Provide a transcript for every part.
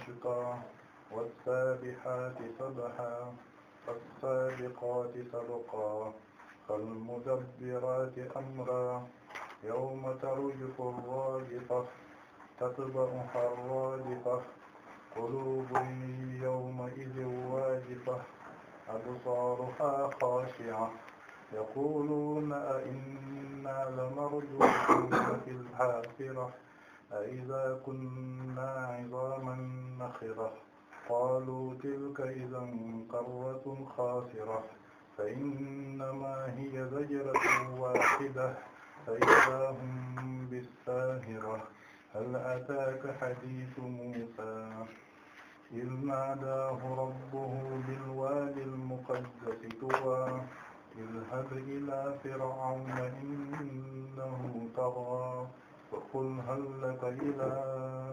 عشقا والسابحات سبحا فالسابقات سبقا فالمدبرات أمرا يوم ترجف الراجفة تتبعها الراجفة قلوب يومئذ واجفة أبصارها خاشعة يقولون أئنا لمردودون في الحافرة أإذا كنا عظاما نخرة قالوا تلك إذا قرة خاسرة فإنما هي زجرة واحدة فإذا هم بالساهرة هل أتاك حديث موسى إذ ناداه ربه بالوادي المقدس طوى اذهب إلى فرعون إنه طغى فقل هل لك إلى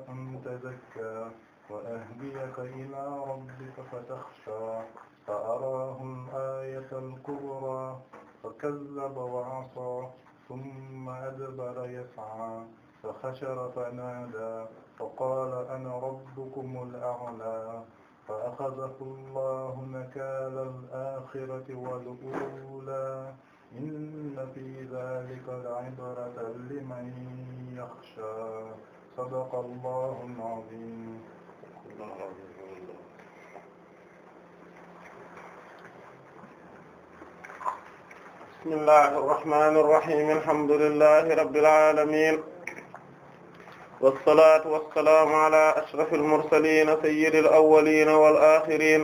أن تزكى وأهديك إلى ربك فتخشى فأراه الآية الكبرى فكذب وعصى ثم أدبر يسعى فحشر فنادى فقال أنا ربكم الأعلى فأخذه الله نكال الآخرة والأولى inna fii zaalika la'ibratan liman yaxshaa sadaqa llaahu l-aziim bismillaahi rrahmaani rrahiim alhamdulillaahi rabbil aalamiin wassalaatu wassalaamu alaa ashrafil mursaliin sayyidil awwaliin wal aaxiriin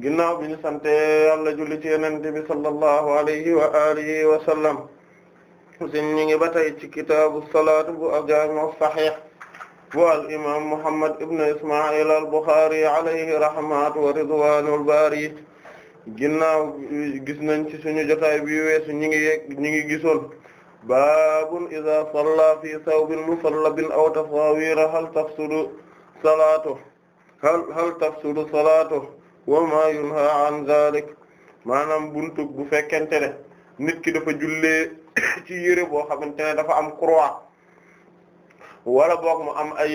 ginnaaw bi ñu sante Yàlla julli ci bi sallallahu alayhi wa alihi wa sallam sin ñi ngi ba ci kitaabu salaat bu al-Jaami' as bu al Muhammad ibn Isma'il al-Bukhari alayhi wa ridwaanul baari ginnaaw gis nañ ci suñu jotaay bi weesu ñi ñi ngi gisoon baabun idaa salla fi thawbin musallabin aw tasaawiira hal tafsudu salaatuhu wa ma yunha an zalik maanaam buntu bu fekkente ne nit ki dafa julle ci yére boo xamante ne dafa am croix wala boog mu am ay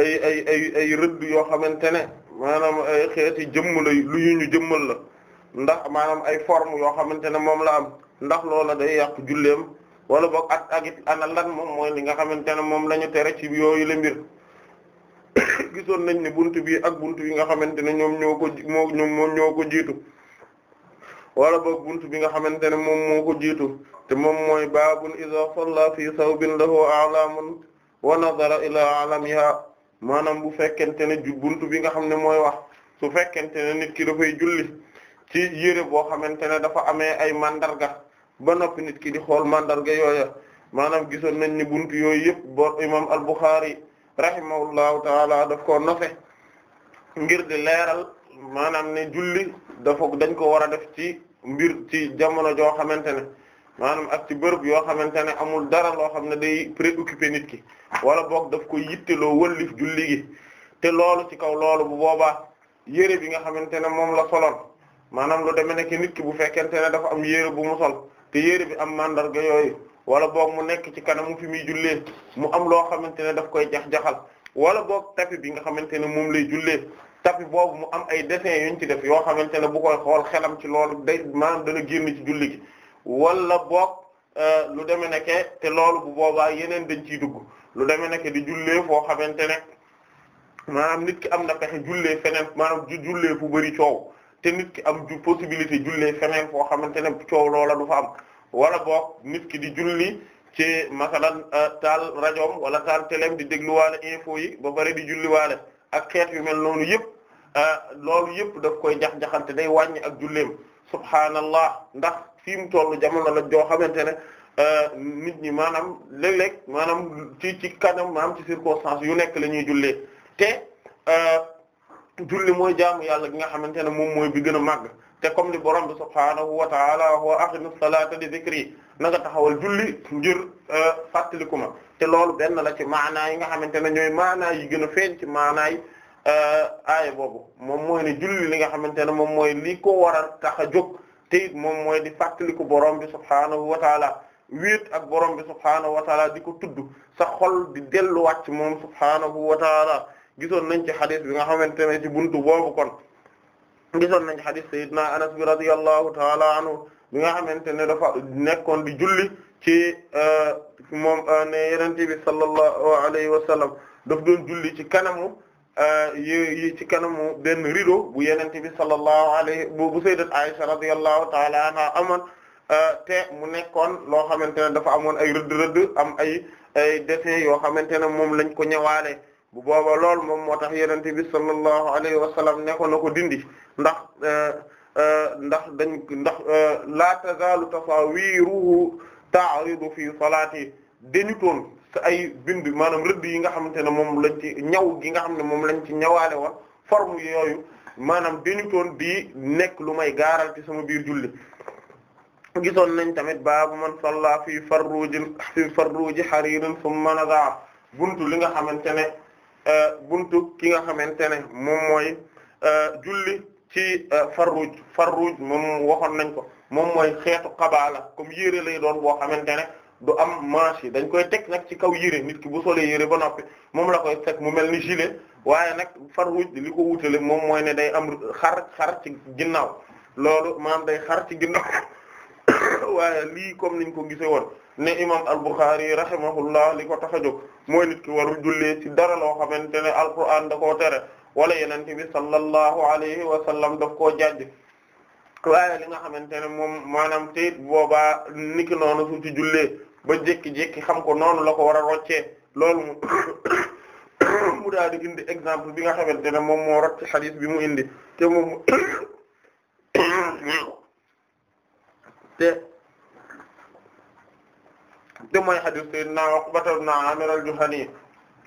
ay ay ay ay rëdd yoo xamante ne maanaam ay xeeti jëmm la lu ñu ñu jëmmal la ndax maanaam ay forme yoo xamante ne moom la am ndax loola day yàq julleem wala boog at ak an ana lan moom mooy li nga xamante ne moom la ñu tere ci yooyu la mbir gisoon nañ ne bunt bi ak bunt yi nga xamante ne ñoom ñoo ko moo ñoom jiitu wala boog bi nga xamante ne moom mooko jiitu te moom mooy baabun iza salla fi sawbin lahu a'lamun wa nazara ila alamiha maanaam bu fekkente ne bunt bi nga xam ne mooy wax su fekkente ne nit ki dafay julli ci yére boo xamante ne dafa amee ay mandarga ba noppi nit ki di xool mandarga yooya maanaam gisoon nañ ni bunt yooyu yëpp boo imam al-Bukhari rahimahullahu taala daf koo nofe ngir di leeral maanaam ne julli dafa dañ ko war a def ci mbir ci jamono joo xamante ne maanaam ak ci bërëb yoo xamante ne amul dara loo xam ne day préoccupé nit ki wala boog daf ko yitteloo wëllif julli gi te loolu ci kaw loolu bu boobaa yére bi nga xamante ne moom la soloon maanaam lu demee ne nit ki bu fekkente ne dafa am yére bu mu sol te yére bi am mandarga yooyu wala boog mu nekk ci kanamu fi muy jullee mu am loo xamante ne daf koy jax-jaxal wala boog tapi bi nga xamante ne moom lay jullee tapi boobu mu am ay dessin yuñ ci def yoo xamante ne bu koy xool xelam ci loolu day maanaam dana génn ci julli gi wala boog euh, lu demee ne loolu bu boobaa yeneen dañ ciy dugg lu demee ne ke di jullee foo xamante ne maanaam nit ki am na pexe jullee feneen maanaam jullee fu bari coow te nit ki am possibilité jullee feneen foo xamante ne coow loola du fa am wala boog nit ki di julli ci masalan euh, taal rajoom wala taal teleem di dégluwaale info yi ba bari di julliwaale ak xeet yu mel noonu yëpp euh, loolu yëpp daf koy jax-jaxante day wàññi ak julleem subhaanallah ndax fii mu tollu jamono la joo xamante ne euh, nit ñi maanaam léeg-léeg maanaam ci ci kanam maanaam ci circonstance yu nekk la ñuy jullee te julli mooy jaamu yàlla gi nga xamante ne moom mooy bi gën a màgg te comme li borom bi subhaanahu wa ta'ala wa aqimu salaata li dhikri nanga nga taxawal julli ngir euh, fàttaliku ma te loolu benn la ci maanaa yi nga xamante ne ñooy maanaa yi gën a feeñ ci maanaay yi euh, aaya boobu moom mooy ne julli li nga xamante ne moom mooy li ko war a tax a jóg te moom mooy di fàttaliku borom bi subhaanahu wa ta'ala wéet ak borom bi subhaanahu wa ta'ala di ko tudd sa xol di delluwaat ci moom subhaanahu wa ta'ala gisoon nañ ci hadith bi nga xamante ne ci bunt boobu gisoon nañ hadith sayyidina anas bi radiyallahu ta'ala anhu bi nga xamante ne dafa nekkoon di julli ci euh, moom euh, ne yenente bi julli ci kanamu euh, yi ci kanamu benn rideau bu yenente bi sallallahu alayhi bu sayyidat Aisha radiyallahu ta'ala anha amoon te mu nekkoon loo xamante ne dafa amoon ay rëdd rëdd am ay ay dessin yoo xamante ne moom lañ ko ñëwaale bu booba loolu moom moo tax yenente bi sallallahu alayhi wa sallam ne ko na dindi ndax euh, euh, ndax dañ ndax euh, la tazalu tasawiruhu ta'ridu fi salati dañu toon sa ay bind maanaam rëdd yi nga xamante ne moom lañ ci ñaw gi nga xam ne moom lañ ci ñawaale woon forme yooyu maanaam dañu toon di nekk lu may gaaral ci sama biir julli gisoon nañ tamit baabu man salla fi farruji fi farruji haririn buntu li nga xamante ne Euh, buntu ki nga xamante ne moom mooy euh, julli ci euh, farruj farruj moom waxoon nañ ko moom mooy xeetu xabaa la comme yére lay doon boo xamante ne du am manche dañ koy teg nag ci kaw yére nit ki bu solee yére ba noppi moom la koy teg mu mel ni gilet waaye nag farruj li ko le moom mooy ne day am xar xar ci ginnaaw loolu maanaam day xar ci ginnaaw waaye lii comme niñ ko gisee woon ne imam al-Bukhari rahimahullah li ko taxa a jóg mooy nit ki warul jullee ci dara loo xamante ne alquran da koo tere wala yeneen bi sallallahu alayhi wa sallam daf koo jàjj waaye li nga xamante ne moom maanaam te boobaa niki noonu su ci jullee ba jékki-jékki xam ko noonu la ko war a roccee mu mu daal di indi exemple bi nga xamante ne moom moo rot ci xadis bi mu indi te moom te te mooy hadis sayyidina Uqbata ibn Amir al-Juhani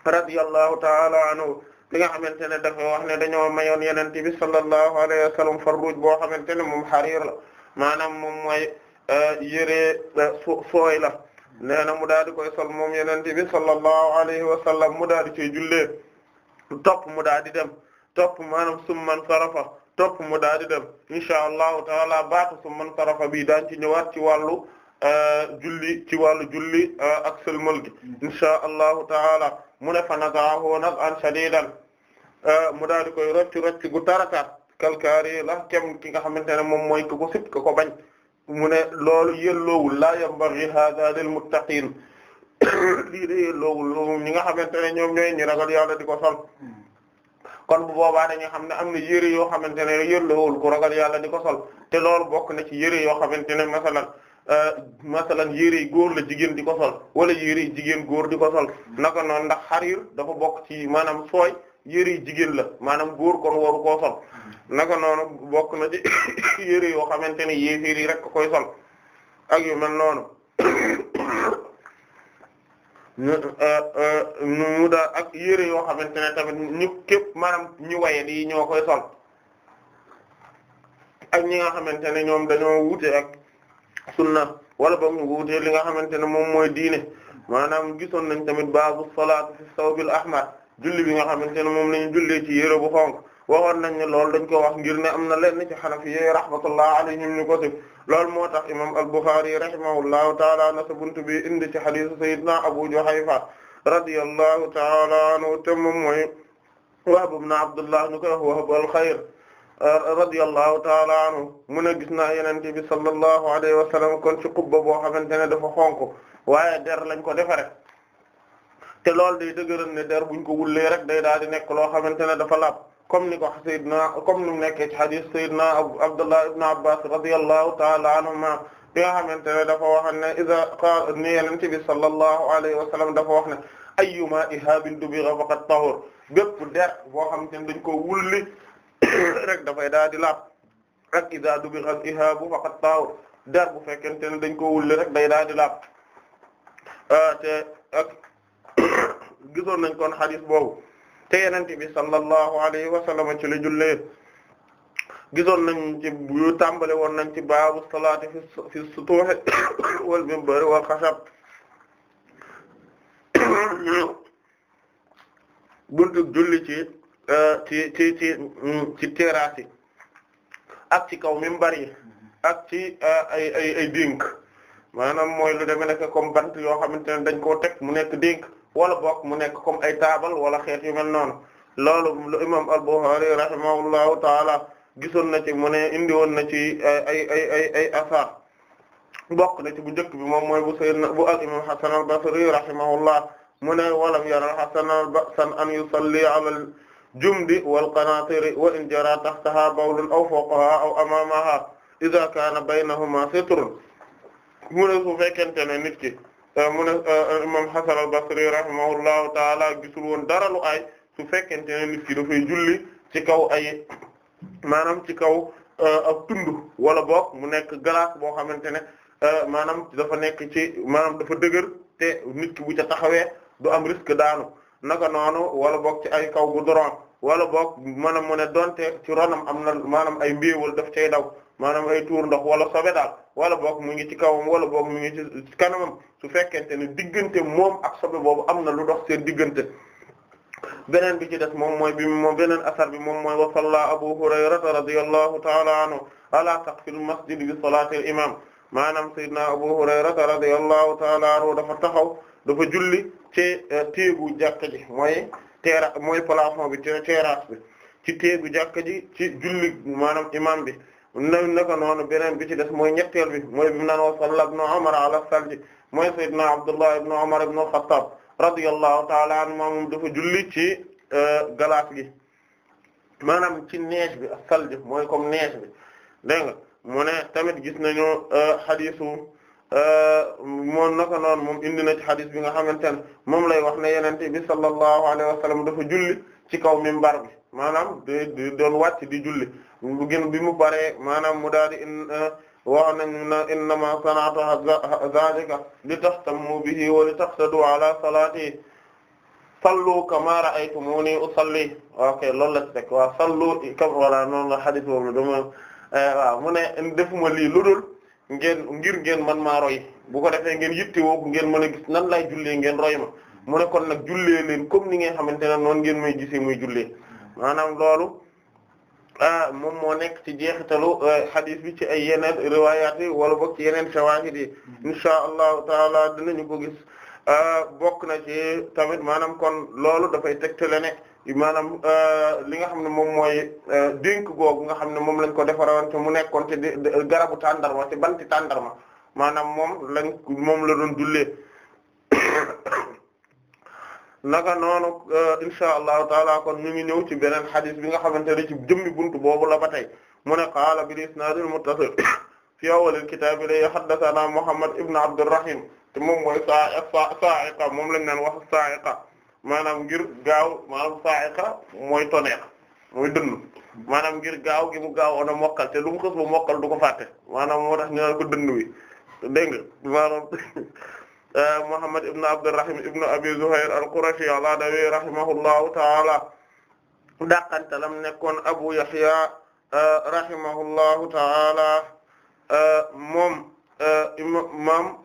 radiyallahu ta'ala anhu li nga xamante ne dafa wax ne dañoo mayoon yenente bi sallallahu alayhi wa sallam farruj boo xamante ne moom xariir la maanaam moom mooy euh, yëree euh, su sooy la mu daal di koy sol moom yenente bi sallallahu alayhi wa sallam mu daal di ciy jullee topp mu daal di dem topp maanaam summan sarafa topp mu daal di dem insha allahu taala baatu summan sarafa bi daan ci ñëwaat ci wàllu Euh, julli ci wàllu julli euh, ak sëlmal gi mm. insha allahu taala mu ne fa nazaahu naz'an shadiidan euh, mu daal di koy rocc rocc gu taraka kalkaari la kem ki nga xamante ne moom mooy ku ko sib ko bañ mu ne loolu yelloowul la yambaghi hadha lil muttaqiin lii de yelloowul ñi nga xamante ne ñoom ñooy ñi ragal yàlla di ko sol mm. kon bu boobaa dañuy xam ne am na yëre yoo xamante ne yelloowul ku ragal yàlla di ko te loolu bokk na ci yëre yoo xamante ne masalan Euh, masalan yére góor la jigéen di ko sol wala yére jigéen góor di ko sol naka noonu ndax xariir dafa bokk ci maanaam sooy yére jigéen la maanaam góor kon waru koo sol naka noonu bokk na ci yére yoo xamante ne yéeféer yi rek koy sol ak yu mel noonu euh, euh, mu daal ak yére yoo xamante ne tamit ñu képp maanaam ñu waye di ñoo koy sol ak ñi nga xamante ne ñoom dañoo wute ak sunna wala ba mu li nga xamante ne moom mooy diine maanaam gisoon nañ tamit baabu salaatu fi sawbil ahmar julli bi nga xamante ne moom lañu jullee ci yére bu xonq waxoon nañ ne loolu dañ ko wax ngir ne am na lenn ci xanafiye rahmatullah alayhim ñu ko sib loolu moo tax imam al-Bukhari rahimahullahu taala na sa bi indi ci hadisu sayyidina Abu Juhayfa radiyallahu taala anhu te moom mooy Wahb ibn Abdullah ñu koy wax Wahb al-Khayr Euh, radiyallahu taala anhu mu ne gis naa yonent bi sallallahu alayhi wa sallam kon ci xubba boo xamante ne dafa xonk waaye der lañ ko defare te loolu day dëgëral ne der buñ ko wullee rek day daal di nekk loo xamante ne dafa laab comme ni ko Seydina comme ni mu nekkee ci hadith Seydina Abdullah ibn Abbas radiyallahu taala anhuma bi nga xamante ne dafa wax ne iza qaala ni yonent bi sallallahu alayhi wa sallam dafa wax ne ayyuma ihaabin dubigha faqad tahur bépp der boo xamante ne dañ ko wulli rek dafay daal di laab ak iza dubighal ihaabu faqad taaw der bu fekkente ne dañ ko wulli rek day daal laab ah, gisoon nañ kon xadis boobu te yenente bi sallallahu alayhi wa sallam ci la jullee gisoon nañ ci yu tàmbale woon nañ ci baabu salaati fi fi wal minbar wal xashab buntu julli ci Euh, ci ci ci mm, ci terrasse yi ak ci kaw minbar bari ak ci euh, ay ay ay dénk maanaam mooy lu demee nekk comme bant yoo xamante ne dañ koo teg mu nekk dénk wala bokk mu nekk comme ay taabal wala xeet yu mel noonu loolu lu imam al-Bukhari rahimahullahu taala gisoon na ci mu ne indi woon na ci ay ay ay ay asar bokk na ci bu njëkk bi moom mooy bu sayyidna bu al imam Hasan al-Basri rahimahullah mu ne walam yara Hasan al-Basri an yusalli ala jumdi wal qanaatiri wa in jara taxtaha bawlun aw fawqaha aw amaamaha idha kaana baynahuma sitrun mu ne su fekkente ne nit ki eh, mu ne eh, imam Hasan al-Basri rahimahullahu taala gisul woon dara lu ay su fekkente ne nit ki dafay julli ci kaw ay maanaam ci kaw eh, ak tund wala boog mu nekk glace boo xamante ne maanaam dafa nekk ci maanaam dafa dëgër te nit ki bu ca taxawee du am risque daanu naka noonu wala boog ci ay kaw gu doron wala boog maanaam mu ne donte ci ronam am na maanaam ay mbiiwul def cay daw maanaam ay tuur ndox wala sobe daal wala boog mu ngi ci kawam wala boog mu ngi ci kanamam su fekkente ne diggante moom ak sobe boobu am na lu dox seen diggante beneen bi ci des moom mooy bi moom beneen asar bi moom mooy wa salla abu hurayrata radiyallahu ta'ala anhu ala saqfil masjid bi salatil imam maanaam sayyidina Abu Hurayrata radiyallahu ta'ala anhu dafa taxaw dafa julli ci eh, téegu jàkka ji mooy teera mooy plafond bi terrasse bi ci téegu jàkka ji ci julli maanaam imam bi na naka noonu beneen bi ci des mooy ñetteel bi mooy bi mu naan wa salla ibnu Umar ala salji mooy sayyidina Abdullah ibnu Umar ibnu al-Khattab radiyallahu ta'ala anhuma moom dafa julli ci eh, galaas gi maanaam ci neige bi ak salji mooy comme neige bi dégg nga mu ne tamit gis nañu euh, xadisu euh, moom naka noonu moom indi na ci xadis bi nga xamante ne moom lay wax ne yenente bi sallallahu alayhi wa sallam julli ci kaw minbar bi maanaam di doon wàcc di julli bu bi mu paree maanaam mu daal di in euh, wax nañu na innama sanata zalika li tahtamu bihi wa li taxsadu ala salati sallu kama ra'aytumuni usalli ok loolu la ci teg waaw sallu kam wala noonu la xadis boobu Eh, waaw mu ne defuma lii lu dul ngeen ngir ngeen man maa roy bu ko defee ngeen woogu ngeen mën a gis nan laay jullee ngeen roy ma mu ne kon nag jullee leen comme ni nga xamante ne noonu ngeen may gisee muy jullee maanaam loolu ah moom moo nekk ci jeexitalu hadith eh, bi ci ay yeneen riwaayaat yi wala boog ci yeneen shawaahid yi insha allahu taala dinañu ko gis ah, bokk na ci tamit maanaam kon loolu dafay tegtale ne. maanaam euh, li nga xam ne moom mooy euh, dénk googu nga xam ne moom lañ ko defaroon te mu nekkoon te garabu tàndarma te banti tàndarma maanaam moom lañ moom la doon jullee naka noonu euh, insha allahu taala kon ñu ngi ñëw ci beneen xadis bi nga xamante ne ci jëmmi buntu boobu la ba tey mu ne qaala bil isnaadil muttasil fi awwalil kitaabi lay haddathana Muhammad ibn Abdurrahim te moom mooy saa saa sa'iqa moom lañ naan wax sa'iqa maanaam ngir gaaw maanaam sa'iqa mooy toneex mooy dënn maanaam ngir gaaw gi mu gaaw woon a mokkal te lu mu xës ba mokkal du ko fàtte maanaam moo tax ñu naan ko dënn wi dégg nga maanaam eh, Muhammad ibn Abdurrahim ibn Abi Zuhair al-Qurashi al-Adawi rahimahullahu ta'ala dàqantalam nekkoon Abu Yahya eh, rahimahullahu ta'ala eh, moom imam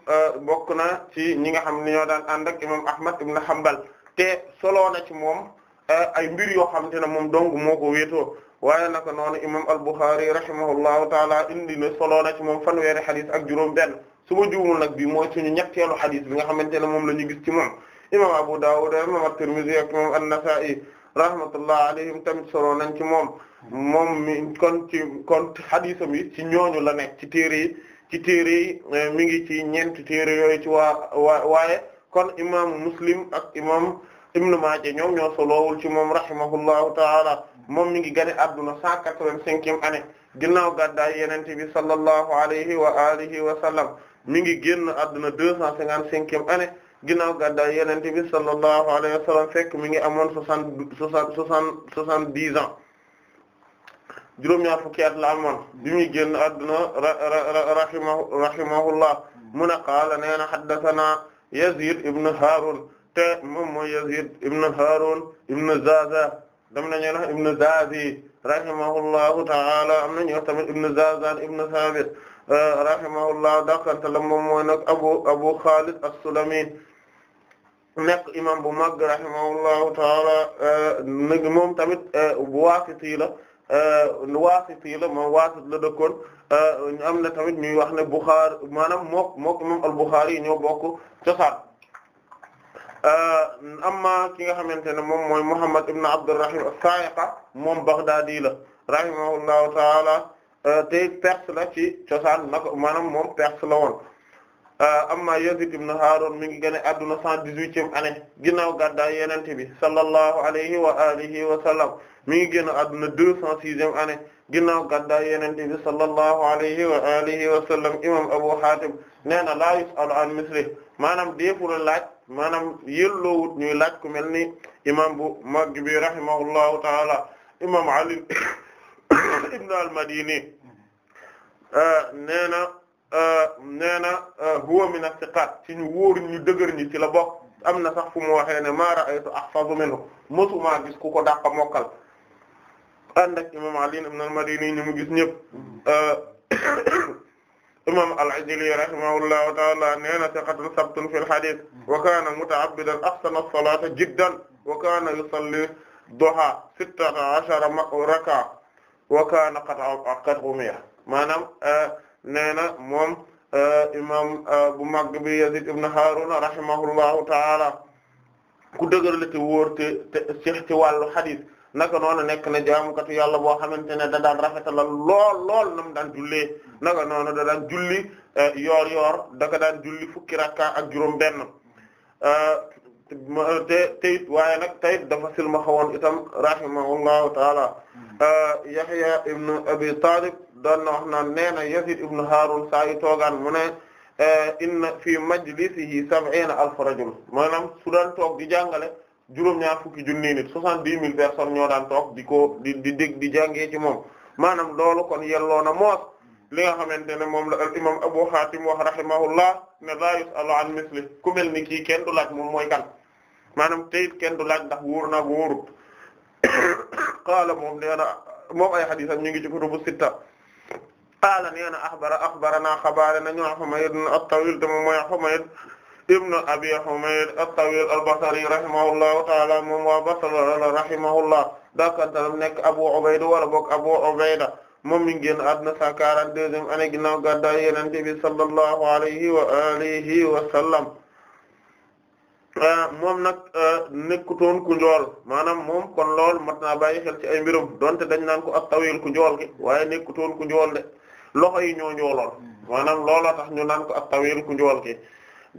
bokk na ci ñi nga xam ne ñoo daan ànd ak imam Ahmad ibn Hanbal te solo na ci moom eh, ay mbir yoo xamante ne moom dong moo ko wéetoo waaye naka noonu imam al-Bukhari rahimahullahu taala indi na solo na ci moom fanweeri xadis ak juróom benn su ma juumul nag bi mooy suñu ñetteelu xadis bi nga xamante ne moom la ñu gis ci moom imam Abu Dawud imam at-Tirmidhi ak imam an-Nasa'i rahmatullah alayhim tamit solo nañ ci moom moom mi kon ci kon xadisam yi ci ñooñu la nekk ci téere yi ci téere yi eh, mi ngi ci ñeenti téere yooyu ci waa waaye kon imaamu muslim ak imam ibnu Maaja ñoom ñoo solowul ci moom rahimahullahu taala moom mi ngi gane adduna cent quatre-vingt-cinquième année ginnaaw gàddaay yenente bi sallallahu alayhi wa alihi wa sallam mi ngi génn adduna deux cent cinquante-cinquième année ginnaaw gàddaay yenente bi sallallahu alayhi wa sallam fekk mi ngi amoon soixante soixante soixante soixante-dix ans juróom-ñaar fukki at la amoon bi muy génn adduna rahimahullah mun a qaala nee Yazid ibn Harun te moom mooy Yazid ibn Harun ibn Zaza dam nañu wax ibn Zazi rahimahullahu ta'ala am nañu wax tamit ibn Zazan ibn Thabit euh, rahimahullahu dàqanta la moom mooy nag Abu Abu Khalid as-Sulami nekk imam bu mag rahimahullahu ta'ala euh, nag moom tamit euh, Waaqiti la Euh, waasiti la moom waasit la dëkkoon euh, am na tamit ñuy wax ne Buxaari maanaam mook mook imam al yi ñoo bokk cosaan euh, amma ki nga xamante ne moom mooy Muhammad ibn Abdurrahim as-Sa'iqa moom Baghdadi la rahimahullahu taala te perse la ci cosaan naka maanaam moom perse la woon Euh, amma Yazid ibn Harun mi ngi gane adduna cent dix-huitième année ginnaaw gàddaay Yonent bi sallallahu alayhi wa alihi wa sallam mi ngi génn adduna deux cent sixième année ginnaaw gàddaay Yonent bi sallallahu alayhi wa alihi wa sallam imam Abu Hatim nee na laa yus'alu an misli maanaam deefu laaj maanaam yelloowut ñuy laaj ku mel ni imam bu mag bi rahimahullahu ta'ala imam Ali ibn al-Madini euh, nee nee na huwa min as-siqaat ci ñu wóor ñu dëgër ñi ci la bokk am na sax fu mu waxee ne ma ra'aytu ahfazu minhu mosuma gis ku ko dàq mokkal ànd ak imam Ali ibn al-Madini ñu mu gis ñëpp imam al-Ijli rahimahullahu ta'ala nee na thiqatun sabtun fil hadith wa kana muta'abbidan ahsana as-salata jiddan wa kana yusalli duha sittata ashara raka wa kana qad umiya maanaam nee na moom euh, imam euh, bu mag bi Yazid ibn Haruna rahimahullahu taala ku dëgër la te wóor te te ci wàllu hadith naka noonu nekk na jaamukatu yàlla boo xamante ne da daan rafetal lool lool na mu daan jullee naka noonu da daan julli euh, yoor yoor da ka daan julli fukki rakka ak juróom benn te tayit waaye nag tayit dafa silmaxa woon itam rahimahullahu taala hmm. ah, Yahya ibn Abi Talib doon na wax naan nee na Yazid ibn Harun saa yu toogaan mu ne eh, inna fi majlisihi sab'iina alf rajul maanaam su daan toog di jàngale juróom-ñaar fukki junni nit soixante-dix mille personnes ñoo daan toog di ko di di dégg jàngee ci moom maanaam loolu kon yelloo na moos li nga xamante ne moom la al imam Abu Hatim wax rahimahullah ne la yusalu an misli ku mel ni kii kenn du laaj moom mooy kan maanaam teyit kenn du laaj ndax wóor na wóorut qaala moom nee na moom ay xadisam ñu ngi ci kutubu sitta qaala nee na axbara axbarana xabaare nañu Humayd at-Tawil te moom mooy Humayd Abi Humayd at-Tawil al-Basri rahimahullahu taala moom waa Basra rahimahullah dakantalam nekk Abu Ubayda wala boog Abu Ubayda moom mi ngi génn àdduna 142e année ginnaaw gàddaay Yonent bi sallallahu alayhi wa alihi wa sallam ah, moom nag ah, nekkutoon ku njool maanaam moom kon lool mat naa bàyyi xel ci ay mbirum donte dañ naan ko at-tawil ku njool gi waaye nekkutoon ku njool de loxo yi ñoo njooloon maanaam loola tax ñu naan ko at-tawil ku njool gi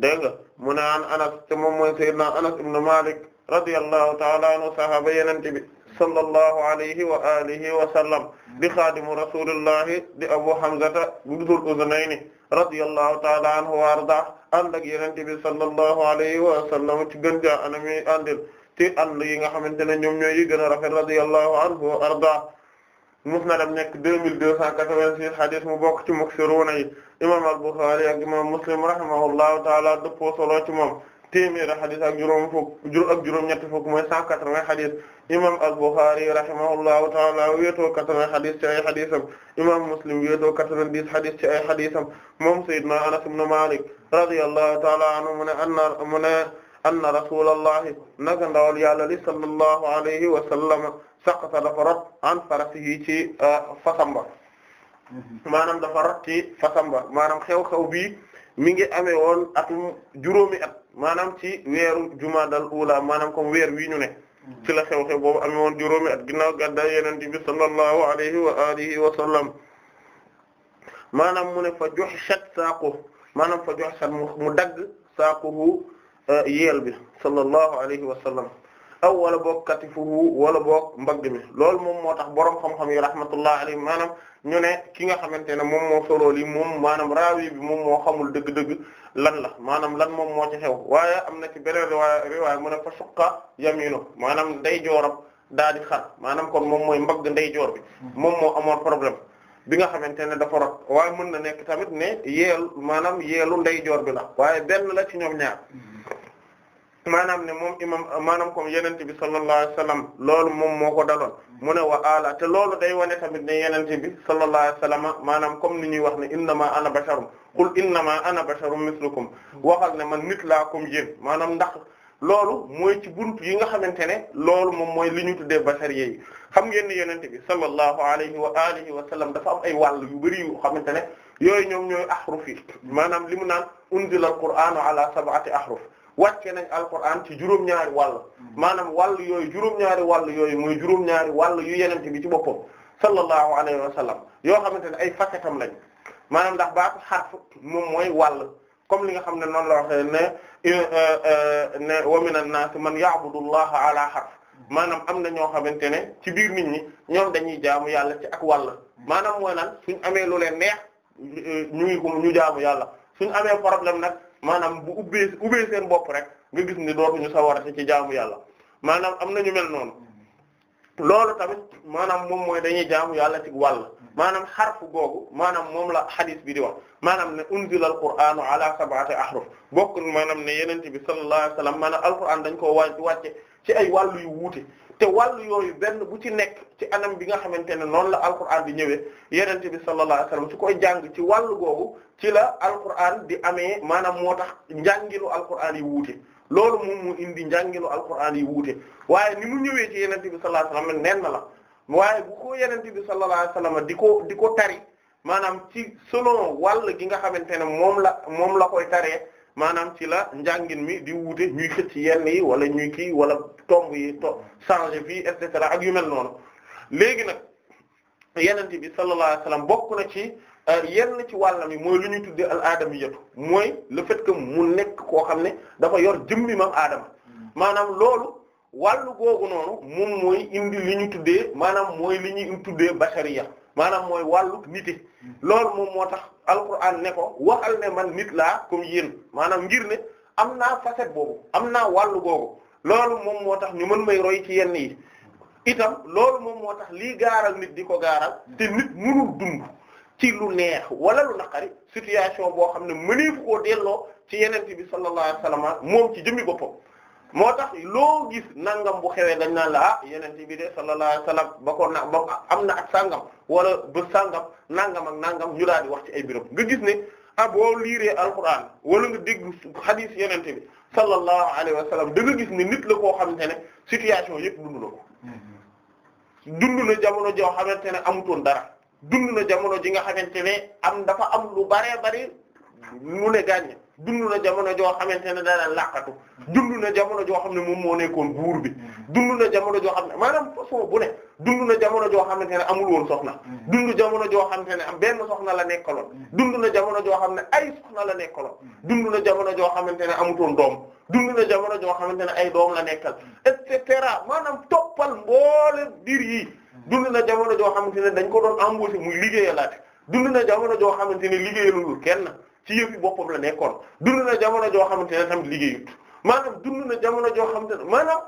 dégg nga mu ne an Anas te moom mooy Sayyidina Anas ibn Malik radiyallahu ta'ala anhu sahaaba Yonent bi sallallahu alayhi wa alihi wa sallam di xaadimu rasulillahi di abu hamzata dhul uznayni radiyallahu ta'ala anhu wa arda ànd ak yenente bi sallallahu alayhi wa sallam ci gën jaa anami àndil ci ànd yi nga xamante ne ñoom ñooy yi gën a rafet radiyallahu anhu wa arda musnadam nekk 2286 hadis mu bokk ci muksiruna yi imam al-Bukhari ak imam Muslim rahimahullahu ta'ala dëppoo solo ci moom téeméer xadis ak juróom fukk ak juróom ñetti fukk mooy cent quatre-vingts xadis imam al-Bukhari rahimahullahu taala wéetoo xadis ci ay xadisam imam Muslim wéetoo quatre xadis ci ay xadisam moom sayyidina Anas ibn Malik radiyallahu taala mu ne anna rasulallahi naka ndawal yàlla li sallallahu alayhi wa sallam saqata dafa rot an farasihi ci ah, fasamba mm-hmm. maanaam dafa rot ci fasamba maanam xew-xew bi mi ngi amee woon atum juróomi at maanaam ci weeru jumaadal ula maanaam comme weer wii ñu ne ci la xew-xew boobu amee woon juróomi at ginnaaw gàddaay yonent bi sallallahu alayhi wa alihi wa sallam maanaam mu ne fa juhshat saaqu maanaam fa juhshat mu dagg saaquhu eh, yeel bi sallallahu alayhi wa sallam aw wala boog katifuhu wala boog mbagg mi loolu moom moo tax borom xam-xam yi rahmatullah alayhi maanaam ñu ne ki nga xamante ne moom moo solo lii moom maanaam raawi bi moom moo xamul dëgg-dëgg lan la maanaam lan moom moo ci xew waaye am na ci beneen riwaay riwaay mu ne fa suqa yamino maanaam nday jooram daa di xar maanaam kon moom mooy mbagg nday joor bi hmm. moom moo amoon problème bi nga xamante ne dafa rot waaye mën na nekk tamit ne yeelu maanaam yeelu nday joor bi la waaye benn la ci ñoom ñaar hmm. maanaam ne moom imam maanaam comme yenente bi sallallahu alayhi wa sallam loolu moom moo ko daloon mu ne wa ala te loolu day wane tamit ne yenente bi sallallahu alayhi wa sallam maanaam comme ni ñuy wax ne innama ana basharum qul innama ana basharum mislukum waxal ne man nit laa comme yéen maanaam ndax loolu mooy ci buntu yi nga xamante ne loolu moom mooy li ñu tuddee bashariye yi xam ngeen ne yenente bi sallallahu alayhi wa alihi wa sallam dafa am ay wàll yu bari yu xamante ne yooyu ñoom ñooy ahruf yi maanaam li mu naan unzila al qur'anu ala sab'ati ahruf wàcce nañ alquran ci juróom-ñaari wàll hmm. maanaam wàll yooyu juróom-ñaari wàll yooyu muy juróom wàll yu yenente bi ci boppam sallallahu alayhi wa sallam yoo xamante ne ay facetam lañ maanaam ndax baatu xarf moom mooy wàll comme li nga xam ne noonu la waxee ne eh, eh, ne wa min an-nas man ya'budu allaha ala xarf maanaam am na ñoo xamante ne ci biir nit ñi ñoom dañuy jaamu yàlla ci ak wàll maanaam mooy naan suñ amee lu leen neex eh, ñu ngi ko ñu jaamu yàlla suñ amee problème nag maanaam bu ubbee ubbee seen bopp rek nga gis ni dootuñu sawarate ci jaamu yàlla maanaam am na ñu mel noonu loolu tamit maanaam moom mooy dañuy jaamu yàlla ci wàll maanaam xarfu googu maanaam moom la hadith bi di wax maanaam ne unzila alqur'anu ala sab'ati ahruf bokk maanaam ne yenente bi sallallahu alayhi wasallam maanaam alqur'an dañ koo wàcc wàcce ci ay wàllu yu wuute te wàllu yooyu benn bu ci nekk ci anam bi nga xamante ne noonu la alquran di ñëwee yenente bi sallallahu alayhi wasallam su koy jàng ci wàllu googu ci la alquran di amee maanaam moo tax njànginu alquran yi wuute loolu moom mu indi njànginu alquran yi wuute waaye ni mu ñëwee ci yenente bi sallallahu alayhi wasallam na la waaye bu ko yenente bi sallallahu alayhi wasallam di ko di ko tari maanaam ci selon wàll gi nga xamante ne moom la moom la koy taree maanaam ci la njàngin mi di wuute ñuy xëcc yenn yi wala ñuy kii wala tomb yi to changé fii et cetera ak yu mel noonu léegi nag yenente bi sallallahu alayhi wasallam bokk na ci euh, yenn ci wàllam yi mooy lu ñuy tuddee al aadami yetu mooy le fait que mu nekk koo xam ne dafa yor jëmmi mam aadama maanaam loolu wàllu googu noonu moom mooy indi li ñu tuddee maanaam mooy li ñuy tuddee bashariya maanaam mooy wàllu nite loolu moom moo tax alquran ne ko waxal ne man nit laa comme yéen maanaam ngir ne am naa facette boobu am naa wàllu googu loolu moom moo tax ñu mën may roy ci yenn yi itam loolu moom moo tax lii gaaral nit di ko gaaral te nit mënul dund ci lu neex wala lu naqari situation boo xam ne mëneefu koo delloo ci yenente bi sallallahu alayhi moom ci jëmmi boppam moo tax loo gis nangam bu xewee dañ naan la ah yenente bi de sallallahu alayhi wasallam ba ko na ba am na ak sàngam wala ba sàngam nangam ak nangam ñu laa di wax ci ay mbiram nga gis ne ah boo liiree alquran wala nga dégg xadiis yenente bi sallallahu alayhi wa sallam gis ne nit la koo xamante ne situation yëpp dund na ko mhm. jamono joo xamante ne amutoon dara dund na jamono ji nga xamante ne am dafa am lu baree bari mu ne gàññe dund na jamono joo xamante ne dana làqatu mhm. dund na jamono joo xam ne moom moo nekkoon buur bi mhm. dund na jamono joo xam ne maanaam façon bu ne dund na jamono joo xamante ne amul woon soxna dund jamono joo xamante ne am benn soxna la nekkaloon dund na jamono joo xam ne ay soxna la nekkaloon dund na jamono joo xamante ne amutoon doom dund na jamono joo xamante ne ay doom la nekkal et cetera maanaam toppal mboole biir yi dund na jamono joo xamante ne dañ ko doon embauché muy liggéeyalaate dund na jamono joo xamante ne liggéeyalul kenn ci yëfi boppam la nekkoon dund na jamono joo xamante ne tamit liggéeyut maanaam dund na jamono joo xamante ne maanaam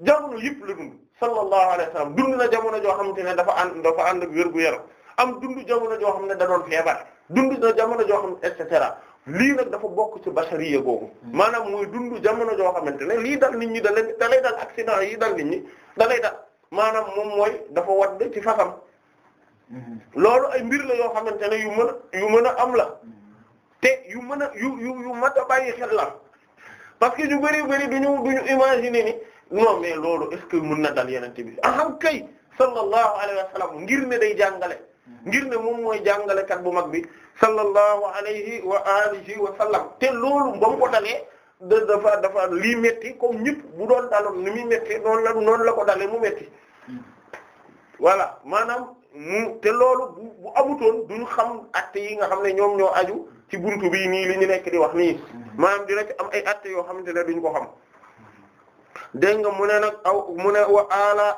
jamono yëpp la dund sallallahu alayhi wa dund na jamono joo xamante ne dafa ànd dafa ànd ak wér gu yaram am dund jamono joo xam ne da doon feebar dund na jamono joo xam ne et cetera lii nag dafa bokk ci bashariya boobu maanaam mooy dund jamono joo xamante ne lii dal nit ñi da leen da lay dal accident yi dal nit ñi da lay dal maanaam moom mooy dafa wadd ci fasam loolu ay mbir la yoo xamante ne yu mën yu mën a am la te yu mën a yu yu yu mat a bàyyi xel la parce que ñu bari bari duñu duñu imaginer ni non mais loolu est-ce que mën na dal yeneen bi aham kay sallallahu alayhi wa ngir ne day jàngale ngir ne moom mooy jàngale jàngalekat bu mag bi sallallahu alayhi wa alihi wa sallam te loolu ba mu ko dalee dafa lii métti ko ñëpp bu doon daloon ni muy métti noonu la noonu la ko dale mu métti voilà maanaam mu te loolu bu bu amutoon duñu xam atte yi nga xam ne ñoom ñoo aju ci buntu bi nii li ñu nekk di wax nii mm-hmm. maanaam dina ci am ay atte yoo xamante ne duñ ko xam dégg nga mu ne nag aw mu ne wa ala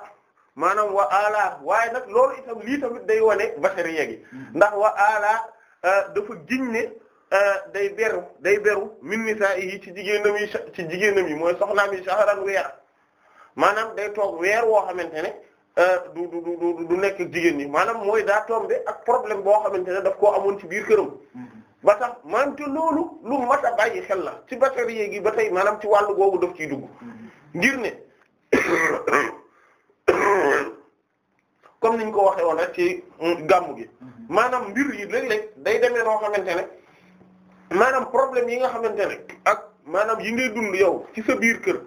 maanaam wa ala waaye nag loolu itam lii tamit day wane bashariya gi mm-hmm. ndax wa ala euh, dafa giñ ne euh, day beru day beru min nisaa'ihi ci jigéenam yi ci jigéenam yi mooy soxnaam yi shahran weer maanaam day toog weer woo xamante ne euh, du du du du nekk jigéen ñi maanaam mooy daa tombé ak problème boo xamante ne daf koo amoon ci biir këram. Mm-hmm. ba tax man te loolu lu mat a bàyyi xel la ci bashariya gi ba tey maanaam ci wàllu googu daf ciy dugg. Mm-hmm. ngir ne comme niñ ko waxee woon rek ci gàmm gi mhm. maanaam mbir yi léeg-léeg day demee noo xamante ne maanaam problème yi nga xamante ne ak maanaam yi ngay dund yow ci sa biir kër mhm.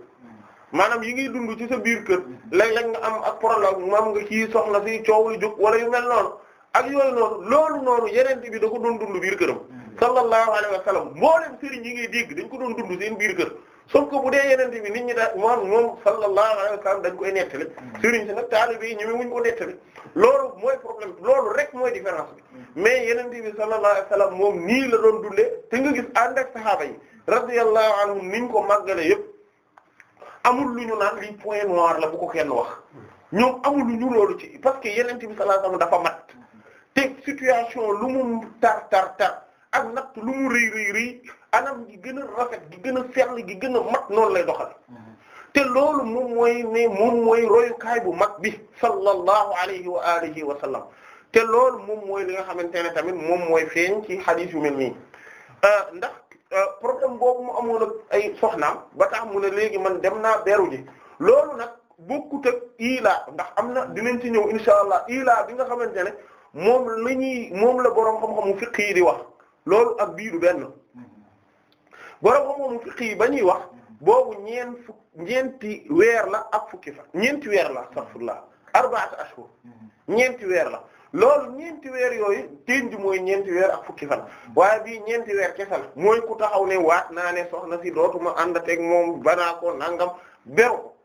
maanaam yi ngay dund ci sa biir kër mhm. léeg-léeg nga am ak problème maam nga kii soxna si coow lu jóg wala yu mel noonu ak yooyu noonu loolu noonu yeneen bi da ko doon dund biir këram sallallahu alayhi wa sallam mboolem sëriñ yi ngay dañ ko doon dund seen biir kër sauf que bu dee yeneen bi nit ñi da moom moom sallallahu alayhi wa sallam dañ koy nettali mm. sëriñ si nag taalibe yi ñeme wuñ ko nettali loolu mooy problème loolu rek mooy différence mm. mais yeneen bi sallallahu alayhi moom nii la doon dundee te nga gis ànd ak saxaaba yi radiyallahu anhum niñ ko màggale yëpp amul lu ñu naan lii point noir la bu ko kenn wax mm. ñoom amul lu ñu loolu ci parce que yeneen bi sallallahu alayhi wa sallam dafa mat te situation lu mu tar tar tar ak natt lu anam gi gën a rafet gi gën a sell gi gën a mat noonu lay doxal mm-hmm. te loolu moom mooy ne moom bu mag bi sallallahu alayhi wa alihi wa sallam te loolu moom mooy li nga xamante ne tamit moom mooy feeñ ci xadiis yu mi nii euh, ndax euh, problème boobu mu amoon ay soxnaam ba tax mu ne léegi man dem naa beru ji loolu nag bokkut ak ilaa ndax am na dinañ ci ñëw insha allah ilaa bi nga xamante ne moom la ñuy moom la boroom xam-xamu fiqh yi di wax loolu ak bii du benn borom xam-xamu fiqh ba ñuy wax boobu ñeent fukk ñeenti weer la ak fukki fan ñeenti weer la astaghfirullah arba'at ashhur ñeenti weer la loolu ñeenti weer yooyu di mooy ñeenti weer ak fukki fan waaye bii ñeenti weer kese la mooy ku taxaw ne waat naa ne soxna si dootuma àndateeg moom banaa ko nangam beru ko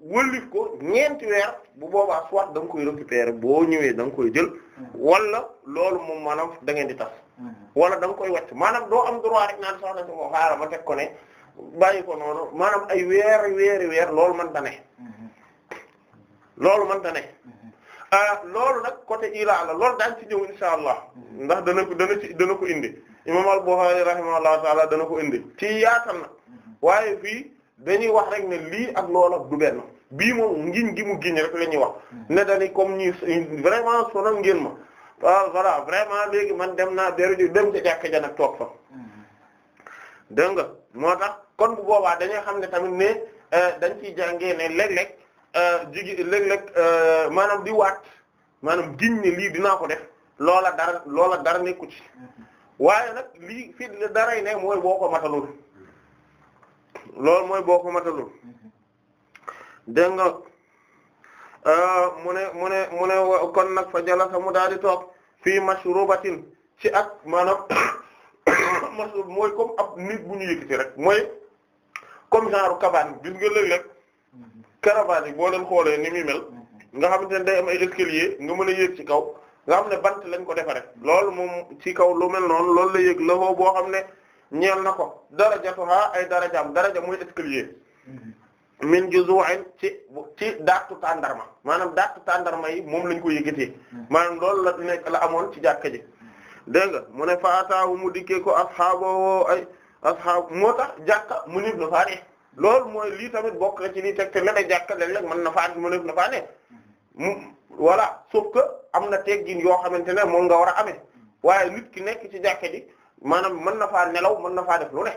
wëlif ko ñeenti weer bu boobaa soit da nga koy récupérer boo ñëwee da koy jël wala loolu moom maanaam da di tas Mm-hmm. wala danga koy wàcc maanaam doo am droit rek naan soxna ko moo xaaral ma teg ko ne bàyyi ko noonu maanaam ay weer weer weer loolu man ta ne mm-hmm. loolu mën ta ne mm-hmm. ah, loolu nag côté ilaa la loolu daan ci ñëw insha allah ndax dana ko dana dana ko indi imam al-Bukhari rahimahullahu taala dana ko indi ci yaatal na waaye fii dañuy wax rek ne lii ak loola du benn bii moom ngiñ gi mu giñ rek la ñuy wax ne dañi comme ñi vraiment sonal ngeen ma waaw voilà vraiment léegi man dem naa déréju dem ci jàkk ja nag toog fa dégg nga moo tax kon bu boobaa dañuy xam ne tamit ne euh, dañ ciy jàngee ne léeg-léeg euh, jigi léeg-léeg euh, maanaam di waat maanaam giñ ne lii dinaa ko def loola dara loola dara nekku ci waaye nag lii fii daray ne mooy boo ko matalul loolu mooy boo ko matalul dégg Ah, mu ne mu ne mu ne kon nag fa jalasa mu daal di toog fii mashrubatin ci ak maanaam mashrub mooy comme ab nit bu ñu yëkkati rek mooy comme genre cabane gis nga léeg-léeg caravane yi boo leen xoolee ni muy mel nga xam ne day am ay nga mën a yéeg ci kaw nga xam ne bant lañ ko defaree loolu moom ci kaw lu mel noonu loolu la yéeg la boo xam ne ñeel na ko darajatuha ay darajaam daraja mooy escalier mm-hmm. min juzu'in ci ci daatu tàndarma maanaam daatu tàndarma yi moom lañ ko yëgatee hmm. maanaam loolu la nekk la amoon ci jàkka ji dégg nga mu ne faataawu mu dikkee ko asxaaboo ay asxaab moo tax jàkka mu na faa ne loolu mooy lii tamit bokk na ci lii teg te ne la jàkka na faa mu nif na faa ne mu voilà sauf am na teggin yoo xamante ne moom nga war a amee hmm. waaye nit ki nekk ci jàkka ji maanaam mën na faa nelaw mën na faa def lu ne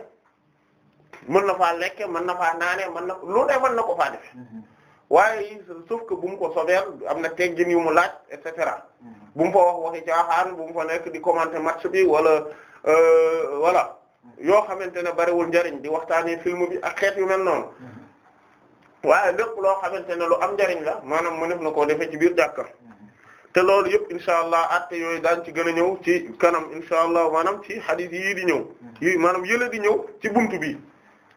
mën na faa lekke mën na faa naane mën na lu ne na ko fa def mhm. waaye sauf que bu mu ko sobeel am na teggin yu mu laaj et cetera mhm. bu mu fa wax waxi caaxaan bu mu fa nekk di commenter match bi wala euh, voilà mhm. yoo xamante ne bariwul njariñ di waxtaanee film bi ak xeet yu mel noonu waaye lépp loo xamante ne lu am njariñ la maanaam mu def na koo defee ci biir jàkka te loolu yëpp incha allah atte yooyu daan ci gën a ñëw ci kanam incha allah maanaam ci hadith yii di ñëw yi maanaam yële di ñëw ci bunt bi.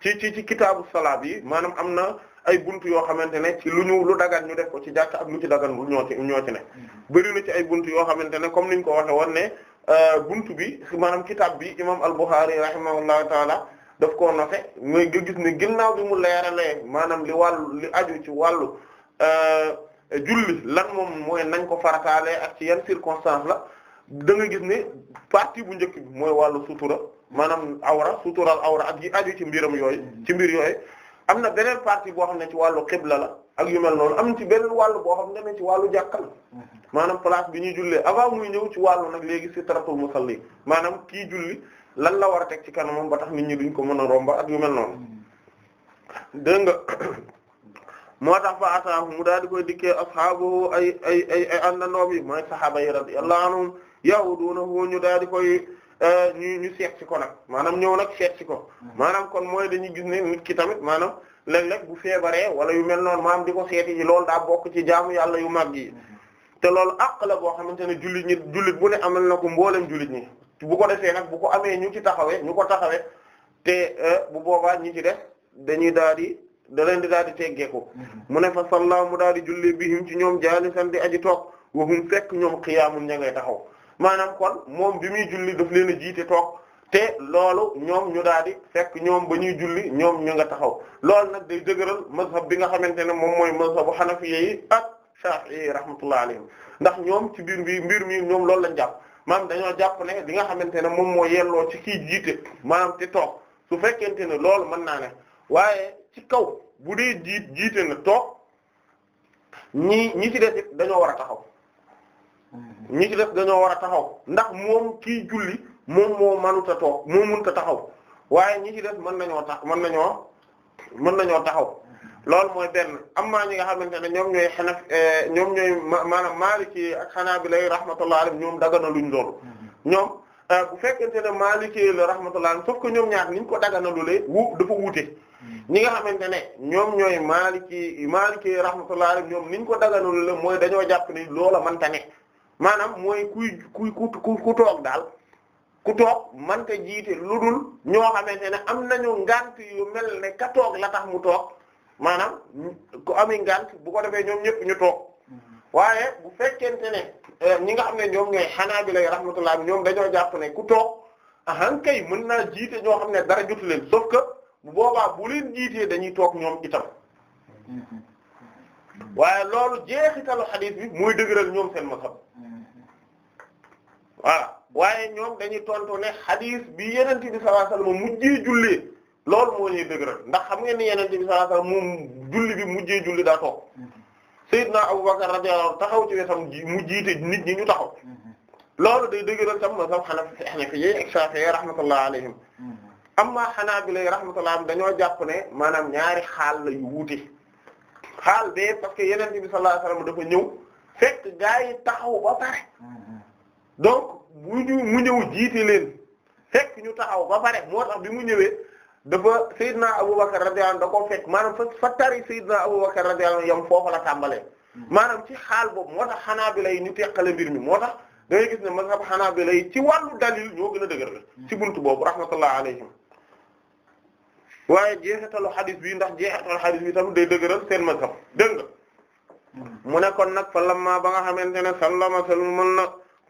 ci ci ci kitaabu salaat yi maanaam am na ay buntu yoo xamante ne ci lu ñu lu dagan ñu def ko ci jàkk ak lu ci dagan lu ñoo ci ñoo ci ne mm-hmm. bëri na ci ay buntu yoo xamante ne comme ñu ko waxe woon ne euh, buntu bi maanaam kitaab bi imam al-Bukhari rahimahullahu taala daf koo noxe mooy nga gis ne ginnaaw bi mu leeralee maanaam li wàllu li aju ci wàllu euh, julli lan moom mooy nañ ko farataalee ak ci yan circonstance la da gis ne partie bu njëkk bi mooy wàllu sutura maanaam awra sutural awra ak yi aju ci mbiram yooyu mm-hmm. ci mbir yooyu am na beneen partie boo xam ne ci wàllu xibla la ak yu mel noonu am ci beneen wàll boo xam ne ci wàllu jàkkal mm-hmm. maanaam place bi ñuy jullee avant mu ñëw ci wàllu nag léegi sitratul musalli maanaam kii julli lan la war a teg ci kanamam ba tax ni ñi duñ ko mën a romba ak yu mel noonu mm-hmm. dégg nga moo tax fa ataahu mu daal di koy dikkee ashaabu ay ay ay ay àndanoo bi mooy sahaaba yi radiyallahu anhum yahudunahu ñu daal di koy Euh, ñu ñu seet ci ko nag maanaam ñëw nag seet ci ko maanaam kon mooy dañu gis ne nit ki tamit maanaam léeg-léeg bu feebaree wala yu mel noonu maam di ko seeti ji loolu daa bokk ci jaamu yàlla yu mag yi te loolu àq la boo xamante ne jullit ñi jullit bu ne amal na ko mboolem jullit ñi bu ko defee nag bu ko amee ñu ci taxawee ñu ko taxawee te euh, bu boobaat ñi ci def dañuy daal di da leen di daal di teggeeku mu ne fa sallaa mu daal di bi bihim ci ñoom jaalisan di aji toog waxum fekk ñoom xiyaamun ña ngay taxaw maanaam kon moom bi muy julli daf leen a jiite toog te loolu ñoom ñu daal di fekk ñoom ba ñuy julli ñoom ñu nga taxaw lool nag day dëgëral mazhab bi nga xamante ne moom mooy mazhabu xanafiya yi ak shafi'i rahmatullah alayhim ndax ñoom ci biir bi mbir mi ñoom loolu lañ jàpp maanaam dañoo jàpp ne li nga xamante ne moom mooy yelloo ci kii jiite maanaam te toog su fekkente ne loolu mën naa ne waaye ci kaw bu dee jiit jiite na toog ñi ñi ci des dañoo war a taxaw ñi ci def dañoo war a taxaw ndax moom kii julli moom moo mënut a toog moo mënut a taxaw waaye ñi ci def mën nañoo tax mën nañoo mën nañoo taxaw loolu mooy benn am na ñi nga xamante ne ñoom ñooy xanaf eh, ñoom ñooy maanaam Maliki ak Hanabila rahmatullahi alayhim ñoom dagana luñ loolu ñoom eh, bu fekkente ne Maliki la rahmatullahi alayhim sauf que ñoom ñaar niñ ko dagana lu wu dafa wuute ñi nga xamante ne ñoom ñooy Maliki Maliki rahmatullahi alayhim ñoom niñ ko dagana lulee mooy dañoo jàpp ni loola mënta ne maanaam mooy kuy kuy ku ku toog daal ku toog man te lu dul ñoo xamante ne am nañu ngant yu mel ne ka toog la tax mu toog maanaam ku ami ngant bu ko defee ñoom ñëpp ñu toog mm-hmm. waaye bu fekkente ne eh, ñi nga xam ne ñoom ñooy Hanaabila rahmatullah ñoom dañoo jàpp ne ku toog ahan kay mën naa jiite ñoo xam ne dara jotu leen sauf que bu boobaa bu leen jiitee dañuy toog ñoom itam mm-hmm. waaye loolu jeexitalu xadiis bi muy dëgëral ñoom seen mazhab voilà waaye ñoom dañuy tontu ne xadis bi yenente bi sallallahu alayhi wasallam mujjee lool loolu moo ñuy dëgëral ndax xam ngeen ni yeneen bi sallallahu alayhi moom julli bi mujjee julli daa toog Seydina Abubakar radiyallahu anhu taxaw ci wetam mu jiite nit ñi ñu taxaw loolu day dëgëral tam mazhab Hanafi Hanafiyyi ak Shafi'iyyi rahmatullahi alayhim amma Hanaabila rahmatullahi alayhim dañoo jàpp ne maanaam ñaari xaal la yu wuute xaal bee parce que yenente bi sallallahu alayhi wasallam dafa ñëw fekk gaa yi taxaw ba pare donc bu ñu mu ñëw jiite leen fekk ñu taxaw ba pare moo tax bi mu ñëwee dafa Seydina Abubakar radiyallahu anhu da koo fekk maanaam fa fa tari Seydina Abubakar radiyallahu anhu yam foofu la tàmbalee hmm. maanaam ci xaal boobu moo tax Hanaabila yi ñu teqale mbir mi moo tax da ngay gis ne mazhab Hanaabila yi ci wàllu dalil ñoo gën a dëgër la hmm. ci buntu boobu rahmatullah alayhim waaye jeexitalu xadis bi ndax jeexitalu xadis bi tamit day dëgëral seen mazhab dégg hmm. mu ne kon na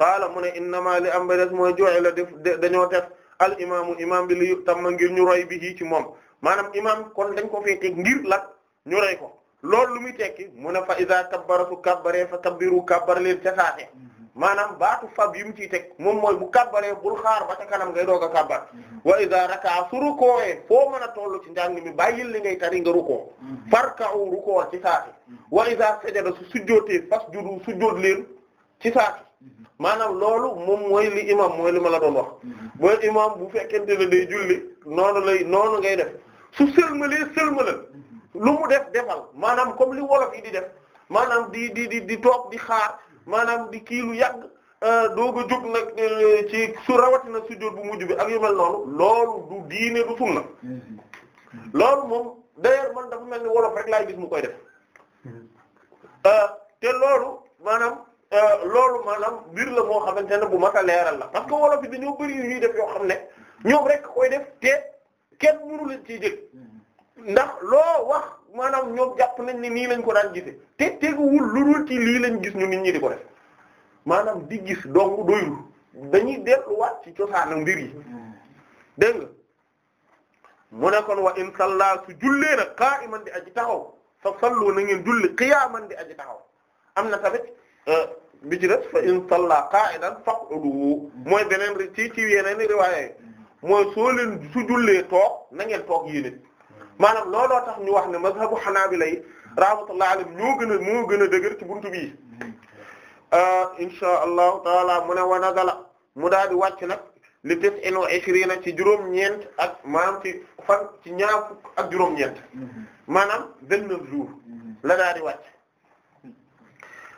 qaala mu ne innama li am ba des mooy ju'ila def de def al imaamu imaam bi li yutamma ngir ñu roy bi ci moom maanaam imaam kon dañ ko fee teg ngir la ñu roy ko lool lu muy tekki mu ne fa ida kabbara su kabbaree fa kabbiru kabbar leen ca saate maanaam baatu fab yi mu ciy teg moom mu bu kabbaree bul xaar ba ca kanam ngay doog a kabbar wa iza raka su rukoowee foo mën a toll ci njàng mi bàyyil li ngay tari nga rukoo farka'u rukoo ci saate wa iza sajada su sujjootee fasjudu sujjoot leen ci saate maanaam loolu moom mooy li imam mooy li ma la doon wax mhm. mooy imam bu fekkente ne day julli noonu lay noonu ngay def su sëlmalee sëlmalal mhm. lu mu def defal maanaam comme li wolof yi di def maanaam di di di di toog di xaar maanaam di kii lu yàgg euh, doog a nag euh, ci su rawatina sujjóot bu mujj bi ak yu mel loolu loolu du diine du sunna mhm. loolu moom d'ailleurs man dafa mel ni wolof rek laay gis mu koy def euh, te loolu maanaam. Euh, loolu maanaam mbir la moo xamante ne bu mat a leeral la parce que wolo yi dañoo bëri yu def yoo xam ne ñoom rek koy def te kenn mënu leen ciy jëg ndax loo wax maanaam ñoom jàpp nañ ne nii lañ ko daan gisee te teguwul lu dul ci lii lañ gis ñu nit ñi di ko def maanaam di gis dong doyul dañuy delluwaat ci cosaanu mbir yi dégg nga mu ne kon wa in salla su jullee nag qa'iman di aji taxaw fa sallu na ngeen julli qiyaman di aji taxaw am na tamit euh, bi ci des fa in salla qa'idan faq'udu mooy beneen ci ci yeneen riwaaye mooy soo leen su jullee toog na ngeen toog yéen it maanaam looloo tax ñu wax ne mazhabu hanabila yi rahmatullahi alayhim ñoo gën a moo gën a dëgër ci buntu bii euh, insha allahu taala mu ne wa nazala mu daal di wàcc nag li tis'in wa ishrina ci juróom-ñeent ak maanaam ci fan ci ñaar fukk ak juróom-ñeent mm-hmm. maanaam vingt-neuf jours mm-hmm. la daal di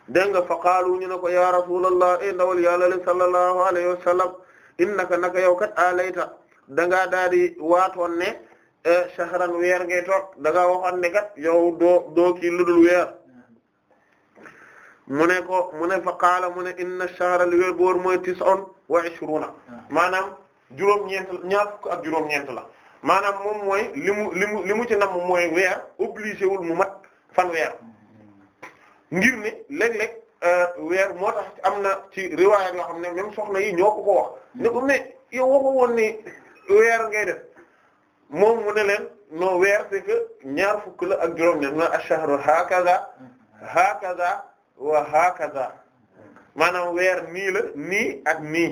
dégg nga fa qaalu ñu ne ko ya rasulallah e ndawal yàlla li sallallahu alayhi wa sallam innaka naka yow kat alayta da danga daal di waatoon ne e, shahran weer ngay toog da ngaa ne kat yow doo doo kii weer mu ne ko mu ne fa qaala mu ne inna shahra li weer boor mooy tis'un wa ishruna maanaam juróom-ñeent ñaar fukk ak juróom-ñeent la maanaam moom mooy li mu li mu li mu ci nam mooy weer obligé wul mu mat fan weer ngir ne léeg-léeg euh, weer moo tax am na ci riwaaya yoo xam ne même soxna yi ñoo ko ko wax ne ko ne yow waxu woon ni weer ngay def moom mu ne leen non weer c'est ñaar fukk la ak juróom ne na ash-shahru hakaza hakaza maanaam weer nii la nii ak nii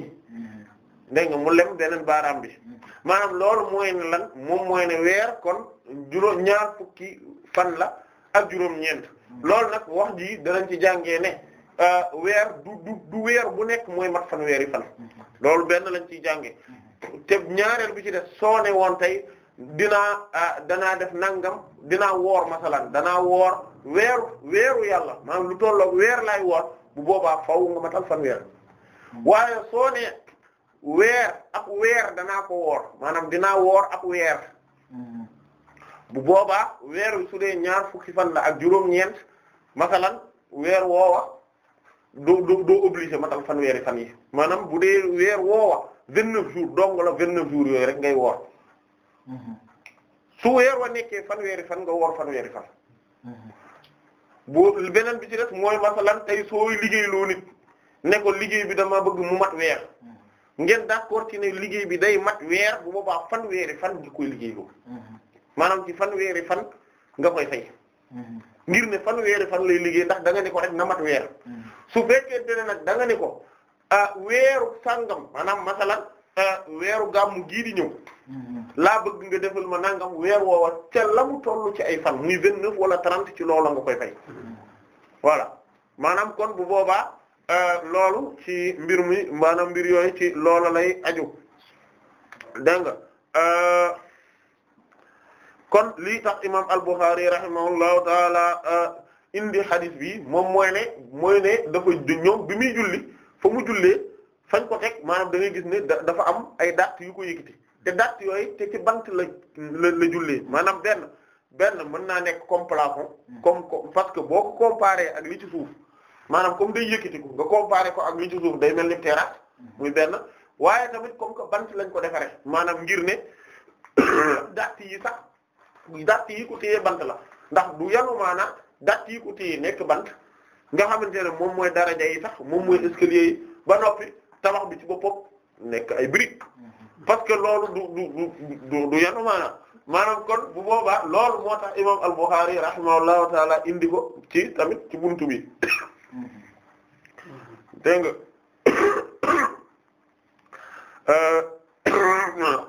dégg nga mu lem baaraam bi maanaam loolu mooy ne weer kon juróom fukki fan la ak juróom ñeent loolu nag wax ji danañ ci jànge ne euh, weer du du weer bu nekk mooy mat fan weeri fan loolu benn lañ ciy jànge te ñaareel bi ci def soo ne woon tey dinaa euh, danaa def nangam dina woor masalan danaa woor weer weeru yàlla maanaam lu tolloog weer lay woor bu boobaa faaw nga matal fan weer waaye soo weer ak weer danaa ko woor maanaam dinaa woor ak weer bu boobaa weer wi su dee ñaar fukki fan la ak juróom-ñeent masalan weer woowa doo doo doo obligé matal fan weeri fan yi maanaam bu dee weer woowa vingt neuf jours dong vingt neuf jours yooyu rek ngay woor mm-hmm. su weer wa nekkee fan weeri fan nga woor fan weeri fan boo beneen bi ci des mooy masalan tey sooy liggéeyloo nit ne ko liggéey bi dama bëgg mu mat weer mm-hmm. ngeen d'accord ci ne liggéey bi day mat weer bu boobaa fan weeri fan di koy liggéeyloo mm-hmm. maanaam ci weeri fan nga koy fay ngir ne fanweeri fan lay liggéey ndax danga nga ni ko rek na mat weer mm-hmm. su fekkee dene nag da nga ni ko ah, weeru sàngam maanaam masalan ah, weeru gàmmu gii di ñëw mm-hmm. laa bëgg nga defal ma nangam weer woowa ca la mu ci ay fan muy vingt neuf wala trente ci loola nga koy fay mm-hmm. voilà maanaam kon bu boobaa ah, loolu ci mbir mi maanaam mbir yooyu ci loola lay aju dégg kon lii tax imam al-Bukhari rahimahullahu taala euh, indi hadith bi moom mooy ne mooy ne dafa ñoom bi muy julli fa mu jullee fañ ko teg maanaam da ngay gis ne dafa am ay datt yu ko yëkkati te dàtt yooyu te ci bant la la la jullee maanaam benn benn mën naa nekk comme plafond comme parce que boo ko comparé ak li ci suuf maanaam comme day yëkkati ko nga comparé ko ak li ci suuf day mel ni terrasse muy benn waaye tamit comme bant lañ ko defaree maanaam ngir ne yi sax. dàtt yi ko bant la ndax du yanu maanaam dàtt yi ko nekk bant nga xamante ne moom mooy daraja yi sax moom mooy escalier yi ba noppi tabax bi ci boppam nekk ay briques mhm. parce que loolu du du du yanu maanaam maanaam kon bu boobaa loolu moo tax imam al-Bukhari rahimahullahu taala indi ko ci tamit ci buntu bi mhm. dégg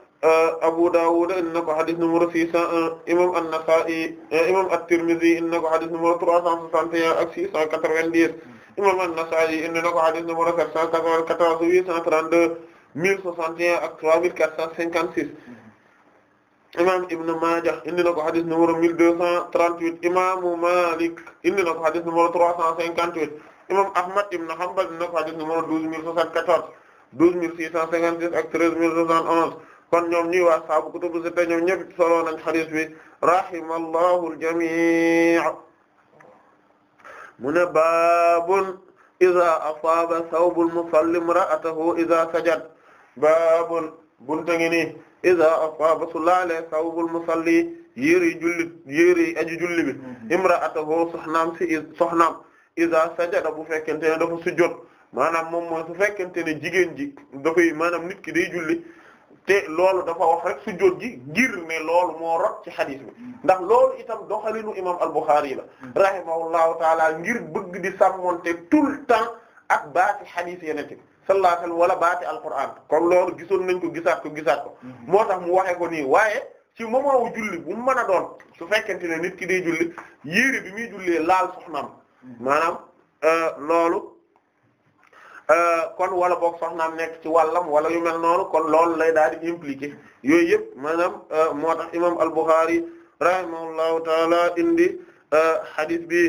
Euh, Abu Dawud indi na ko xadis numéro 601 imam An-Nasa'i euh, imam At-Tirmidhi indi na ko xadis numéro 361 ak 690 imam An-Nasa'i indi na ko xadis numéro 794 832 1061 ak 3456 imam Ibn Majah indi na ko xadis numéro 1238 imaamu Malik indi na ko xadis numéro 358 imam Ahmad ibn Hanbal indi ko xadis numéro kon ñoom ñuy waa saabu kutubu sitta ñoom ñëpp solo nañ hadith bi rahimallahu al-jamii' mu ne baabun iza asaaba thawbul musalli imra'atahu iza sajad baabun bunta ngi nii iza asaaba su laalee thawbul musalli yéeri jullit yéeri aji julli bi mm-hmm. imra'atahu soxnaam si soxnaam iza sajada bu fekkente ne dafa sujjóot maanaam moom mooy su fekkente ne jigéen ji dafay maanaam nit ki day julli te loolu dafa wax rek sujjóot gi ngir ne loolu moo rot ci xadis bi ndax loolu itam doxalinu imam al-Bukhari la rahimahullahu taala ngir bëgg di sàmmonte tout le temps ak baati xadis yeneen bi sallallahu alayhi wala baati al-Qur'an comme loolu gisoon nañ ko gisaat ko gisaat ko moo tax mu waxee ko nii waaye ci moment wu julli bu mu mën a doon su fekkente ne nit ki day julli yére bi muy jullee laal soxnaam maanaam euh, loolu Euh, kon wala boog soxnaam nekk ci wàllam wala yu mel noonu kon loolu lay daal di impliqué yooyu yëpp maanaam euh, moo tax imam al-Bukhari rahimahullahu taala indi euh, hadith bi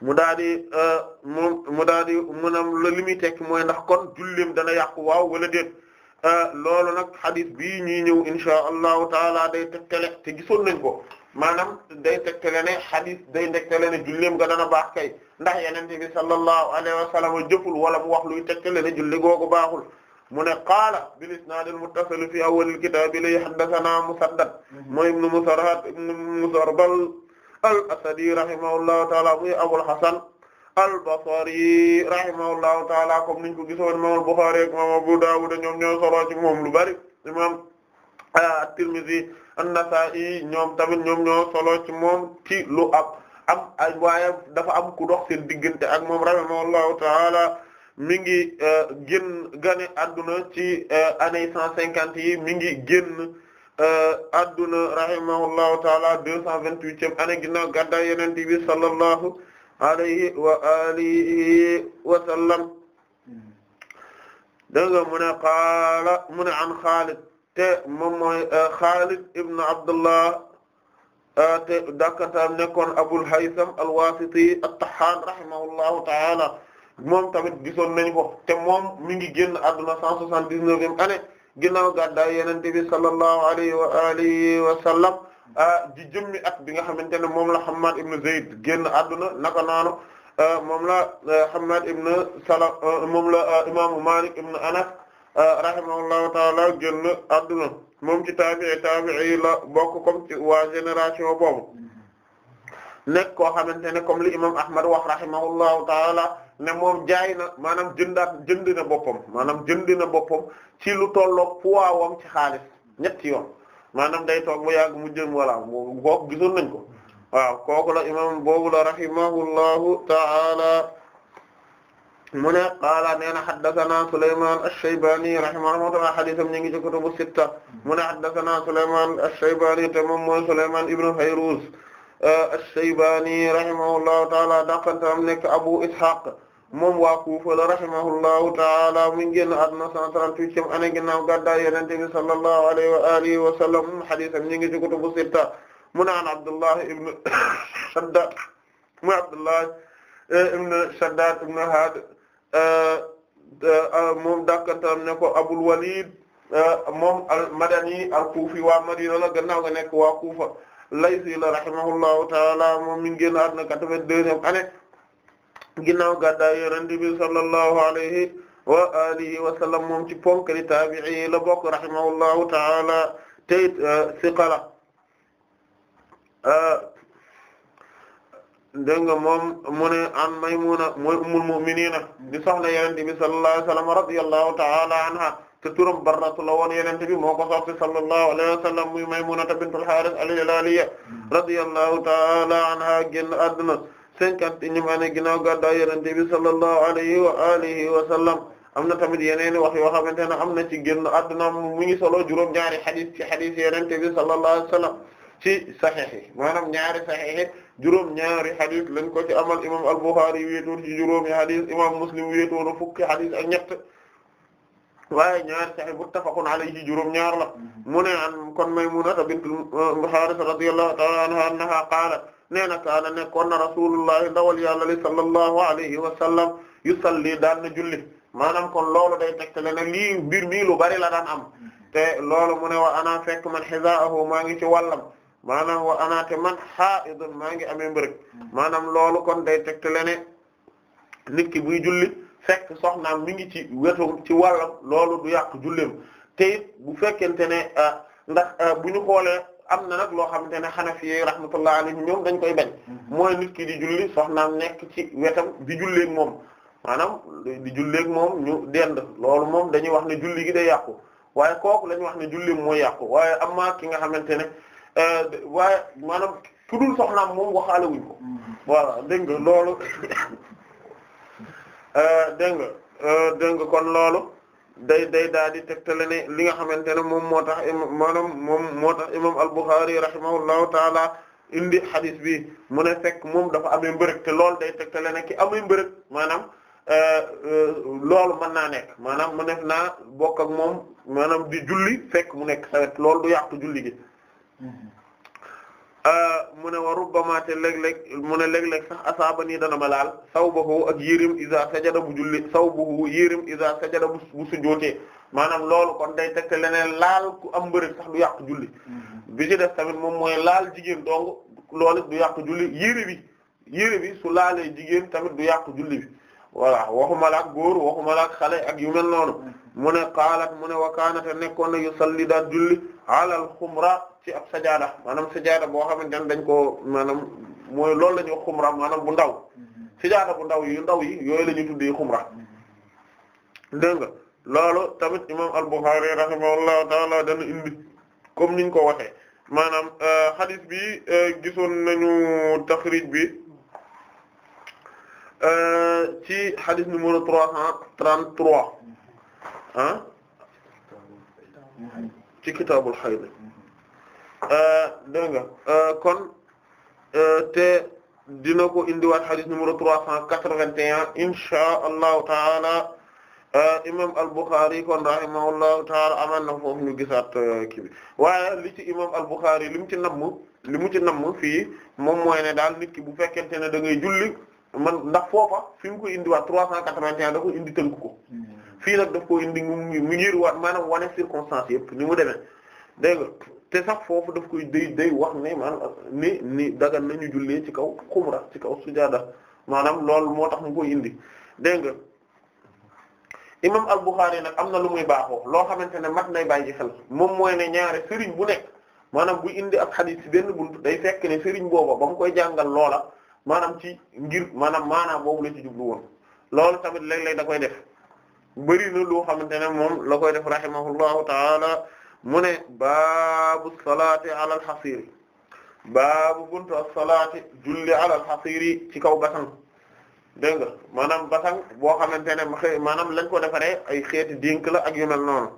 mu daal di moom mu daal di maanaam la li muy tekki mooy ndax kon julleem dana yàqu waaw wala déet loolu nag hadith bii ñuy ñëw insha allahu taala day tegtale te gisoon nañ ko maanaam day tegtale ne xadis day tegtale ne julleem nga dana baax kay ndax yen yenente bi sallallahu alayhi wa sallam jëful wala mu wax luy tegtale ne julli googu baaxul mu ne qaala bil isnaad al muttasil fi awwal al kitaab li haddathana musaddad mooy ibnu musarhad ibnu musarbal al asadi rahimahullahu taala muy abul hasan al basri rahimahullahu taala comme niñ ko gisoon imam al bukhari ak imam abu dawud ñoom ñoo solo ci moom lu bari imam at-Tirmidhi an yi ñoom tamit ñoom ñoo solo ci moom ci lu ab am ay waaye dafa am ku dox seen diggante ak moom rahimahullahu ta'ala mi ngi euh, génn gane adduna ci euh, année cent cinquante yi mi ngi génn adduna euh, rahimahullahu ta'ala deux cent vingt-huitième année ginnaaw gàddaay Yonent bi sallallahu alayhi wa alihi wa hmm. danga mu qaala mu an Xaalid te moom mooy eh, Xaalid ibn Abdullah eh, te dakkantaam nekkoon Abul Haytham al-Wasiti at ta'ala moom tamit gisoon nañ ko te moom mi ngi génn àdduna 179e année ginnaaw gàddaay Yonent bi sallallahu alayhi wa alihi wa ji eh, jëmmi at bi nga xamante ne moom la Hammad ibn Zayd génn àdduna naka noonu moom la Hammad ibn Salam ibn Anas Ah, rahimahullahu taala génn adduna moom ci taabi'i taabi'i la bokk comme ci waa génération boobu nekk koo xamante ne comme li imam Ahmad wax rahimahullahu taala ne moom jaay na maanaam jëndaat jënd na boppam maanaam jënd na boppam ci lu tolloog poids wam ci xaalis ñetti yoon maanaam day toog mu yàgg mu jëm walla mu bokk nañ ko waaw kooku la imam boobu la rahimahullahu taala mu ne qaala nee na haddathana Sulaymaan ash-Shaybaani rahimahullah hadiisam ñu ngi ci kutubu sitta mu ne haddathana Sulaymaan ash-Shaybaani te moom mooy Sulaymaan ibn Fayruz eh, ash-Shaybaani rahimahullahu ta'ala daqantam nekk Abu Ishaq moom waa Kuufa la rahimahullahu ta'ala mu ngi génn àdduna 138e année ginnaaw gàddaay Yonent bi sallallahu alayhi wa alihi wa sallam hadiisam ñu ngi ci kutubu sitta mu ne an Abdullah ibn Shaddad mu Abdullah eh, ibn Shaddad ibn Haad Euh, euh, euh, moom dàkkantam ne ko Abul Walid moom al-Madani al-Kufi waa Madina la gannaaw nga nekk waa Kufa Laysi la rahimahullahu taala moom mi ngi génn àdduna quatre-vingt-deuxième année ginnaaw gàddaay Yonent bi sallallahu alayhi wa alihi wa sallam moom ci ponkali taabi'i la bokk rahimahullahu taala tey siqa la dégg nga moom mu ne an Maymuna mooy ummul mu'minina di soxna yenente bi sallallahu alayhi wa sallam radiyallahu ta'ala anha te turam barratu la woon yenente bi moo ko soppi sallallahu alayhi wa sallam muy Maymunata bintul Harith al-Hilaliya radiyallahu ta'ala anha génn àdduna cinquante ñi ma ne ginnaaw gàddaa yenente bi sallallahu alayhi wa alihi wa sallam am na tamit yeneen wax yoo xamante ne am na ci génn àdduna mu ngi solo juróom ñaari xadis ci xadis yenente bi sallallahu alayhi wa sallam ci saxiix yi maanaam ñaari saxiix juróom ñaari hadith lañ ko ci amal imam al-Bukhari wéetoon ci juróomi hadith imam Muslim wéetoon fukki hadith ak ñett waaye ñaari sahih muttafaqun alayhi juróom ñaar la mu ne an kon Maymuna bintul Harith radiyallahu ta'ala anha annaha qaala nee na kaana nekkoon na rasulullahi ndawal yàlla li sallallahu alayhi wa sallam yusalli daan na julli maanaam kon loolu day tegtale na lii mbir mii lu bari la daan am te loolu mu ne wa ana fekk man hizaahu maa ngi ci wàllam maanaam wa anaate man haidun maa ngi amee mbërëg hmm. maanaam loolu kon day tegtale ne nit ki buy julli fekk soxnaam mi ngi ci wetu ci wàllam loolu du yàq julleem te bu fekkente ne ah, ndax ah, bu ñu xoolee am na loo xamante ne Hanafi yi rahmatullah alayhim ñoom dañ koy bañ hmm. mooy nit ki di julli soxnaam nekk ci wetam di julleeg moom maanaam di julleeg moom ñu dend loolu moom dañuy wax ne julli gi day yàqu waaye kooku lañu wax ne julleem mooy yàqu waaye am na ki nga xamante ne Euh, waaye maanaam ku dul soxnaam moom waxaale wuñ ko mm-hmm. voilà dégg nga loolu euh, dégg nga euh, dégg nga kon loolu day day daal di tegtale ne li nga xamante ne moom moo tax maanaam moom moo tax imam al-Bukhari rahimahullahu taala indi hadith bi mu ne fekk moom dafa amee mbërëg te lool day tegtale ne ki amee mbërëg maanaam loolu mën naa nekk maanaam mu nekk naa bokk ak moom maanaam di julli fekk mu nekk sawet loolu du yàqu julli gi mu ne wa rubbama te léeg-léeg mu ne léeg-léeg sax asaaba nii dana ma laal sawbahu ak yérim isa sajada bu julli sawbahu yérim isa sajada bu bu sujootee maanaam loolu kon day tegte leneen laal ku am mbërëg sax du yàq julli mm-hmm. bi ci def tamit moom mooy laal jigéen dong loolu du yàq julli yére bi yére bi su laalee jigéen tamit du yàq julli bi voilà waxumala ak góor waxumala ak xale ak yu mel noonu mm-hmm. mu ne qaalat mu ne wa nekkoon na yu salli daan julli alal xumra ci ab sajaada maanaam sajaada boo xamante ne dañ ko maanaam mooy loolu la ñuy wax xumra maanaam bu ndaw sajaada bu ndaw yu ndaw yi yooyu la ñuy tuddee xumra dégg nga loolu tamit imam al-Bukhari rahimahullahu taala dana indi comme niñ ko waxe maanaam euh, hadith bi euh, gisoon nañu taxrij bi euh, ci hadith numéro trois cent trente-trois ah ci kitaabul hayd Euh, dégg nga euh, kon euh, te dina ko indiwaat hadith numéro trois cent quatre-vingt-un inshaa allahu taala imam al-Bukhari kon rahimahullahu taala amaan na foofu ñu gisaat kii bi waaye li ci imam al-Bukhari li mu ci namm li mu ci namm fii moom mooy ne daal nit ki bu fekkente ne da ngay julli man ndax foofa fi mu ko indiwaat trois cent quatre-vingt-un da ko indi tënk ko hmm. fii nag daf ko indi mu mu ngir waat maanaam wane circonstance yëpp ni mu deme dégg nga te sax foofu daf koy day day wax ne maanaam ni ni dagan nañu jullee ci kaw xumra ci kaw sujaada maanaam lool moo tax mu koy indi dégg nga imam al-Bukhari nag am na lu muy baaxoo loo xamante ne mat nay bàyyi xel moom mooy ne ñaare sëriñ bu nekk maanaam bu indi ak xadiis ci benn bunt day fekk ne sëriñ booba ba koy jàngal loola maanaam ci ngir maanaam maanaam boobu la ci jublu woon loolu tamit léeg-léeg da koy def bëri na loo xamante ne moom la koy def rahimahullahu mu ne baabu salaati alal xasiri baabu buntu salaati julli alal xasiri ci kaw basang dégg nga maanaam basang boo xamante ne xëy maanaam lañ ko defaree ay xeeti dink la ak yu noonu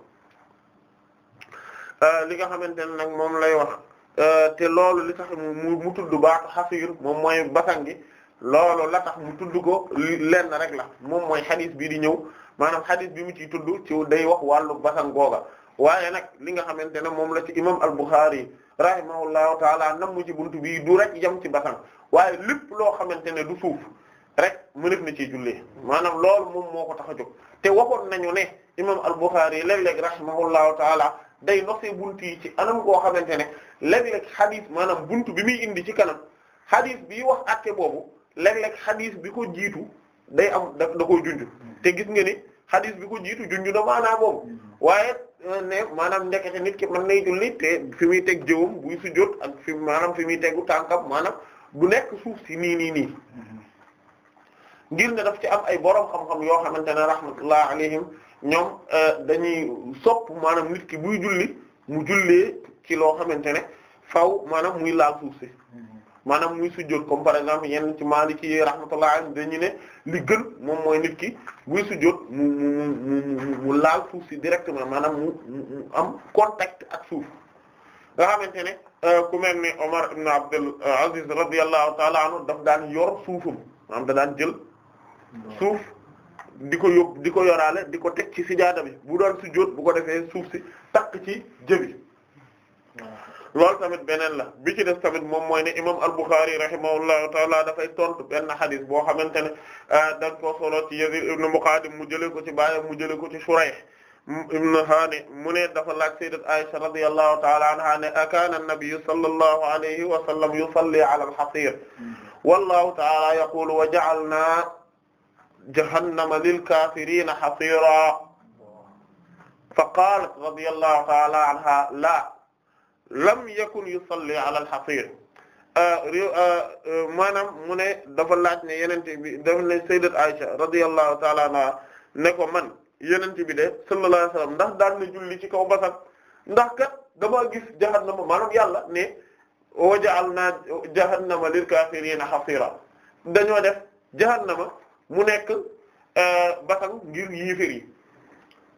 euh, li nga xamante ne nag moom lay wax euh, te loolu li tax mu mu tudd baatu xasir moom mooy basang gi loolu la tax mu tudd ko lenn rek la moom mooy xadis bii di ñëw maanaam xadis bi mu ciy tudd ci day wax wàllu basang googa waaye nag li nga xamante ne moom la ci imam al-Bukhari rahimahullahu taala nam mu ci buntu bii du rek yem ci basan waaye lépp loo xamante ne du suuf rek mënef na ci jullee maanaam loolu moom moo ko tax a jóg te waxoon nañu ne imam al-Bukhari léeg-léeg rahimahullahu taala day noxee buntu yi ci anam goo xamante ne léeg-léeg xadis maanaam buntu bi muy indi ci kanam xadis bi wax àtte boobu léeg-léeg xadis bi ko jiitu day am da da koy junj te gis nga ni xadis bi ko jiitu junj na maanaa boobu mm-hmm. waaye Euh, ne maanaam ndekete nit ki man nay julli te fi muy teg jëwam buy sujjóot ak fi maanaam fi muy tegu tànkam maanaam bu nekk suuf si nii nii nii mm-hmm. ngir ne daf ci am ay borom xam-xam yoo xamante ne rahmatullah alayhim ñoom euh, dañuy sopp maanaam nit ki buy julli mu jullee ci loo xamante ne faw maanaam muy laal suuf si mm-hmm. maanaam muy sujjóot comme par exemple yenn ci Maliki yi rahmatullah alayhi dañu ne li gën moom mooy nit ki muy sujjóot mu mu mu mu laal suuf si directement maanaam mu mu am contact ak suuf nga xamante ne euh, ku mel ni Omar na Abdul Aziz radiyallahu ta'ala anhu daf daan yor suufam am da daan jël suuf di ko yób di ko yoraale di ko teg ci sijaada bi bu doon sujjóot bu ko defee suuf si takk ci jëbi loolu tamit beneen la bi ci des tamit moom mooy ne imam al-Bukhari rahimahullahu taala dafay tontu benn xadis boo xamante ne euh, dañ ko solo ci Yazid ibn Muqadim mu jëlee ko ci baayam mu jëlee ko ci Shurayh ibn Hani mu ne dafa laaj sayyidat Aisha radiyallahu taala anha ne akaana an-nabiyyu sallallahu alayhi wa sallam yusalli ala al-hasiir wallahu taala yaqulu wa ja'alna jahannama lil-kaafiriina hasiira fa qaalat radiyallahu taala anha la lam yakun yusalli ala al-hafir euh, euh, euh, maanaam mu ne dafa laaj ne yenente bi dafa ne sayyidat Aisha radiyallahu ta'ala anha ne ko man yenente bi de sallallahu alayhi wasallam ndax daan na julli ci kaw basam ndax kat damaa gis jahannama maanaam yàlla ne wa ja'alna jahannama lil kafirina hasira dañoo def jahannama mu nekk basam ngir yiifir yi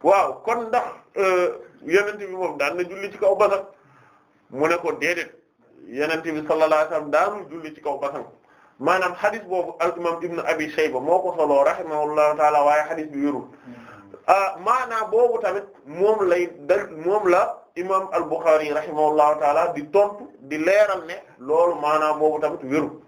waaw kon ndax yenente bi moom daan na julli ci kaw basam mu ne ko déedéet yenente bi sallallahu alayhi wasallam daanul julli ci kaw basan maanaam xadis boobu al imam ibnu abi shayba moo ko soloo rahimahullahu taala waaye xadis bi a ah, maanaam boobu tamit moom lay dal moom la imam al Bukhari rahimahullahu taala di tontu di leeral ne loolu maanaam boobu tamit wérul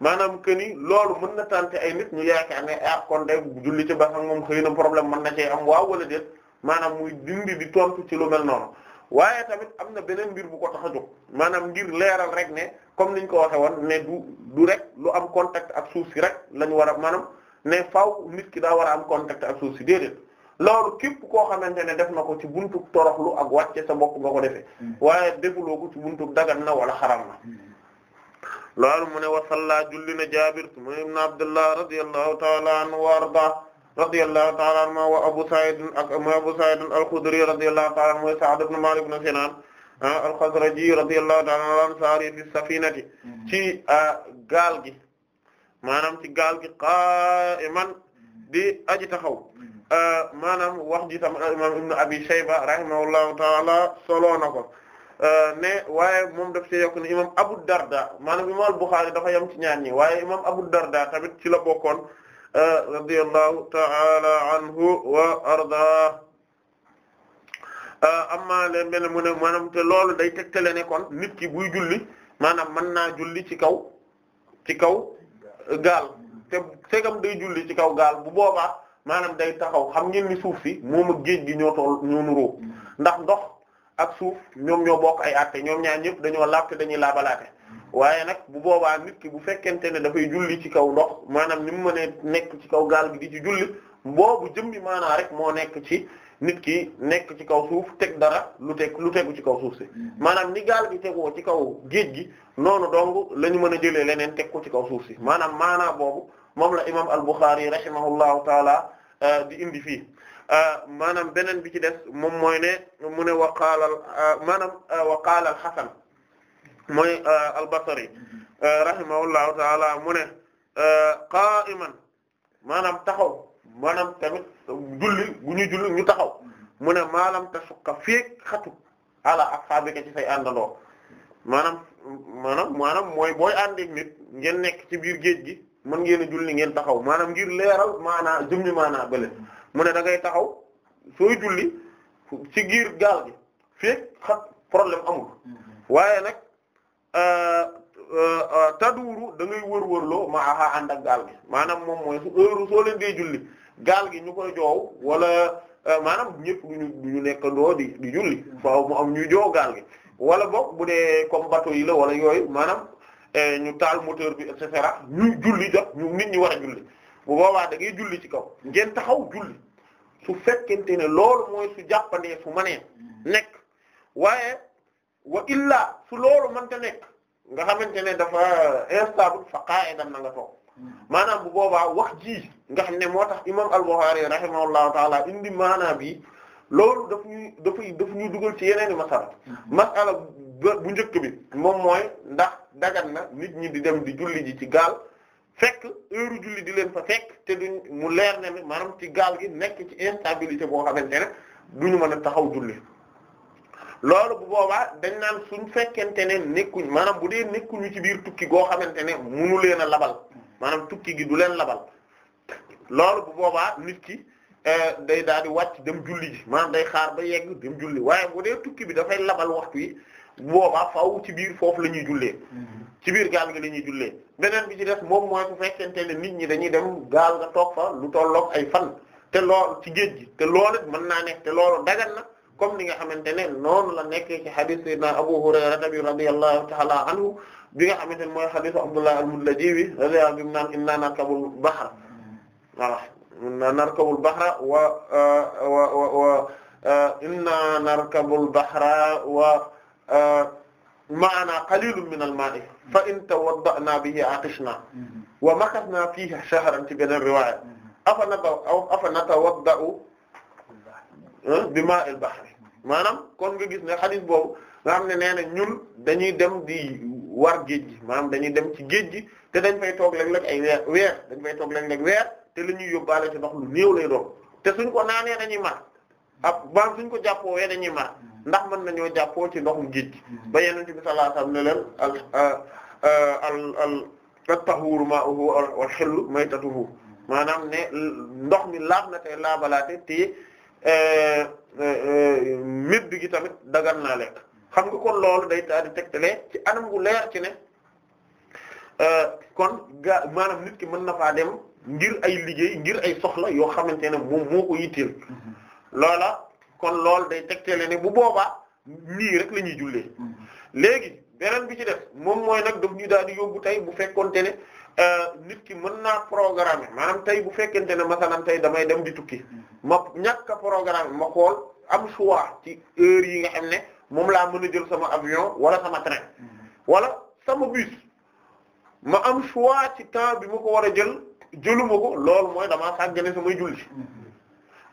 maanaam que ni loolu mun na tante ay nit ñu yaakaar ne a ah, kon day julli ci basan moom xëy na problème mën na cee am waaw wala déet maanaam muy dindi di tontu ci lu mel noonu waaye tamit am na beneen mbir bu ko tax a jóg maanaam ngir leeral rek ne comme niñ ko waxe woon ne du du rek lu am contact ak suuf si rek la ñu war a maanaam ne faw nit ki daa war am contact ak suuf si déedéet loolu képp koo xamante ne def na ko ci buntu toroxlu ak wàcce sa bopp nga ko defee hmm. waaye defuloo ko ci buntu dagan na wala xaram na hmm. loolu mu ne wasalla julli na Jaabir mu ibn Abdullah radiyallahu ta'ala anhu wa arda radiyallahu ta'ala anhu wa Abu Sa'id ak mooy al-Khudri radiyallahu ta'ala anhu ah, al-Khazraji radiyallahu al-Ansari fi safinati mm-hmm. ci ah, gaal gi maanaam ci gaal gi qa'iman di aji taxaw mm-hmm. ah, maanaam wax ji tam imam Ibn Abi Shayba rahimahullahu ta'ala solo na ko ne waaye moom daf see yokk ne imam Abu Darda maanaam imam al-Bukhari dafa yem ci ñaar ñi waaye imam Abu Darda tamit ci la bokkoon radiyallahu ta'ala anhu wa arda amma le mel mu ne maanaam te loolu day tegtale ne kon nit ki buy julli maanaam mën naa julli ci kaw ci kaw gaal te segam day julli ci kaw gaal bu boobaa maanaam day taxaw xam ngeen ni suuf si moom ak géej gi ñoo toll ñoo nuroo ndax ndox ak suuf ñoom ñoo bokk ay àtte ñoom ñaa ñëpp dañoo laab te dañuy laabalaate waaye nag bu boobaa nit ki bu fekkente ne dafay julli ci kaw ndox maanaam ni mu mënee nekk ci kaw gaal gi di ci julli boobu jëmmi maanaa rek moo nekk ci nit ki nekk ci kaw suuf teg dara lu teg lu tegu ci kaw suuf si mm-hmm. maanaam ni gaal gi tegoo ci kaw géej gi noonu dong la ñu mën a jëlee leneen teg ko ci kaw suuf si maanaam maanaam boobu moom la imam al-Bukhari rahimahullahu taala euh, di indi fii euh, maanaam beneen bi ci des moom mooy ne mu ne wa qaala euh, maanaam wa qaala hasan mooy euh, al-Basri euh, rahimahullahu taala mu ne euh, qa'iman maanaam taxaw maanaam tamit julli bu ñu julli ñu taxaw mu ne maalam tashukka feek xatu ala ashabika ci say àndandoo maanaam manam maanaam mooy booy àndeek nit ngeen nekk ci biir géej gi mën ngeen a julli ngeen taxaw maanaam ngir leeral maanaa jëmmi maana bële mu ne da ngay taxaw sooy julli ci giir gaal gi feek xat problème amul mm-hmm. waaye nag Euh, euh, euh, taduuru da ngay wër-wërloo ma ànd ak gaal gi maanaam moom mooy su heure soo leen dee julli gaal gi ñu koy joow wala maanaam ñëpp duñu duñu nekkandoo di di julli faaw mu am ñuy joow gi wala boog bu dee comme bateau yi la wala yooyu maanaam ñu taal moteur bi et cetera ñu julli jot ñu nit ñi war a julli bu boobaa da ngay julli ci kaw ngeen taxaw julli su fekkente ne loolu mooy su jàppandee su manee nekk waaye wa illaa su loolu mënta nekk nga xamante ne dafa instable fa qa'idan na nga toog maanaam bu boobaa wax ji nga xam ne moo tax imam al-Bukhari rahimahullahu taala indi maanaam bi loolu daf ñuy dafay daf ñuy dugal ci yeneen i masala mm-hmm. masala bu njëkk bi moom mooy ndax dagan na nit ñi di dem di julli ji ci gaal fekk heure julli di leen fa fekk te duñ mu leer ne maanaam ci gaal gi nekk ci instabilité boo xamante ne ñu mën a taxaw julli loolu bu boobaa dañ naan suñ fekkente ne nekkuñ maanaam bu dee nekkuñu ci biir tukki goo xamante ne munu leen a labal maanaam tukki gi du leen labal loolu bu boobaa nit ki euh, day daal di wàcc dem julli ji maanaam day xaar ba yegg dem julli waaye bu dee tukki bi dafay labal waxtu yi bu boobaa faaw ci biir foofu la ñuy jullee mm-hmm. ci biir gaal gi lañuy ñuy jullee beneen bi ci des moom mooy bu fekkente ne nit ñi dañuy dem gaal nga toog fa lu tolloog ay fan te lool ci géej gi te loolu mën naa nekk te loolu dagan na comme ni nga xamante ne noonu la nekkee ci hadith sayyidina Abu Hurayra bi radiyallahu ta'ala anhu bi nga xamante ne mooy hadith Abdullah al-Mudlaji bi radiyallahu bi mu naan inna narkabul bahra voilà inna narkabul bahra wa uh, wa wa uh, inna narkabul bahra wa uh, ma'ana qalilun min al-ma'i fa in tawadda'na bihi atishna wa makasna fihi shahran ci beneen riwaaya afa nata aw afa natawadda'u bima'il bahri maanaam kon nga gis ne xadis boobu nga xam ne nee na ñun dañuy dem di war géej gi maanaam dañuy dem ci géej gi te dañ fay toog léeg-léeg ay weer dañ fay toog léeg-léeg weer te li ñuy yóbbaale ci ndox lu néew lay doon suñ ko naanee dañuy mar ab ban suñ ko jàppoowee dañuy mar ndax mën nañoo jàppoo ci ndoxum géej gi ba yeneen ci bi sallallahu alayhi wasallam ne leen al al al at-tahuru ma'uhu wal hillu maytatuhu maanaam ne ndox mi laab na te laabalaate te e, Euh, euh, médd gi tamit dagan naa lekk xam nga kon loolu day daal di tegtale ci anam gu leer ci ne euh, kon gaa maanaam nit ki mën na faa dem ngir ay liggéey ngir ay soxla yoo xamante ne moom moo ko yitteel mm-hmm. loola kon loolu day tegtale ne bu boobaa nii rek lañuy ñuy jullee mm-hmm. léegi beneen bi ci def moom mooy nag daf ñu daal di yóbbu tey bu fekkonte ne Euh, nit ki mën naa programmer maanaam tey bu fekkente ne masalan tey damay dem di tukki ma ñàkk a programmer ma xool am choix ci heure yi nga xam ne moom laa mën a jël sama avion wala sama train wala sama bus ma am choix ci temps bi ma ko war a jël jëluma ko loolu mooy damaa sàggane sama julli mm-hmm.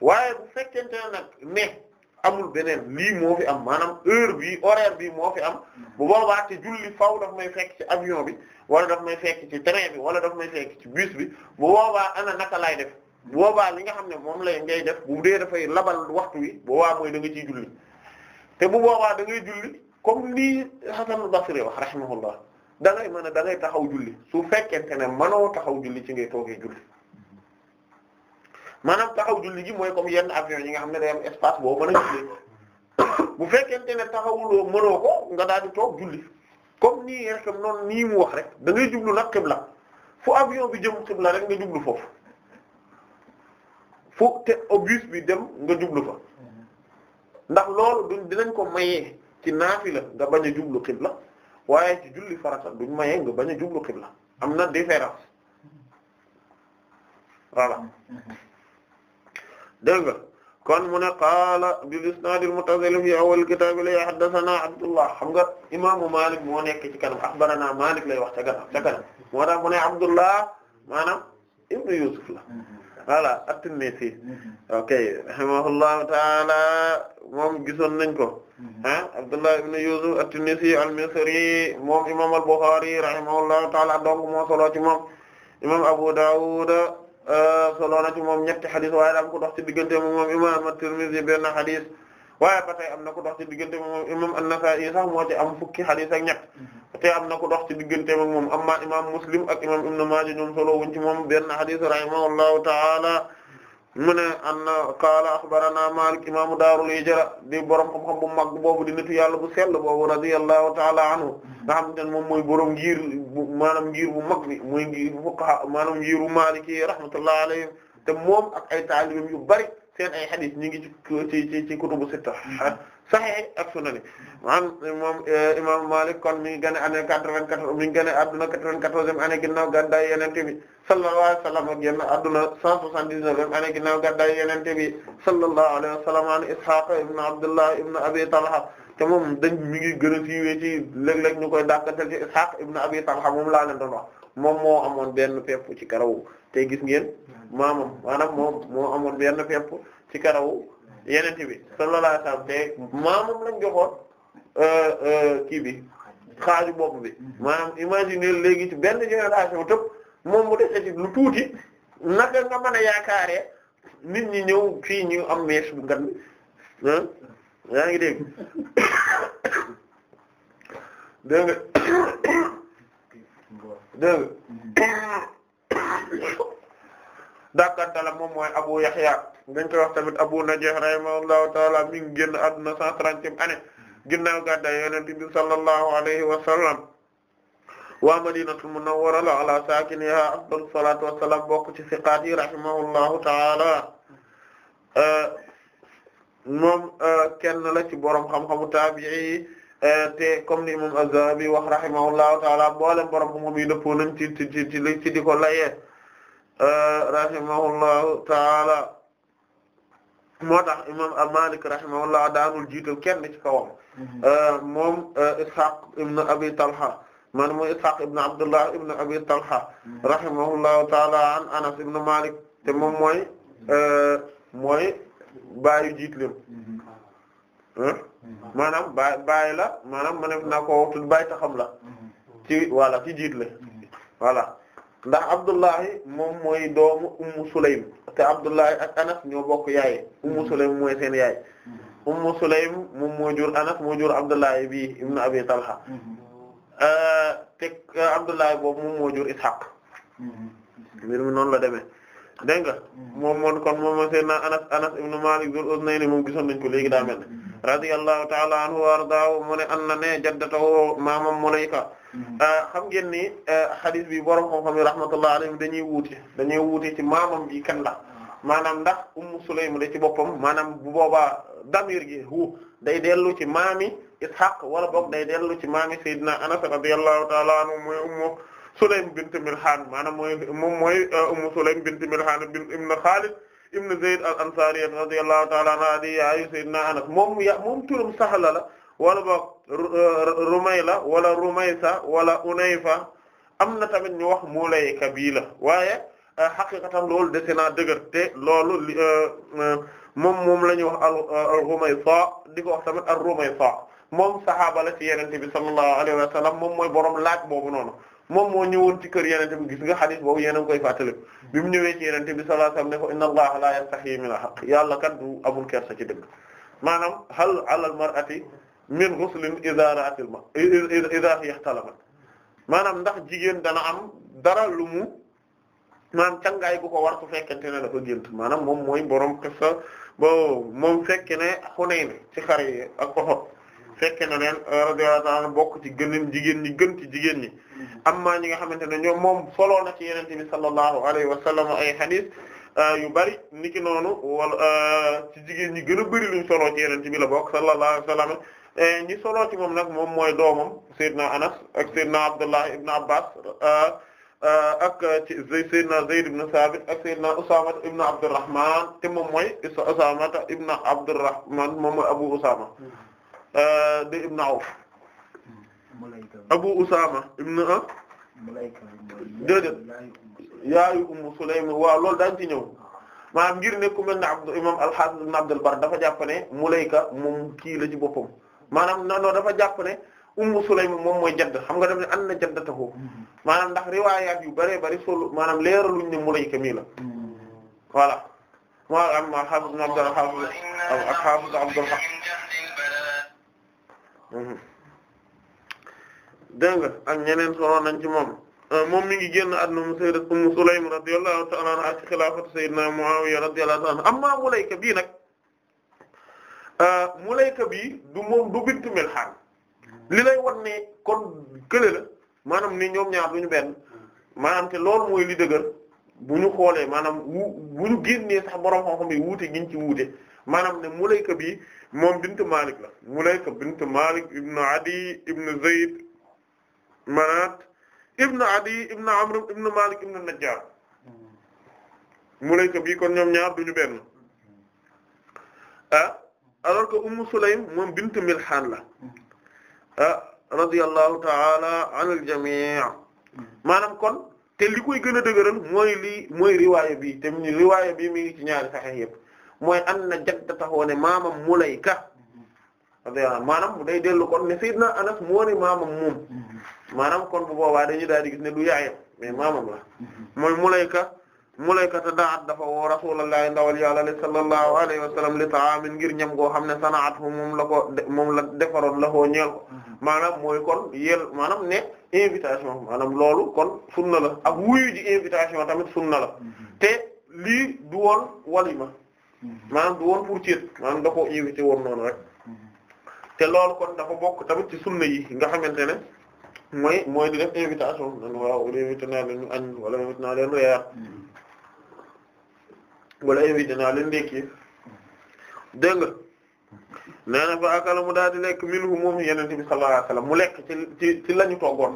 waaye bu fekkente ne nag mais amul beneen lii moo fi am maanaam heure bi horaire bi moo fi am bu boobaa te julli faaw daf may fekk ci avion bi wala daf may fekk ci train bi wala daf may fekk ci bus bi bu boobaa ana naka laay def bu boobaa li nga xam ne moom lay ngay def bu dee dafay labal waxtu wi boobaa mooy da nga ciy julli te bu boobaa da ngay julli comme lii Hasan al-Basri wax rahimahullah da ngay mën a da taxaw julli su fekkente ne mënoo taxaw julli ci ngay toogee julli maanaam taxaw julli gi mooy comme yenn avion yi nga xam ne day am espace boobu mën a julli bu fekkente ne taxawuloo mënoo ko nga daal di toog julli comme nii rek noonu nii mu wax rek da ngay jublu nag xibla fu avion bi jëm xibla rek nga jublu foofu fu te obus bi dem nga jublu fa ndax loolu duñ dinañ ko mayee ci naafila nga bañ a jublu xibla waaye ci julli farata duñ mayee nga bañ a jublu xibla am na différence voilà mm-hmm. dégg nga kon mu ne qaala bil isnaadil muttasil fi awwal kitaab li haddasanaa Abdullah xam nga imaamu Maalik moo nekk ci kanam axbaranaa Maalik lay wax ca kanam ca kanam moo mu ne Abdullah maanaam ibnu Yuusuf la voilà at-Tinnisi ok rahimahullahu taala moom gisoon nañ ko ah Abdullah ibn Yusuf at-Tinnisi al-Misri moom imam al-Bukhari rahimahullahu taala donc moo solo ci imam Abu Dawud Euh, solo na ci moom ñetti xadis waaye da am ko dox ci diggante moom imam a tirmidhi benn xadis waaye ba am na ko dox ci diggante moom imam an-Nasa'i sax moo ak ñett mhm. te am na ko dox ci diggante moom amma imam Muslim ak imam Ibn Maaja ñoom solo wuñ ci moom benn xadis rahimahullahu ta'ala mu ne anna qaala axbarana Maalik imaamu daarul hijra di borom xam-xam bu mag boobu di nitu yàlla bu sell boobu radiyallahu taala anhu nga xam moom mooy borom ngir maanaam ngiir bu mag bi mooy ngir fuqaha maanaam ngiru Maaliki rahmatullahi alayhim te moom ak ay taalibam yu bari seen ay hadith ñu ngi ci ci ci kutubu sitta saxee ak sunani maanaam eh, Malik kon mi ngi a année quatre-vingt-quatre mi ngi gën a adduna quatre-vingt-quatorzième année ginnaaw gàddaay Yonent bi sallallahu alayhi wa sallam ak génn adduna cent soixante-dix-neuvième année ginnaaw gàddaay Yonent bi sallallahu alayhi wa sallam an Ishaq ibn Abdullah ibn Abi Talha te moom da mi ngi gën a siiwee ci léeg-léeg ñu koy dàkkatal ci Ishaq ibn Abi Talha moom laa leen doon moom moo amoon benn pepp ci karaw te gis ngeen maamam maanaam moom moo amoon benn pepp ci karaw yenente bi sallallahu alayhi wasallam te maamam lañ joxoon euh, euh, kii bi xaaju bopp bi mhm. maanaam imaginer léegi ci benn génération tëb moom mu dese ci lu tuuti naka nga mën a yaakaaree nit ñi ñëw fii ñu am mèche bu ngan bi yaa ngi dégg dégg nga mhm. dàkkantalam moom mooy Abu Yahya dañ koy wax tamit Abu Najih rahimahullahu taala mi ngi génn àdduna cent trentième année ginnaaw gàddaay yonent bi sallallahu alayhi wa sallam waa Madinatul Munawwara la ala saakiniha afdalu salaatu wa salaam bokk ci siqaat yi rahimahullahu taala moom kenn la ci borom xam-xamu taabi'i te comme ni imam Az-Zahabi wax rahimahullahu taala boolem borom moom yi dëppoo nañ ci ci ci ci di ko layee rahimahullahu taala moo tax imam Malik rahimahullah daanul jiital kenn ci kawam mm-hmm. euh, moom euh, Ishaq ibn Abi Talha man mooy Ishaq ibn Abdullah ibn Abi Talha mm-hmm. rahimahullahu taala an Anas ibn Malik te moom mm-hmm. mooy euh, mooy baayu jiit maanaam baay baay la maanaam ma nef naa ko waxtu baay taxam la ci walla jiit jiitle walla ndax Abdullahi moom mooy doomu Ummu Sulaym te Abdullahi Anas ñoo bokk yaay Ummu mm-hmm. Sulaym mooy seen yaay mm-hmm. Ummu Sulaym moom moo jur Anas moo jur Abdullahi bi ibnu Abi Talha mm-hmm. euh, te euh, Abdullahi boobu moom moo jur Ishaq mbir mi noonu la demee dégg nga moom moon kon moom moo seen Anas Anas ibnu Malik Dul Uznayni moom gisoon nañ ko léegi daa mel ne radiyallahu ta'ala anhu wa ardaahu mu ne an na ne maamam Mulayka Mm-hmm. Ah, xam ngeen ni hadith ah, bi borom xam-xam yi rahmatullah alayhi dañuy wuute dañuy wuute ci maamam bi kan la mm-hmm. maanaam ndax ummu sulaym la ci boppam maanaam bu boobaa damir gi hu day dellu ci maami ishaq wala boog day dellu ci maami sayyidina anas radiyallahu ta'ala anhu mooy ummu sulaym bint milhan maanaam mooy moom mooy ah, ummu sulaym bint milhan ibn khalid ibn zayd al ansari radiyallahu ta'ala anhu di yaayu sayyidina anas moom ya moom la wala boog Euh, Rumayla wala Rumaysa wala Unayfa am na tamit ñu wax Mulayka bii la waaye euh, xaqiqatan loolu dese naa dëgër te loolu euh, moom moom la ñuy wax al-Rumaysa di ko wax tamit ar-Rumaysa moom saxaaba la ci yenente bi sallallahu alayhi wa sallam moom mooy borom laaj boobu noonu moom moo ñëwoon ci kër yenente bi gis nga xadis boobu yéen a koy fàttali bi mu ñëwee ci yenente bi sallallahu ne ko inna allaha la yastahi min al-haqq yàlla kat du amul kersa ci dëgg maanaam hal ala al min ghuslin idha ra'atil ma idha ihtalamat maanaam ndax jigéen dana am dara lu mu maanaam cangaay gu ko war su fekkente ne dafa gént maanaam moom mooy borom xissa boo moom fekke ne Hunayn ci xare yi ak Uhud fekke na leen euh, radiyallahu ta'ala bokk ci gënam jigéen ñi gën ci jigéen ñi amma ñi nga xamante ne ñoom moom soloo na ci yenente bi sallallahu alayhi wa sallam ay hadith euh, yu bari niki noonu wala euh, ci jigéen ñi gën a bari luñ soloo ci yenente bi la bokk sallallahu alayhi Eh, ñi solo ci moom nag moom mooy doomam Seydina Anas ak Seydina Abdullah ibn Abbas eh, eh, ak ci Seydina Zayd ibn Sabit ak Seydina Usama ibn Abdurrahman te moom mooy Usama ibn Abdurrahman moom mooy Abu Usama hmm. de ibn Awf hmm. Abu Usama ibn ah? a déedéet yaayu Ummu Sulaym waaw loolu daañu ci ñëw maanaam ngir ne ku mel ne Abdu imam al ibn Abd dafa jàpp ne Mulayka moom kii la ci boppam maanaam non non dafa jàpp ne ummu sulaym moom mooy jadd xam nga daf ne an na jaddatahu mm-hmm. maanaam ndax riwaayaat yu bare bëri solu maanaam leeraluñ ne mulayka mii la mm-hmm. voilà maa am ma xaafis na abdul ak abdul xaq mm-hmm. dégg nga ak ñeneen solo nañ ci moom euh, moom mi ngi génn àdduna mu sayyidat ummu sulaym radiyallahu ta'ala anha ci xilaafatu sayyidina muawiya bii nag Euh, mulayka bi du moom du bintu Milhaan li lay wan ne kon kële la maanaam ni ñoom ñaar duñu benn maanaam te loolu mooy li dëgër bu ñu xoolee maanaam wu bu ñu génnee sax borom xam yi wuute giñ ci wuute maanaam ne mulayka bi moom bintu Malik la mulayka bintu Malik ibnu Adi ibnu Zayd Manaat ibnu Adi ibnu Amr ibnu Malik ibnu Najjar mulayka bi kon ñoom ñaar duñu benn ah? alors que Ummu Sulaym moom bint Milhan la ah radiyallahu ta'ala anil jami' maanaam kon te li koy gën a dëgëral mooy lii mooy riwaaya bii te ni riwaaya bii mi ngi ci ñaari saxiix yëpp mooy am na jaddataxoo ne maamam Mulayka radiyallahu maanaam mu day dellu kon ne Sayyidna Anas moo ne maamam moom maanaam kon mu boobaa dañu daal di gis ne du yaayam mais maamam la mooy Mulayka Mulaykata da'at dafa woo Rasulullah ndawal yàlla li sallallahu alayhi wa sallam li ta'amin ngir ñam goo xam ne sana'at moom la ko moom la defaroon la koo ñeel ko mm-hmm. maanaam mooy kon yel maanaam ne invitation maanaam loolu kon sunna la ak wuyu ji invitation tamit na la mm-hmm. te lii du woon walima mm-hmm. maanaam du woon pour ceet maanaam da koo woon noonu te loolu kon dafa bokk tamit ci sunna yi nga xamante ne mooy mooy di def invitation nan waaw invité naa leen ñu wala invité naa leen ndekki dégg nga nee na fa akala mu daal di lekk minhu moom yonent bi sallallahu alayhi mu lekk ci ci ci la ñu toggoon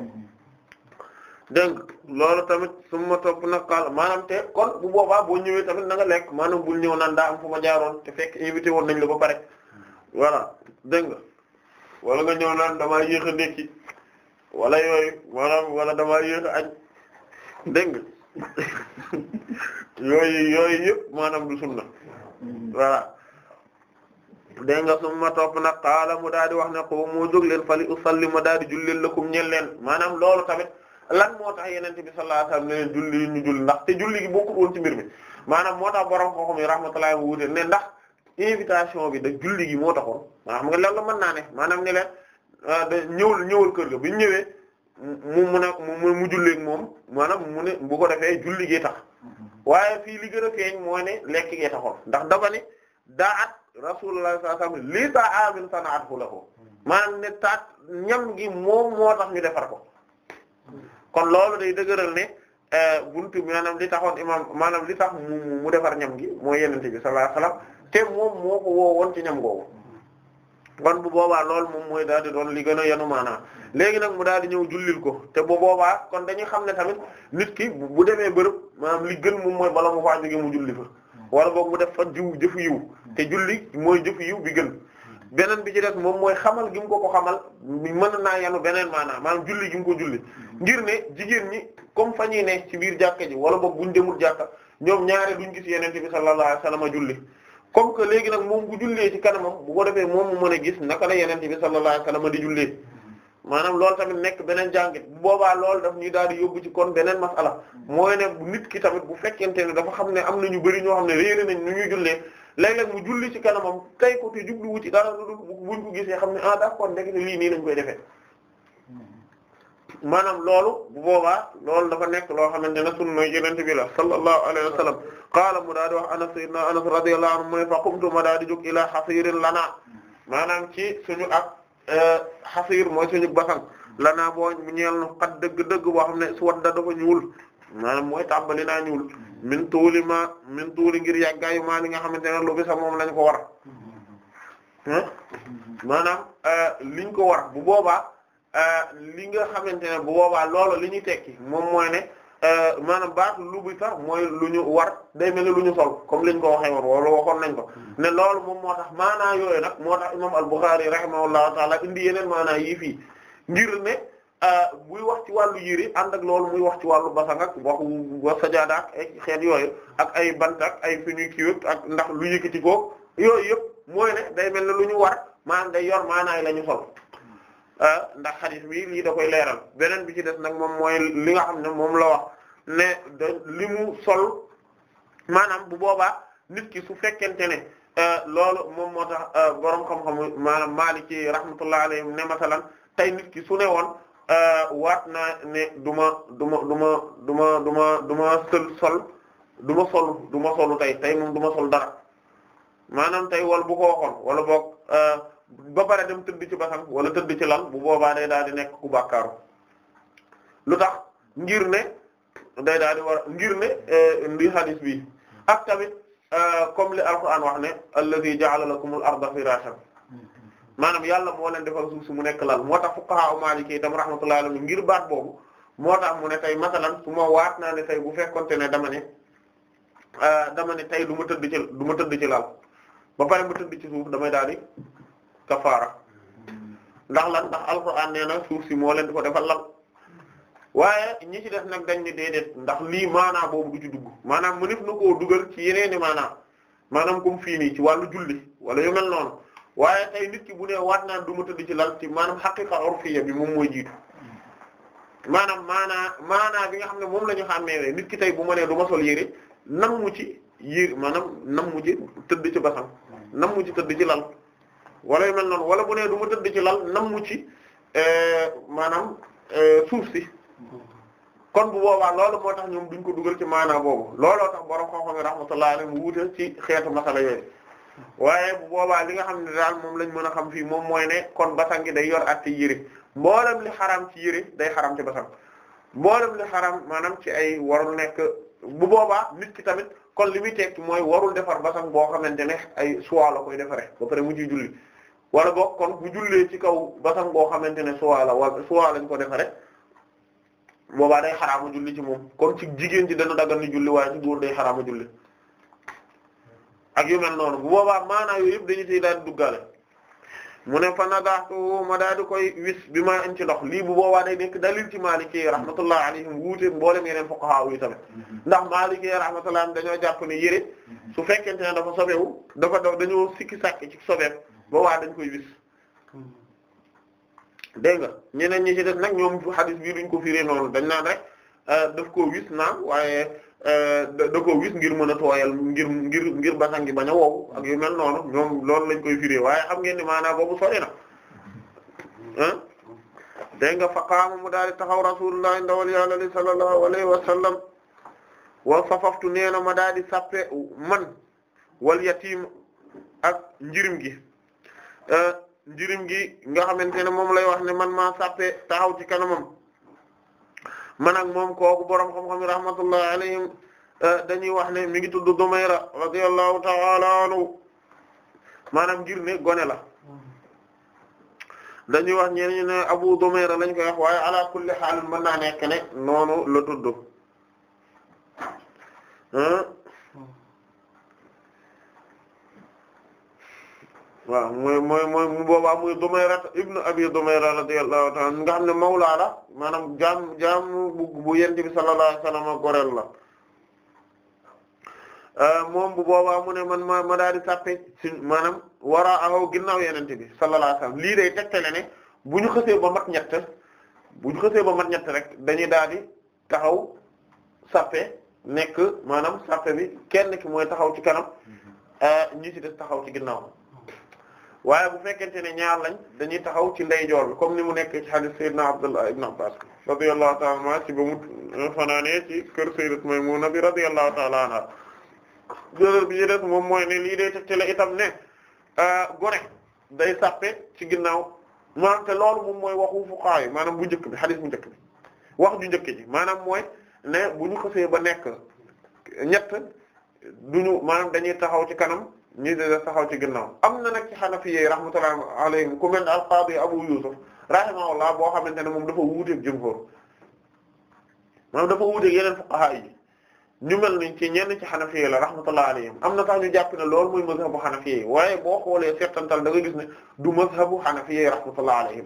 dégg loolu tamit su ma topp nag xaaral maanaam te kon bu boobaa boo ñëwee tamit na nga lekk maanaam bul ñëw naan daa am fu ma jaaroon te fekk invité woon nañ la ba pare voilà dégg nga wala nga ñëw naan damaa yéex a ndekki wala yooyu maanaam wala damaa yéex a añ dégg yooy yooyu yëpp maanaam du sunna voilà dégg nga summa topp nag qaala mu daal di wax ne ko moo jóg leen fali usalli ma daal di julleel lakum ñeel leen maanaam loolu tamit lan moo tax yeneen bi sallallahu alayhi wasallam ne julli ñu julli ndax te julli gi bokkul woon ci mbir mi maanaam moo tax borom xooxam yi rahmatullahi mu wuute ne ndax invitation gi da julli gi moo taxoon maanaam nga loolu mën naa ne maanaam ne leen ah, ñëwul ñëwul kër ga bu ñëwee. mu mun a mu mu julleeg moom maanaam mu ne bu ko julli gee tax waaye fii li gën a feeñ moo ne lekk gee taxoon ndax dafa ne daa at rasulullah sallallahu alayhi wasallam lii taa amin sana'athu lahu maanaam ne taat ñam gi moom moo tax ñu defar ko kon loolu day dëgëral ne eh, buntu maanaam li taxoon imam maanaam li tax mu mu defar ñam gi moo yenente bi sallallahu alayhi te moom moo ko woowoon ci ñam googu wan bu boobaa loolu moom mooy daal di doon li gën a yanu maanaam léegi nag mu daal di ñëw jullil ko te bu boobaa kon dañuy xam ne tamit nit ki bu demee bërëb maanaam li gën moom mooy bala mu faa jóge mu julli fa wala boog mu def fa jiw jëfu yiw te julli mooy jëfu yiw bi gën beneen bi ci des moom mooy xamal gi mu ko ko xamal mën naa yanu beneen maanaam maanaam julli gi ko julli ngir ne jigéen ñi comme fa ñuy ne ci biir jàkka ji wala boog buñ demul jàkka ñoom ñaare duñ gis yeneen bi sallallahu alayhi wasallam julli comme que léegi nag moom bu jullee ci kanamam bu ko defee moom mu mën a gis naka la yeneen bi sallallahu alayhi wasallam di jullee maanaam loolu tamit nekk beneen jàngit boobaa loolu daf ñuy daal di yóbbu ci kon beneen masala mooy ne nit ki tamit bu fekkente ne dafa xam ne am na ñu bari ñoo xam ne réere nañ nu ñuy jullee léeg-léeg mu julli ci kanamam tey ko te jubluwu ci dara lu dul buñ ko gisee xam ne ah d'accord ndekete lii nii lañ koy defee maanaam loolu bu boobaa loolu dafa nekk loo xamante ne sunna yenente bi la sallallahu alayhi wa sallam qaala mu daa di wax anas sayyidina anas radiyallahu anhu mu ne fa qumtu ma daa di jóg ilaa xasiirin lanaa maanaam ci suñu ak euh, xasiir mooy suñu basan lanaa boo ñeel na xat dëgg-dëgg boo xam ne su wadda dafa ñuul maanaam mooy tàmbali naa ñuul min tuuli ma min tuuli ngir yàggaayu maa li nga xamante ne lu bi sax moom lañ ko war maanaam euh, liñ ko war bu boobaa Euh, li nga xamante ne bu boobaa loolu li ñuy tekki moom mooy ne euh, maanaam lu lubi sax mooy lu ñu war day mel ni lu ñu sol comme li ñu ko waxee woon wala waxoon nañ ko hmm. ne loolu moom moo tax maanaa yooyu nag moo tax imam al-Bukhari rahimahullahu taala indi yeneen maanaa yii fii ngir ne euh, buy wax ci wàllu yëri ànd ak loolu muy wax ci wàllu basang ak waxu wa sajaada ak xeet yooyu ak ay bant ay fi ak ndax lu yëkkati ko yooyu yëpp mooy ne day mel ne lu ñu war maanaam day yor maanaay la ñu sol Ah, ndax xadis bi lii da koy leeral beneen bi ci des nag moom mooy li nga xam ne moom la wax ne da li mu sol maanaam bu boobaa nit ki su fekkente ne ah, loolu moom moo tax ah, borom xam-xamu maanaam Maliki rahmatullah alayhim ne masalan tey nit ki su ne woon wat naa ne du ma du ma du ma du ma du ma du ma sol du ma sol du solu tey tey moom du ma sol dara maanaam tey wal bu ko wala boog ba pare dem tëdd ci basam wala tëdd ci lal bu boobaa day daal di nekk ku bàkkaaru lu tax ngir ne day daal di war ngir ne ndi eh, hadis bi ak tamit eh, comme li alquran wax ne allazi ja'ala lakumul arda firashan maanaam yàlla moo leen defal suuf si mu nekk lal moo tax fuqaha maliki itam rahmatullahi alayhi ngir baat boobu moo tax mu ne tey masalan su ma waat naa ne tey bu fekkonte ne dama ne eh, dama ne tey du ma tëdd ci du ma tëdd ci lal ba pare ma tëdd kafaara ndax lan ndax alxuraan nee na suuf si moo leen di ko defal lan waaye ñi ci def nag dañ ne déedéet ndax lii maanaa boobu du ci dugg maanaam mënef na koo dugal ci yeneeni maanaa maanaam comme fii nii ci wàllu julli wala yu mel noonu waaye tey nit ki bu ne waat naa du ma tëdd ci lal ci maanaam xaqiqa urfiya bi moom mooy jiitu maanaam maanaa maanaa bi nga xam ne moom la ñu xàmmee nit ki tey bu ma nee du ma sol yére nam mu ci yér maanaam nam mu ci tëdd ci basan nam mu tëdd ci lal wala yu mel noonu wala bu nee du ma tëdd ci lal nammu ci euh, maanaam euh, suuf si kon bu boobaa loolu moo tax ñoom duñ ko dugal ci maanaam boobu looloo tax borom xam-xam yi rahmatullahi alayhi mu ci xeetu masala yooyu waaye bu boobaa li nga xam ne daal moom lañ mën a xam fii moom mooy ne kon basang gi day yor atti yëre mboolem li xaram ci yëre day xaram ci basang mboolem li xaram maanaam ci ay warul nekk bu boobaa nit ki tamit kon li muy tekki mooy warul defar basang boo xamante ne ay suwa koy defaree ba pare mu ciy julli. wala boog kon bu jullee ci kaw basan boo xamante ne suwaa la wala suwaa lañ ko defe rek boobaa day xaraama julli ci moom kon ci jigéen ci dana daggal ni julli waaye ci góor day xaraama julli yu mel noonu bu boobaa maanaam yooyu dañu ciy daal di mu ne fa nadaxtu ma daal di koy wis bi maa ci ndox lii bu boobaa day nekk dalil ci Maliki rahmatullah alayhim wuute mboolem yeneen fuqaha yi tamit ndax dañoo jàpp ne yére su fekkente ne dafa sobewu dafa daw dañoo sikki sàkk ci sobeem boobaa dañ koy wis hmm. dégg nga ñeneen ñi nag ñoom xadis bii duñ ko firé noonu dañ naan rek euh, daf koo wis naam waaye euh, da koo wis ngir mën a tooyal ngir ngir ngir basan gi bañ a woowu ak noonu ñoom loolu lañ koy firé waaye xam ngeen ni maanaam boobu sori na nga fa qaama mu daal di taxaw rasulullah ndawal yàlla li sallallahu alayhi wa sallam wa fafaftu ma daal di sappe man wal yatim ak njirim gi Euh, njirim gi nga xamante ne moom lay wax ne man maa sàppe taxaw ci kanamam man moom kooku borom xam-xam yi rahmatullah euh, dañuy wax ne mi ngi tudd Dumayra radiyallahu ta'ala anhu maanaam ngir ne gone la dañuy wax ñeen ñu ne Abu Dumayra lañ koy wax waaye ala kulli xaal mën naa nekk ne noonu la tudd waaw mooy mooy mooy mu boobaa muy Dumayra ibn Abi Dumayra radiyallahu ta'ala nga xam ne mawla la maanaam jaam jaam bu bu yent bi sallallahu alayhi goreel la euh, moom bu boobaa mu ne ma ma daal di sàppe si maanaam wara aw ginnaaw yenente bi sallallahu alayhi wasallam lii day tegtale ne bu ñu xësee ba mat ñett bu ñu xësee ba mat rek dañuy daal di taxaw sàppe nekk maanaam sàppe bi kenn ki mooy taxaw ci kanam mm-hmm. euh, ñi de taxaw ci ginnaaw waaye bu fekkente ne ñaar lañ dañuy taxaw ci ndeyjoor bi comme ni mu nekkee ci hadith sayyidina Abdullah ibn Abbas radiyallahu ta'ala anhu ci ba mu fanaanee ci kër sayyidat Maymuna bi radiyallahu ta'ala anha jëlal bi ñu des moom mooy ne lii day tegtale itam ne euh, gore day sàppe ci ginnaaw maanaam te loolu moom mooy waxu fuqaha yi maanaam bu njëkk bi hadith mu njëkk bi wax ju njëkk ji maanaam mooy ne bu ñu xësee ba nekk ñett duñu maanaam dañuy taxaw ci kanam ñi di taxaw ci ginnaaw am na nag ci Hanafiyyi rahmatullahi alayhim ku mel ne al-Qaadi Abu Yusuf rahimahullah boo xamante ne moom dafa wuuteeg jumhur moom dafa wuuteeg yeneen fuqaha yi ñu mel ni ci ñenn ci Hanafiyyi la rahmatullahi alayhim am na tax ñu jàpp lool loolu mooy mazhabu Hanafiyyi waaye boo xoolee seetantal da nga gis ne du mazhabu Hanafiyyi rahmatullahi alayhim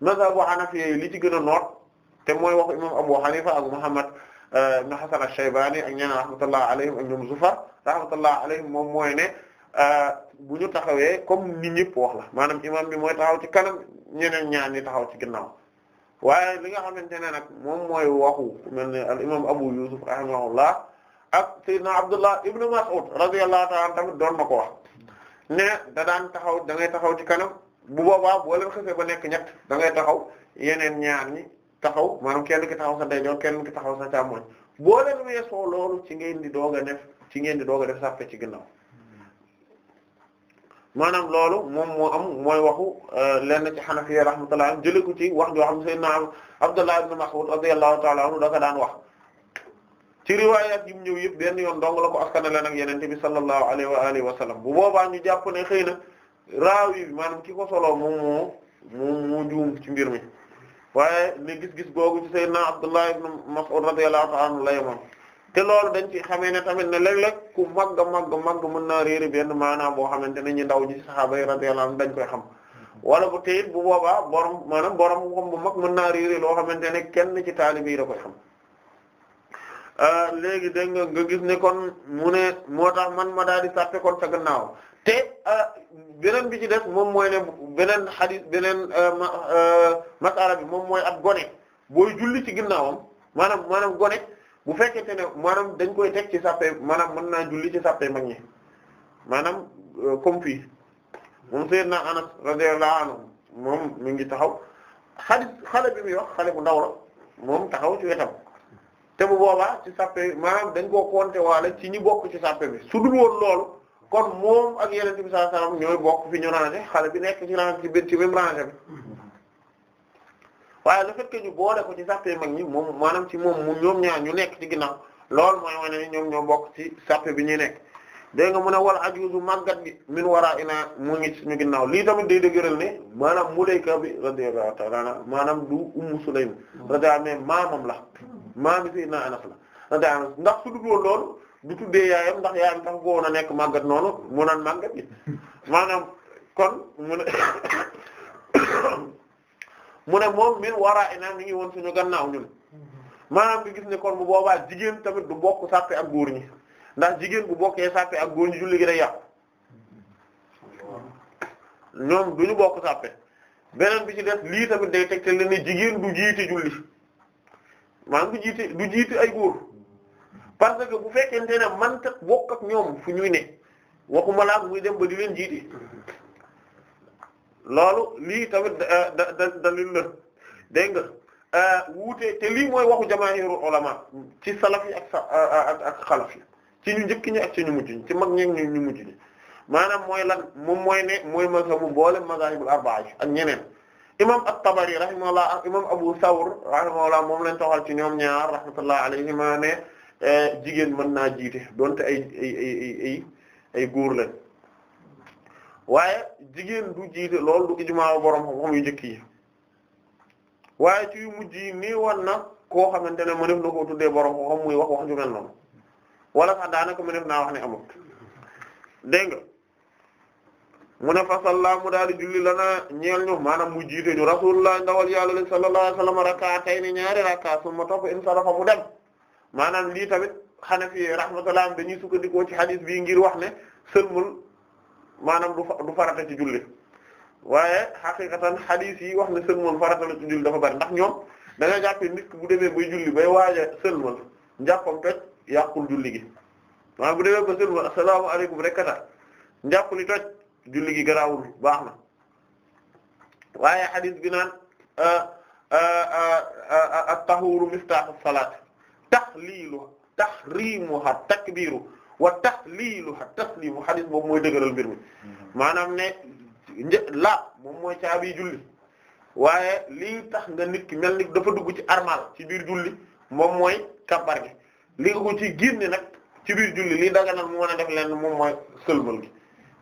mazhabu Hanafiyyi li ci gën a noot te mooy wax imam Abu Hanifa ak Muhammad ibn Hasan al-Shaybani ak ñeneen rahmatullah alayhim ak ñoom Zufar rahmatullah alayhim moom mooy ne euh, bu ñu taxawee comme ni ñëpp wax la maanaam imam bi mooy taxaw ci kanam ñeneen ñaar ñi taxaw ci ginnaaw waaye li nga xamante ne nag moom mooy waxu mel ne al imam Abu Yusuf rahimahullah ak sayyidina Abdullah ibn Mas'ud radiyallahu ta'ala tamit doon na ko wax ne taxaw da ngay taxaw ci kanam bu boobaa boo leen xësee ba nekk ñett da ngay taxaw yeneen ñaar ñi taxaw maanaam kenn ki taxaw sa ndeyjoor kenn ki taxaw sa càmmoñ boo leen weesoo loolu ci ngeen di doog a ci ngeen di doog a def sàppe ci ginnaaw maanaam loolu moom moo am mooy waxu euh, lenn ci Hanafiya rahmatullah jëlee ko ci wax joo xam ne Sayyidina Abdullah ibn Mas'ud radiyallahu ta'ala anhu da ko daan wax ci riwaayaat yi mu ñëw yëpp benn yoon dong la ko askanale ak Yonent bi sallallahu alayhi wa alihi wa sallam bu boobaa ñu jàpp ne xëy na raawi bi maanaam ki ko solo moom moo ci mbir mi. waaye ne gis-gis googu ci Seydina Abdullah ibn Mas'ud radiyallahu ta'ala anhu la te loolu dañ ci xamee ne tamit ne léeg-léeg ku mag màgg mag màgg mën naa réeri benn maanaam boo xamante ne ñi ndaw ñi sahaaba yi radiyallahu anhu dañ koy xam wala bu teyit bu boobaa borom maanaam borom xam bu mag mën naa réeri loo xamante ne kenn ci taalibe yi da koy xam euh, léegi dégg nga nga gis ne kon mu ne moo tax man ma daal di sàtte kon sa te ah, beneen bi ci def moom mooy ne beneen xadis beneen ah, ah, masala bi moom mooy ab gone booy julli ci ginnaawam maanaam maanaam gone bu fekkente ne maanaam dañ koy teg ci sàppe maanaam mën naa julli ci sàppe mag ñi maanaam euh, comme fii moom sayyidna Anas radiyallahu anhu moom mi ngi taxaw xadis xale bi muy wax xale bu ndaw la moom taxaw ci wetam te bu boobaa ci sàppe maanaam dañ koo compter waale ci ñi bokk ci sàppe bi su dul woon loolu kon moom ak yeneen bi sallallahu ñooy bokk fi ñu rangé xale bi nekk ci rangé ci benn ci même rangé bi waaye le fait ñu boole ko ci sàppe mag ñi moom maanaam ci moom mu ñoom ñaar ñu nekk ci ginnaaw loolu mooy wane ne ñoom ñoo bokk ci sàppe bi ñuy nekk dégg nga mu ne wala ajuusu màggat gi min waraa inaa mu ngi ñu ginnaw lii tamit day dëggëral ne maanaam Mulayka bi radiyallahu ta'ala anha maanaam du Ummu maamam la maami Sayyidina Anas la radiyallahu ndax su duggoon loolu bu tuddee yaayam ndax yaayam tax ko woon a nekk màggat noonu mu naan màggat bi maanaam kon mu ne mu ne moom min waraa inaa mi ngi woon suñu gannaaw ñun maanaam bi gis ne kon bu boobaal jigéen tamit du bokk sàppee ak góor ñi ndax jigéen bu bokkee sàppe ak góor ñi julli gi day yàqu ñoom duñu bokk sàppe beneen bi ci def lii tamit day tegte le ne jigéen du jiite julli maanaam du jiite du jiite ay góor parce que bu fekkente ne man kat bokk ak ñoom fu ñuy ne waxuma laak muy dem ba di leen jiite loolu lii tamit da da dalil la dégg nga euh, wuute te lii mooy waxu jamaahirul ulama ci salaf yi ak sa ak ak xalaf ci ñu njëkk ñi ak ci ñu mujj ñi ci mag ñeeg ñu ñu mujj ñi maanaam mooy lan moom mooy ne mooy mazhabu boole mazahibul arba'a ak ñeneen imam at-Tabari rahimahullah ak imam Abu Thawr rahimahullah moom lañ taxal ci ñoom ñaar rahmatullah alayhima ne Eh, jigéen mën naa jiite donte ay ay ay góor lañ waaye jigéen du jiite lool du ijmaa borom xam-xam yu njëkk yi waaye ci yu mujj nii woon na koo xamante ne mëneef na koo tuddee borom xam muy wax wax ju mel wala sax daanaka mëneef naa wax ne amut dégg nga mu a fasalla mu daal i julli lana ñeel ñu maanaam mu jiite ñu rasulullah ndawal yàlla sallallahu alayhi wasallam rak'atayn ñaari rak'a suma topp insarafa mu dem. maanaam lii tamit xana Hanafi rahmatullah dañuy sukkandikoo ci hadith bii ngir wax ne sëlmul maanaam du farata ci julli waaye xaqiqatan hadith yi wax ne sëlmul farata la ci julli dafa bari ndax ñoom da nga jàppee nit ki bu demee bay julli bay waaja sëlmal njàppam toj yàqul julli gi maanaam bu demee ba sëlmal assalaamu alaykum rek kata njàpp li toj julli gi garaawul baax na waaye hadith bi naan ah, ah, ah, at salaat tax taxliilu tahriimuha takbiiru wa tahliiluha tasliimu xadis moom mooy dëgëral mbir mi mhm. maanaam ne një laab moom mooy caabi julli waaye lii tax nga nit ki mel ni dafa dugg ci armal ci biir julli moom mooy kabar gi li nga ko ci génne nag ci biir julli lii daga nag mu mën def lenn moom mooy sëlmal gi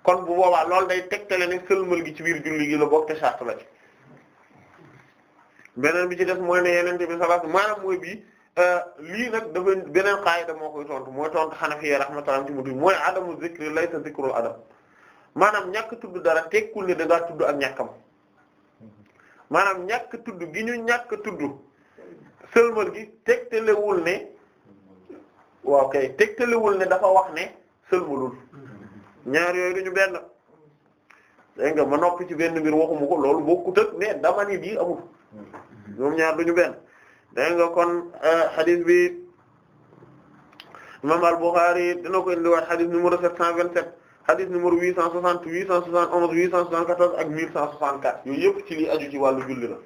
kon bu boobaa loolu day tegtale ne sëlmal gi ci biir julli gi la bokk te bi ci def mooy ne yeneen bi maanaam mooy bii Euh, lii nag dafa beneen qaayida moo koy tontu mooy tontu Hanafi rahmatullah ci mu tudd mooy adamu zikri laysa zikrul adam maanaam ñàkk tudd dara tekkul ne da ngaa tudd ak ñàkkam maanaam ñàkk tudd gi ñu ñàkk tudd sëlmal gi tegtalewul ne waaw kay tegtalewul ne dafa wax ne sëlmalul ñaar yooyu du ñu benn dégg nga ma noppi ci benn mbir waxumu ko loolu bokkut ak ne dama ni bii amul ñoom ñaar duñu benn dégg nga kon eh, xadis bi imam al-Bukhari dina ko indiwaat xadis numéro 727 xadis numéro 860 871 874 ak 1164 yooyu yëpp ci li aju ci wàllu julli la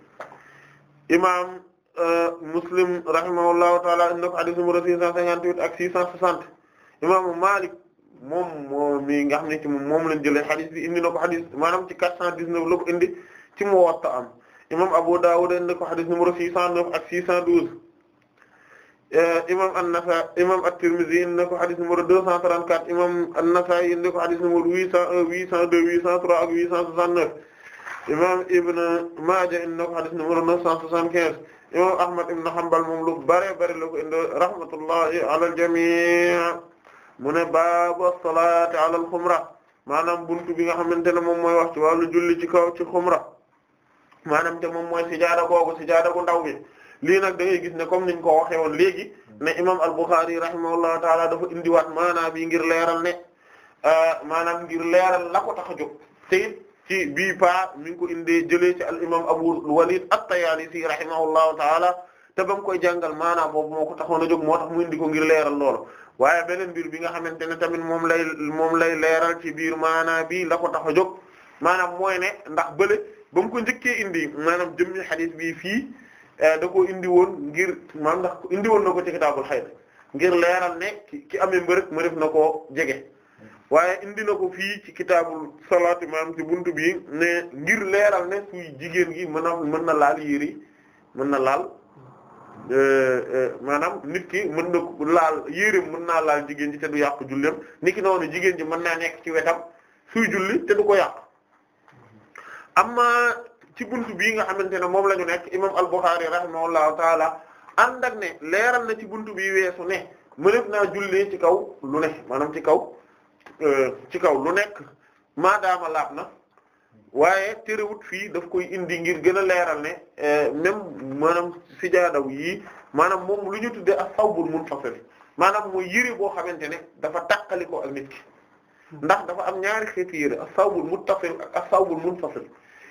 imam eh, Muslim rahimahullahu taala indi ko xadis numéro 658 ak 660 imaamu Malik moom moo mi nga xam ne ci moom lañ jëlee xadis bi indi na ko xadis maanaam ci 419 la ko indi ci Muwatta am imam Abu Dawud indi ko xadis numéro 609 ak 612. Eh, imam an-Nasa'i imam at-Tirmidhi indi ko xadis numéro 234 imam an-Nasa'i indi ko xadis numéro 801 802 803 ak 869. imam Ibn Maaja indi ko xadis numéro 975. imam Ahmad ibn Hanbal moom bare bare la ko indi rahmatullahi ala al-jami' mu ne baabu as-salaati ala al-xumra maanaam buntu bi nga xamante ne moom mooy wax ci wàllu julli ci kaw ci xumra. maanaam te moom mooy sijaada googu sijaada gu ndaw bi lii nag da ngay gis ne comme niñ ko waxee woon léegi ne imam al-Bukhari rahimahullahu taala dafa indiwaat maanaam bi ngir leeral ne euh, maanaam ngir leeral la ko tax a jóg te ci bii pa mi ngi ko indee jëlee ci al imam Abu Walid at-Tayalisi rahimahullahu taala te ba koy jàngal maanaam boobu moo ko taxoon a jóg moo tax mu indi ko ngir leeral loolu waaye beneen mbir bi nga xamante ne tamit moom lay moom lay leeral ci biir maanaam bii la ko tax a jog maanaam mooy ne ndax bële. ba mu ko njëkkee indi maanaam jëmmi xadis bii fii eh, da koo indi woon ngir maanaam ndax indi woon na ko ci kitaabul xayd ngir leeral ne ki amee mbërëk ma def na ko jege waaye indi na ko fii ci kitaabul salaati maanaam ci bunt bi ne ngir leeral ne suy jigéen gi mën na mën na laal yéri mën na laal eh, eh, maanaam nit ki mën na laal yéreem mën naa laal jigéen ji te du yàq julleem nit ki noonu jigéen ji mën naa nekk ci wetam suy julli te ko yàq amma ci bunt bii nga xamante ne moom la ñu nekk imam al-Bukhari rahimahullahu taala ànd ak ne leeral na ci buntu bi weesu ne mënef naa jullee ci kaw lu ne maanaam ci kaw euh, ci kaw lu nekk maadaama laab na waaye terewut fii daf koy indi ngir gën a leeral ne euh, maanam maanaam sijaadaw yii maanaam moom lu ñu tuddee ak mun munfasil maanaam mooy yëre boo xamante ne dafa tàqali ak nit ki hmm. ndax dafa am ñaari xeeti yëre ak sawbul muttasil ak sawbul munfasil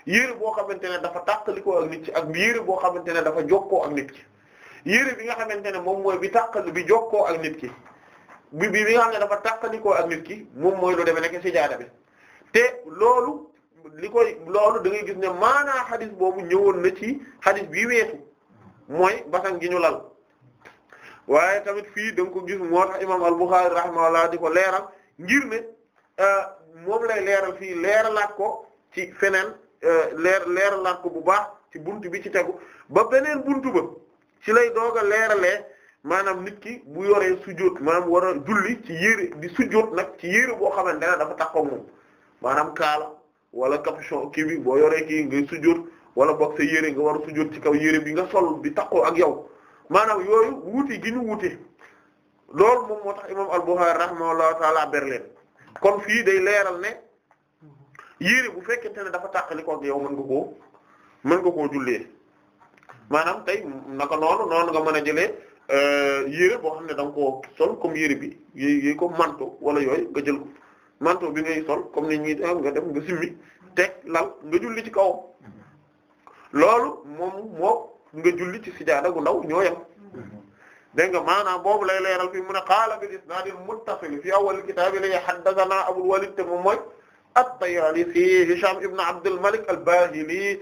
yére boo xamante ne dafa tàqalikoo ak nit ki ak yére boo xamante ne dafa jokkoo ak nit ki yére bi nga xamante ne moom mooy bi tàqal bi jokkoo ak nit ki bi bi nga xam ne dafa tàqalikoo ak nit ki moom mooy lu demee nekk ci jaada bi te loolu li koy loolu gis ne maanaa xadis boobu ñëwoon na ci xadis bi weesu mooy basan gi ñu lal waaye tamit fii da nga ko gis moo tax imam al-Bukhârî rahimahullah di ko leeral ngir ne euh, moom lay leeral fii leeralaat ko ci feneen Euh, leer leeralaat ko bu baax ci buntu bi ci tegu ba beneen buntu ba ci lay doog a leerale maanaam nit ki bu yoree sujjóot maanaam war a julli ci yére di sujjóot nag ci yére boo xamante ne dafa tax moom maanaam kaala wala capuchon kii bi boo yoree kii ngay sujjóot wala boog sa yére nga war a ci kaw yére bi nga sol bi taxoo ak yow maanaam yooyu wuute gi ñu wuute loolu moo tax imam Al-Bukhârî rahimahullahu taala berlin kon fii day leeral ne yére bu fekkente ne dafa tàqali ko ak yow mën nga koo mën nga koo jullee maanaam tey naka noonu noonu nga mën a jëlee euh, yére boo xam ne da koo sol comme yére bi yi ko manteau wala yooyu nga jël ko bi ngay sol comme ni ñuy nga dem nga simmi teg lal nga julli ci kaw loolu moom moo nga julli ci sijaada gu ndaw ñoo yem dégg nga maanaam boobu lay leeral fii mu ne qaala bil isnaadil muttasil fi awwal kitaabi li haddathanaa Abul Walid te moom mooy at-Tayalisi Hisham ibn Abdul Malik al-Bahili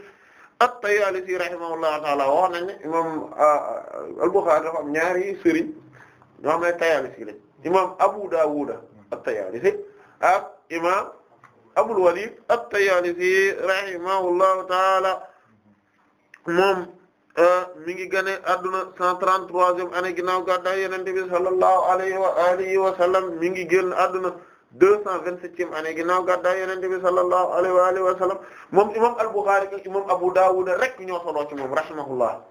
at-Tayalisi rahimahullahu ta'ala wax nañ ne imam ah, ah, al-Bukhari dafa am ñaari sëriñ ñoo xam ne Tayalisi lañ imam Abu Dawud at-Tayalisi ak imam Abul Walid at-Tayalisi rahimahullahu ta'ala moom ah, mi ngi gane adduna 133e année ginnaaw gàddaay Yonent bi sallallahu alayhi wa alihi wa sallam mi ngi génn adduna deux cent vingt-septième année ginnaaw gàddaay yonent bi sallallahu alayhi wa alihi wa sallam moom imam al-Bukhari imam Abu Dawud rek ñoo solo ci moom rahimahullah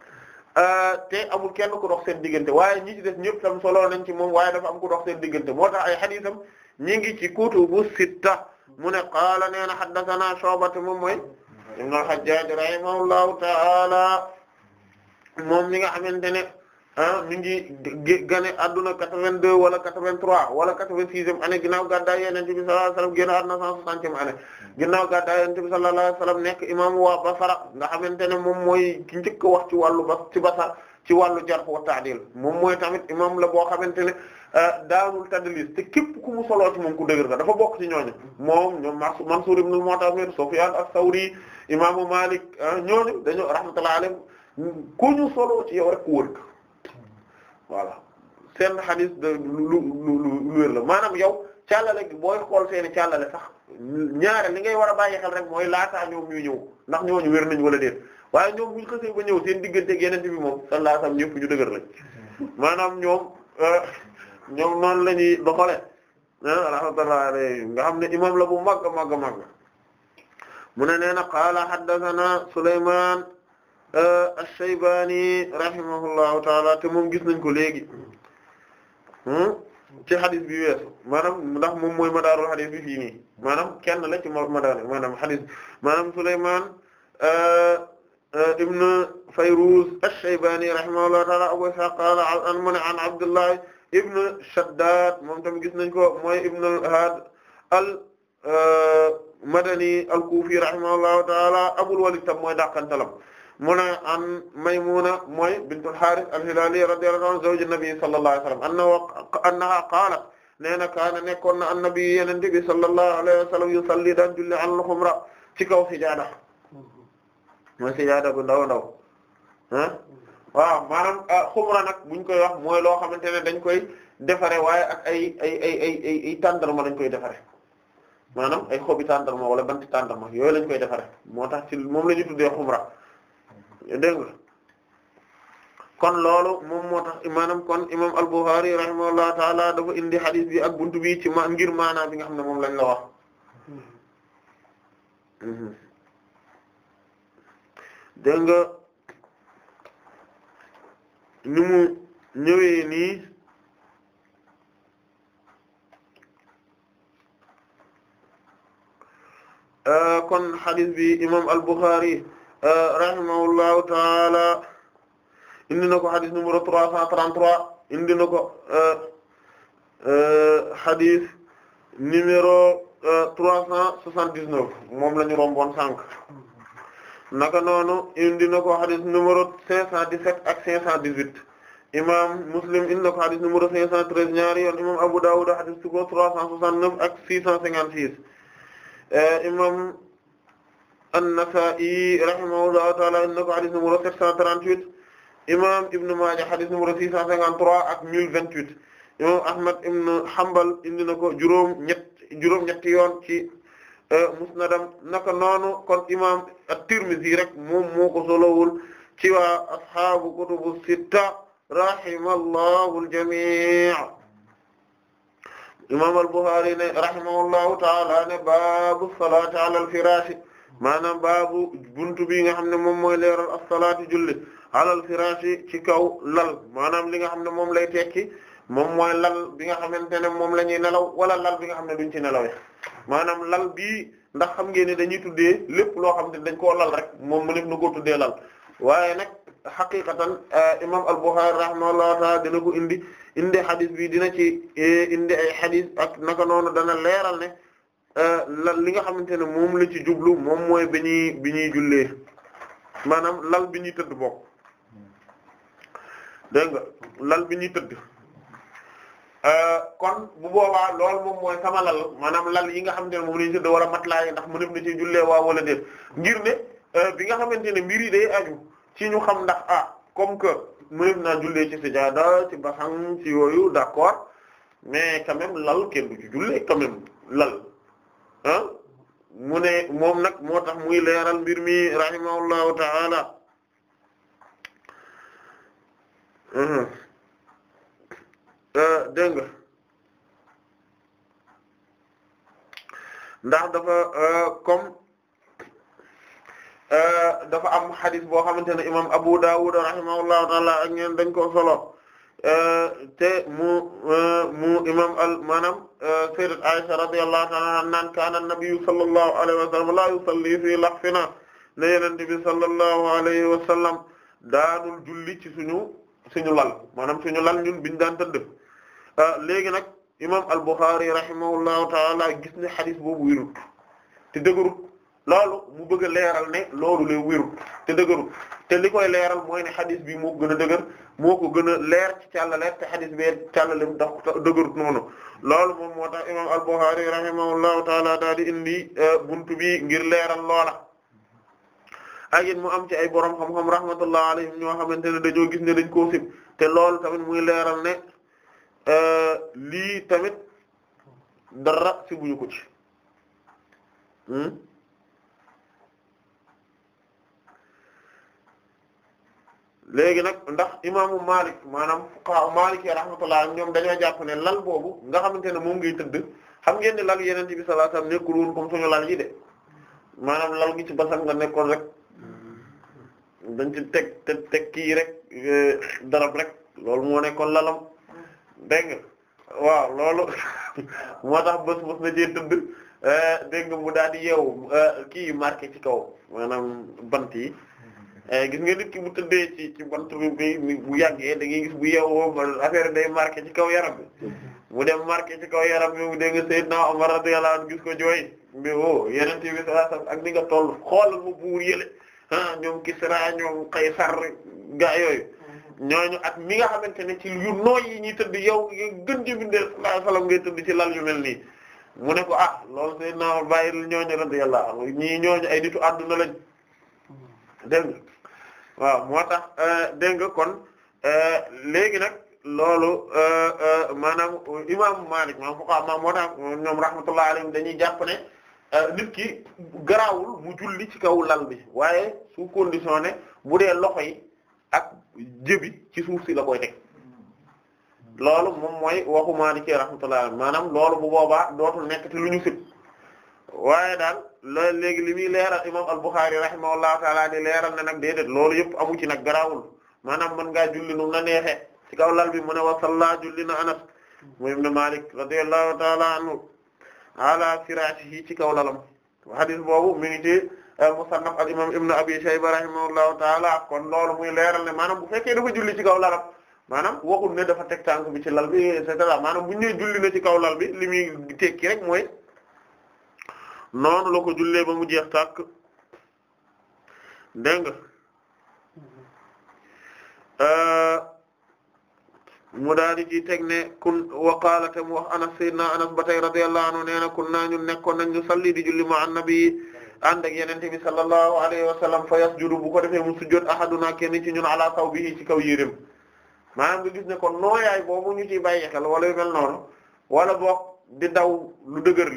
euh, te amul kenn ku dox seen diggante waaye ñi ci def ñëpp tam solo nañ ci moom waaye dafa am ku dox seen diggante moo tax ay xadiisam ñi ngi ci kutubu sitta mu ne qaala nee na haddathana Shu'ba moom mooy ibn al-Hajjaj rahimahullahu ta'ala moom mi nga xamante ne ah mi ngi gane adduna quatre-vingt-deux wala quatre-vingt-trois wala quatre-vingt-sixième année ginnaaw gàddaay Yonent bi sallallahu alayhi wasallam génn àdduna cent soixantième année ginnaaw gàddaay Yonent bi nekk imaamu waa Basra nga xamante ne moom mooy ki njëkk wax ci wàllu bas ci Basra ci wàllu jarh moom mooy tamit imaam la boo xamante ne ah, daanul tadlis te képp ku mu soloo ci moom ku dëgër la dafa bokk ci ñooñu moom ñoom Mansuur ibn Mu'tamir Sufyaan as-Sawri imaamu Maalik ah, ñooñu dañu rahmatullahi alayhim ku ñu soloo ci yow rek ku wër voilà seen xadis de lu lu wér la maanaam yow càllale gi booy xool seeni càllale sax ñaare li ngay war a bàyyi xel rek mooy laataa ñoom ñuy ñëw ndax ñooñu wér nañ wala déet waaye ñoom buñ xësee ba ñëw seen digganteeg yeneen bi moom sallallahu alayhi wasallam ñëpp ñu dëgër lañ maanaam ñoom euh, ñoom noonu la ñuy doxalee rahmatullahi alayhi nga xam ne imam la bu màgg màgg màgg mu ne nee na qaala haddathana Sulaymaan Euh, Ash-Shaybani rahimahullahu taala te moom gis nañ ko léegi hmm? ci xadis bi weesu maanaam ndax moom mooy madaarul xadis bi fii nii maanaam kenn la ci ma madaar maanaam xadis maanaam Sulaymaan euh, euh, ibn Fayruz Ash-Shaybani rahimahullahu taala Abu Ishaq qala an man an Abdullah ibn Shaddad moom tam gis nañ ko mooy ibn al-Had al-Madani al-Kufi rahimahullahu taala Abul Walid tam mooy dàqantalam mu ne an Maymuna mooy bintul Haaris al-Hilaali radiyallahu anha zawju nabi sallallahu alayhi wa sallam annaha qaalat nee na kaana nekkoon na annabi yenente bi sallallahu alayhi wa sallam yusalli daan julli al xumra ci kaw sijaada mooy sijaada gu ndaw ndaw ah waaw maanaam ah, xumra nag buñ koy wax mooy loo xamante ne dañ koy defare waaye ak ay ay ay ay ay ay tàndarma dañ koy defare maanaam ay xobi tàndarma wala banti tàndarma yooyu lañ koy defare moo tax ci moom la ñu tuddee xumra dégg nga kon loolu moom moo tax maanaam kon imam al-Bukhârî rahimahullahu taala dafa indi hadith bi ak buntu bi ci ma ngir maanaam bi nga xam ne moom lañ la wax mhm. dégg nga ni mu ñëwee nii euh, kon hadith bi imam al-Bukhârî Euh, rahimahullahu taala indi na ko xadis numéro 333 indi na ko xadis euh, euh, numéro 379 moom la ñu romboon sànq naka noonu indi na ko xadis numéro 517 ak 518 imam Muslim indi na ko xadis numéro 513 ñaari yoon imam Abu Dawud xadis numéro 369 ak 656 imam an-Nasa'i rahimahullahu ta'ala indi na ko hadith numéro 738 imam Ibn Maaja hadith numéro 653 ak 1028 imam Ahmad ibn Hanbal indi na ko juróom ñett juróom ñetti yoon ci euh, musnadam naka noonu kon imam at-Tirmidhi rek moom moo ci waa ashaabu kutubu sitta rahimallahu al imam al ne rahimahullahu ta'ala ne baabu salaati ala al-firaash maanaam baabu buntu bi nga xam ne moom mooy leeral as-salaatu julli alal firaashi ci kaw lal maanaam li nga xam ne moom lay tekki moom mooy lal bi nga xamante ne moom la ñuy nelaw wala lal bi nga xam ne duñ ci nelawee maanaam lal bii ndax xam ngeen ne dañuy tuddee lépp loo xam ne dañ koo lal rek moom mu nekk na koo tuddee lal waaye nag xaqiqatan eh, imam al-Bukhari rahimahullahu ta'ala dina ko indi indi xadis bi dina ci eh, indi ay xadis ak naka noonu dana leeral ne Euh, lan li nga xamante ne moom la ci jublu moom mooy bi ñuy bi ñuy jullee maanaam lal bi ñuy tëdd bokk dégg nga lal bi ñuy tëdd euh, kon bu boobaa lool moom mooy sama lal maanaam lal yi nga xamante ne moom la ñuy tëdd mat matelas ndax mu mëneb na ci jullee waa wala déet ngir ne euh, bi nga xamante ne mbir yi day aju ci ñu xam ndax ah comme que mëneb naa jullee ci sajada ci basan ci yooyu d'accord mais quand lal kenn du ci jullee quand lal ah mu ne moom nag moo tax muy leeral mbir mi rahimahullahu ta'ala euh, dégg nga ndax dafa kom euh, euh, dafa am hadith boo xamante ne imam Abu Dawud rahimahullahu ta'ala ak ñeen dañ ko solo Euh, te mu euh, mu imam al maanaam euh, sayyidat Aisha radiyallahu ta'ala anha naan kaana an-nabiyyu sallallahu alayhi wa sallam la yusalli fi lahfina ne yonent bi sallallahu alayhi wa daanul julli ci suñu suñu lal maanaam suñu lal ñun biñ daan tëdd léegi nag imam al Bukhari rahimahullahu ta'ala gis ne xadis boobu wérut te loolu mu bëgg a leeral ne loolu lay wéru te dëgëru te li koy leeral mooy ne xadis bi moo gën a dëgër moo ko gën a leer ci càllaleer te xadis bee càllalem tax dëgërut noonu loolu moom moo tax imam al-Bukhari rahimahullahu taala daal di indi euh, buntu bi ngir leeral loola ak mu am ci ay borom xam-xam rahmatullah alayhim ñoo xamante ne dañoo gis ne dañ koo sib te loolu tamit muy leeral ne euh, lii tamit dara si buñu ko ci hmm? léegi nag ndax imaamu Malik maanaam fuqaha Malik rahmatullah ñoom dañoo jàpp ne lal boobu nga xamante ne moom ngay tëdd xam ngeen ne lal yeneen bi sallallahu alayhi wasallam nekkul woon suñu lal yi de maanaam lal gi ci basam nga nekkoon rek dañ ci teg teg kii rek eh, darab rek loolu moo nekkoon lalam dégg nga waaw loolu moo tax bës bës na cee tëdd eh, dégg nga mu daal di yeewu eh, kii marqué ci kaw maanaam bant yi. Eh, gis nga nit ki bu tëddee ci ci bant bi bi bu yàggee dangay gis bu yeewoo ba affaire day marqué ci kaw yaram bi mm-hmm. mu dem marqué ci kaw yaram bi mu dégg Seydina Omar radiyallahu anhu gis ko jooy mbi o oh, yenente bi sallallahu ak ni nga toll xoolal mu buur yële ah ñoom Kisra ñoom Kaysar gaa yooyu mm-hmm. ñooñu ak mi nga xamante ne ci yu nooy yi ñuy tëdd yow gën jëminde sallallahu alayhi ngay tëdd ci lal yu mel nii mu ne ko ah loolu Seydina Omar bàyyil ñooñu radiyallahu anhu ñii ñooñu ay nitu àdduna lañ mm-hmm. dégg waaw moo tax euh, dégg nga kon euh, léegi nag loolu euh, maanaam imaamu Maalik maanaam fuqaha maanaam moo tax ñoom rahmatullahi alayhim dañuy jàpp ne nit ki garaawul mu julli ci kaw lal bi waaye su condition ne bu dee loxo yi ak jëbi ci suuf si la koy teg loolu moom mooy waxu Maalik rahmatullahi alayhim maanaam loolu bu booba dootul nekkati lu ñu sib waaye daal. la léegi li muy leeral imam al-Bukhârî rahimahullahu taala di leeral ne nag déedéet loolu yëpp amu ci nag garaawul maanaam mën ngaa julli nu mu la ci kaw lal bi mu ne wa salla julli na Anas mu ibn Malik radiyallahu taala anhu ala firashihi ci kaw lalam hadis boobu mi ngi ci eh, musannaf al imam ibn abi shayba rahimahullahu taala kon loolu muy leeral ne maanaam bu fekkee dafa julli ci kaw lalam maanaam waxul ne dafa teg tànk bi ci lal bi et cetera maanaam bu ñu julli na ci kaw lal bi li muy tekki rek mooy noonu la ko jullee ba mu jeex tàkk dégg nga euh, mu daal di ci teg ne kun waqaala te mu wax anas sayyidina anas ba tey radiyallahu anhu nee kun naa ñu nekkoon nañ ñu salli di julli ma annabi yi ànd ak yenente bi sallallahu alayhi wa sallam fa yasjudu bu ko defee mu sujjóot ahaduna kenn ci ñun ala sawbihi ci kaw yérim maanaam nga gis ne kon nooyaay boobu ñu ciy bàyyi xel wala yu mel noonu wala boo di daw lu dëgër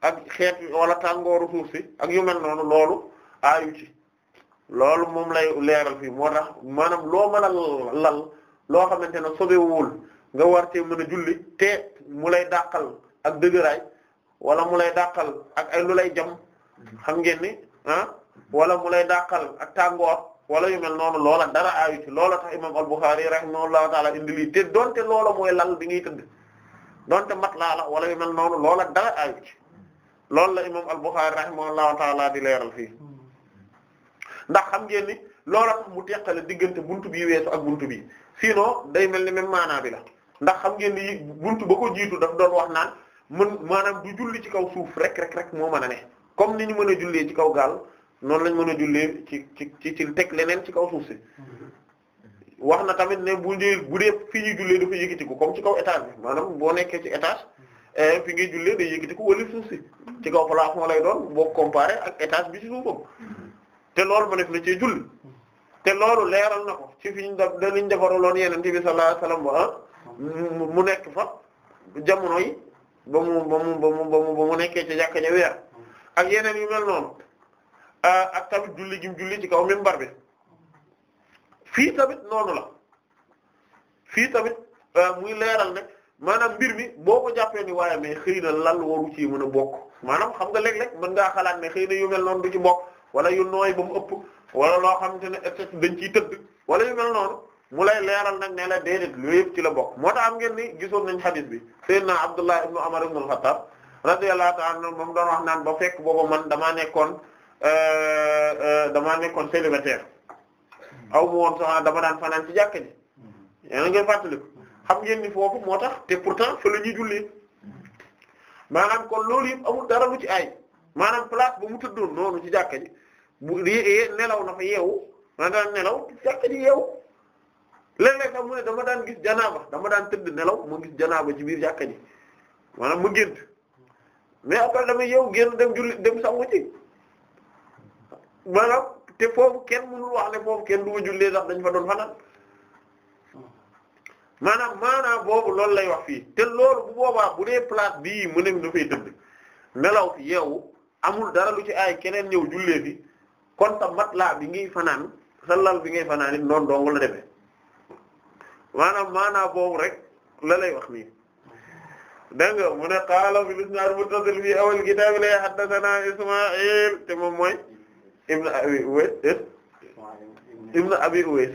ak xeet wala tàngooru suuf si ak yu mel noonu loolu aayu ci loolu moom lay leeral fii moo tax maanaam loo mën a lal loo xamante ne sobewul nga war cee mën a julli te mu lay dàqal ak dëgëraay wala mu lay dàqal ak ay lu lay jam xam ngeen ni ah wala mu lay dàqal ak tàngoor wala yu mel noonu loola dara aayu ci loola tax imam al-Bukhari rahimahullahu bi ngay tëdd donte mat wala yu mel noonu loola dara aayu loolu la imam al-Bukhârî rahimahullahu taala di leeral fii ndax xam ngeen ni loola mu teqale diggante buntu bi weesu ak buntu bi sinon day mel ni même maanaa bi la ndax xam ngeen ni buntu ba ko jiitu daf doon wax naan mën maanaam du julli ci kaw suuf rek rek rek moo mën a ne comme ni ñu mën a jullee ci kaw gaal noonu lañ mën a jullee ci ci ci ci teg leneen ci kaw suuf si wax na tamit ne bu dee bu dee fi ñuy jullee dafa yëkkati ko ci kaw étage bi maanaam boo nekkee ci étage Eh, fi ngay jullee day yëkkati ko wala suuf si ci kaw plafond lay doon boo comparé ak étage bi ci suufam te loolu ma def na julli te loolu leeral na ko ci fi ñu def danañ defaraloon Yonent bi sallallahu ah, mu nekk fa jamono yi ba mu ba mu ba ak yeneen yu mel ah, tamit julli gi mu kaw minbar bi fii noonu la fii tamit ah, muy leeral ne. maanaam mbir mi boo ko jàppee ni waaye mais xëy na lal waru ci mën a bokk maanaam xam nga léeg-léeg mën ngaa xalaat ne xëy na yu mel noonu du ci bokk wala yu nooy ba ëpp wala loo xamante ne est dañ ciy tëdd wala noonu mu lay leeral nag ne la lu yëpp ci la bokk moo tax am ngeen ni gisoon nañ xadis bi sayyidina Abdullah ibn Umar ibn al-Khattab radiyallahu ta'ala anhu moom doon wax naan ba fekk booba man damaa nekkoon euh, euh, damaa nekkoon célibataire aw mu woon dama daan fanaan ci jàkka ji ngeen ngi fàttaliku xam ngeen ni foofu moo tax te pourtant fa la ñuy jullee maanaam kon loolu yëpp amul dara lu ci ay maanaam place ba mu tëddoon noonu ci jàkka ji bu nelaw na fa yeewu daan nelaw jàkka ji yeewu léeg-léeg sax ne dama daan gis janaaba dama daan tëdd nelaw ma gis janaaba ci biir jàkka ji maanaam ma gént mais après dama yeewu génn dem julli dem sangu ci maanaam te foofu kenn mënul wax ne foofu kenn du ma jullee ndax dañ fa doon fanaan maanaam maanaam boobu loolu lay wax fii te loolu bu boobaa bu dee place bii mu ne dafay dëgg nelaw yeewu amul dara lu ci ay keneen ñëw jullee fi kon ta matelas bi ngay fanaan sa lal bi ngay fanaan it noonu dong la demee maanaam maanaam boobu rek la lay wax nii dégg nga mu ne qaala bi isnaad muttasil fi awal kitaab la haddathana Isma'il te moom mooy ibn Abi Uways eh? ibn Abi Uways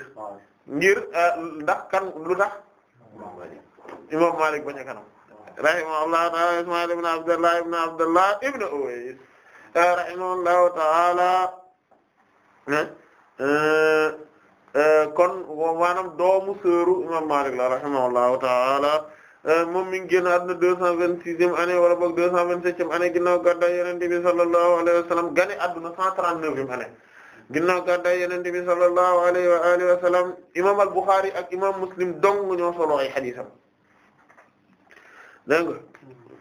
ngir eh, ndax kan lu tax imam Malik bañ a kanam rahimahullahu ta'ala Ismaïl ibn Abdullah ibn Abdullah ibn Uways rahimahullahu ta'ala eh, eh, kon maanaam doomu sëru imam Malik la rahimahullahu ta'ala eh, moom mi ngi génn deux cent vingt-sixième année wala boog deux cent vingt-septième année ginnaaw gàddaay Yonent bi sallallahu alayhi wa sallam gane àdduna cent trente-neuvième année ginnaaw gàddaay yonent bi sallallahu alayhi wa alihi wa sallam imam ak imam Muslim dong ñoo solo ay xadisam nga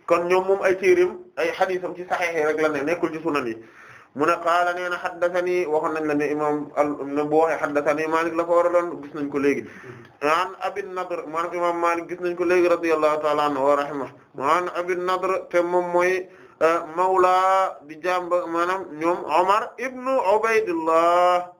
kon ñoom moom ay téereem ay xadisam ci saxiix rek la ne nekkul ci sunan yi mu ne qaala nee na haddathani waxoon nañ la ne imam al bu la ko war a ko léegi an Abi Nadr maanaam imam Maalik gis nañ ko léegi radiyallahu ta'ala anhu wa rahimahu an Abi Nadr te moom mooy Eh, mawla di jàmb maanaam ñoom Omar ibnu Ubaydillah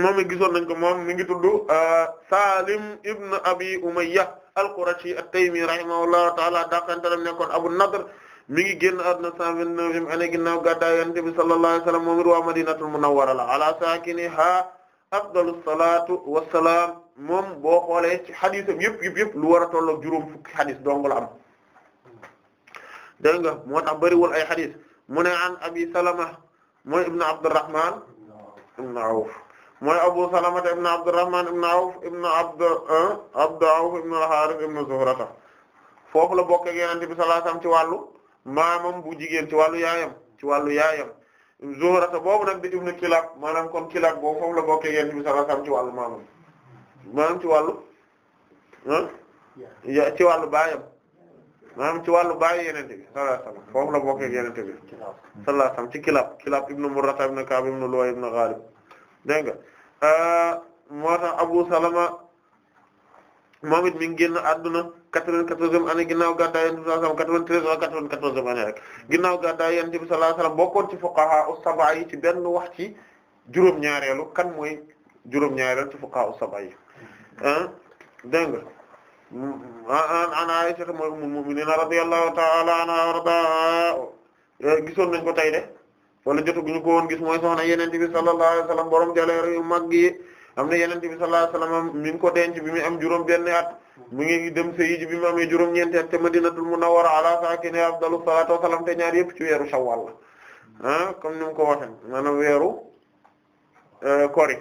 moom mi gisoon nañ ko moom mi ngi tudd eh, Salim ibnu Abi Umayya al-Qurashi at-Taymi rahimahullahu ta'ala dakantaram nekkoon Abu Nadr mi ngi génn àdduna 129e année ginnaaw gàddaay Yonent bi sallallahu alayhi wa sallam moom it waa Madinatul Munawwara la ala saakiniha afdalus salaatu wassalaam moom boo xoolee ci xadisam yëpp yëpp yëpp lu war a tollook juróom fukki xadis dong dégg nga moo tax bëriwul ay xadis mu ne an abi salama mooy ibn abdurrahman ibn awf mooy abu salama ibn abdurrahman ibn awf ibn abd abd awf ibn al-harith ibn zuhrata foofu la bokk ak yonent bi sallallahu alayhi wasallam ci wàllu maamam bu jigéen ci wàllu yaayam ci wàllu yaayam zuhrata boobu nag di ibn kilab maanaam kon kilab boobu foofu la bokk ak yonent bi sallallahu alayhi wasallam ci wàllu maamam maanaam ci wàllu ah ci wàllu baayam maanaam ci wàllu baayu yeneen bi sallallahu alayhi wasallam foofu la bokkee yeneen bi sallallahu alayhi wasallam ci kilab kilab ibnu Murrata ibnu Ka'b ibnu Lu'ay ibnu Ghalib dégg nga euh, moo tax Abu Salama moom it mi ngi génn àdduna quatre-vingt-quatorzième année ginnaaw gàddaay Yonent bi sallallahu alayhi wasallam quatre-vingt-treize wala quatre-vingt-quatorzième année rek ginnaaw gàddaay Yonent bi sallallahu alayhi wasallam bokkoon ci fuqaha as-sab'a yi ci benn wax ci juróom-ñaareelu kan mooy juróom-ñaareelu ci fuqaha as-sab'a yi ah dégg nga an Aisha mooy ummul mu'minin radiyallahu ta'ala anha warda gisoon nañ ko tey de wala jotaguñu ko woon gis mooy soxna yenente bi sallallahu alayhi wasallam borom jaleer yu mag yi am na yenente bi sallallahu alayhi wasallam mi ngi ko denc bi mi am juróom benn at mi ngi dem sëyi ji bi mu amee juróom ñeenti at te Madinatul Munawwara ala sakini afdalu salatu wasalam te ñaar yëpp ci weeru Shawwal la ah comme ni mu ko waxee maanaam weeru eh, kori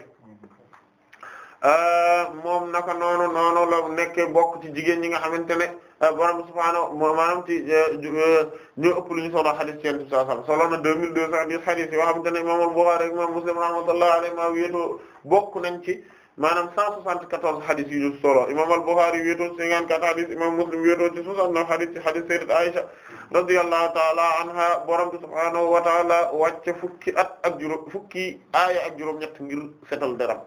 Euh, moom naka noonu noonu la nekke bokk ci jigéen ñi nga xamante ne euh, borom subhaanahu maanaam ci ñu euh, ëpp lu ñu solo xadis ci Yonent bi sallallahu alayhi wasallam solo na deux mille deux cent dix xadis bokk nañ ci maanaam cent soixante-quatorze xadis yu ñu solo imaam al-Buxaari wéetoo ci cinquante-quatre xadis imaam Muslim wéetoo ci soixante-neuf xadis ci xadis Sayyidat Aisha radiyallahu ta'ala anha wa ta'ala wàcce fukki at ak juróom fukki aaya ak juróom ñett ngir setal deram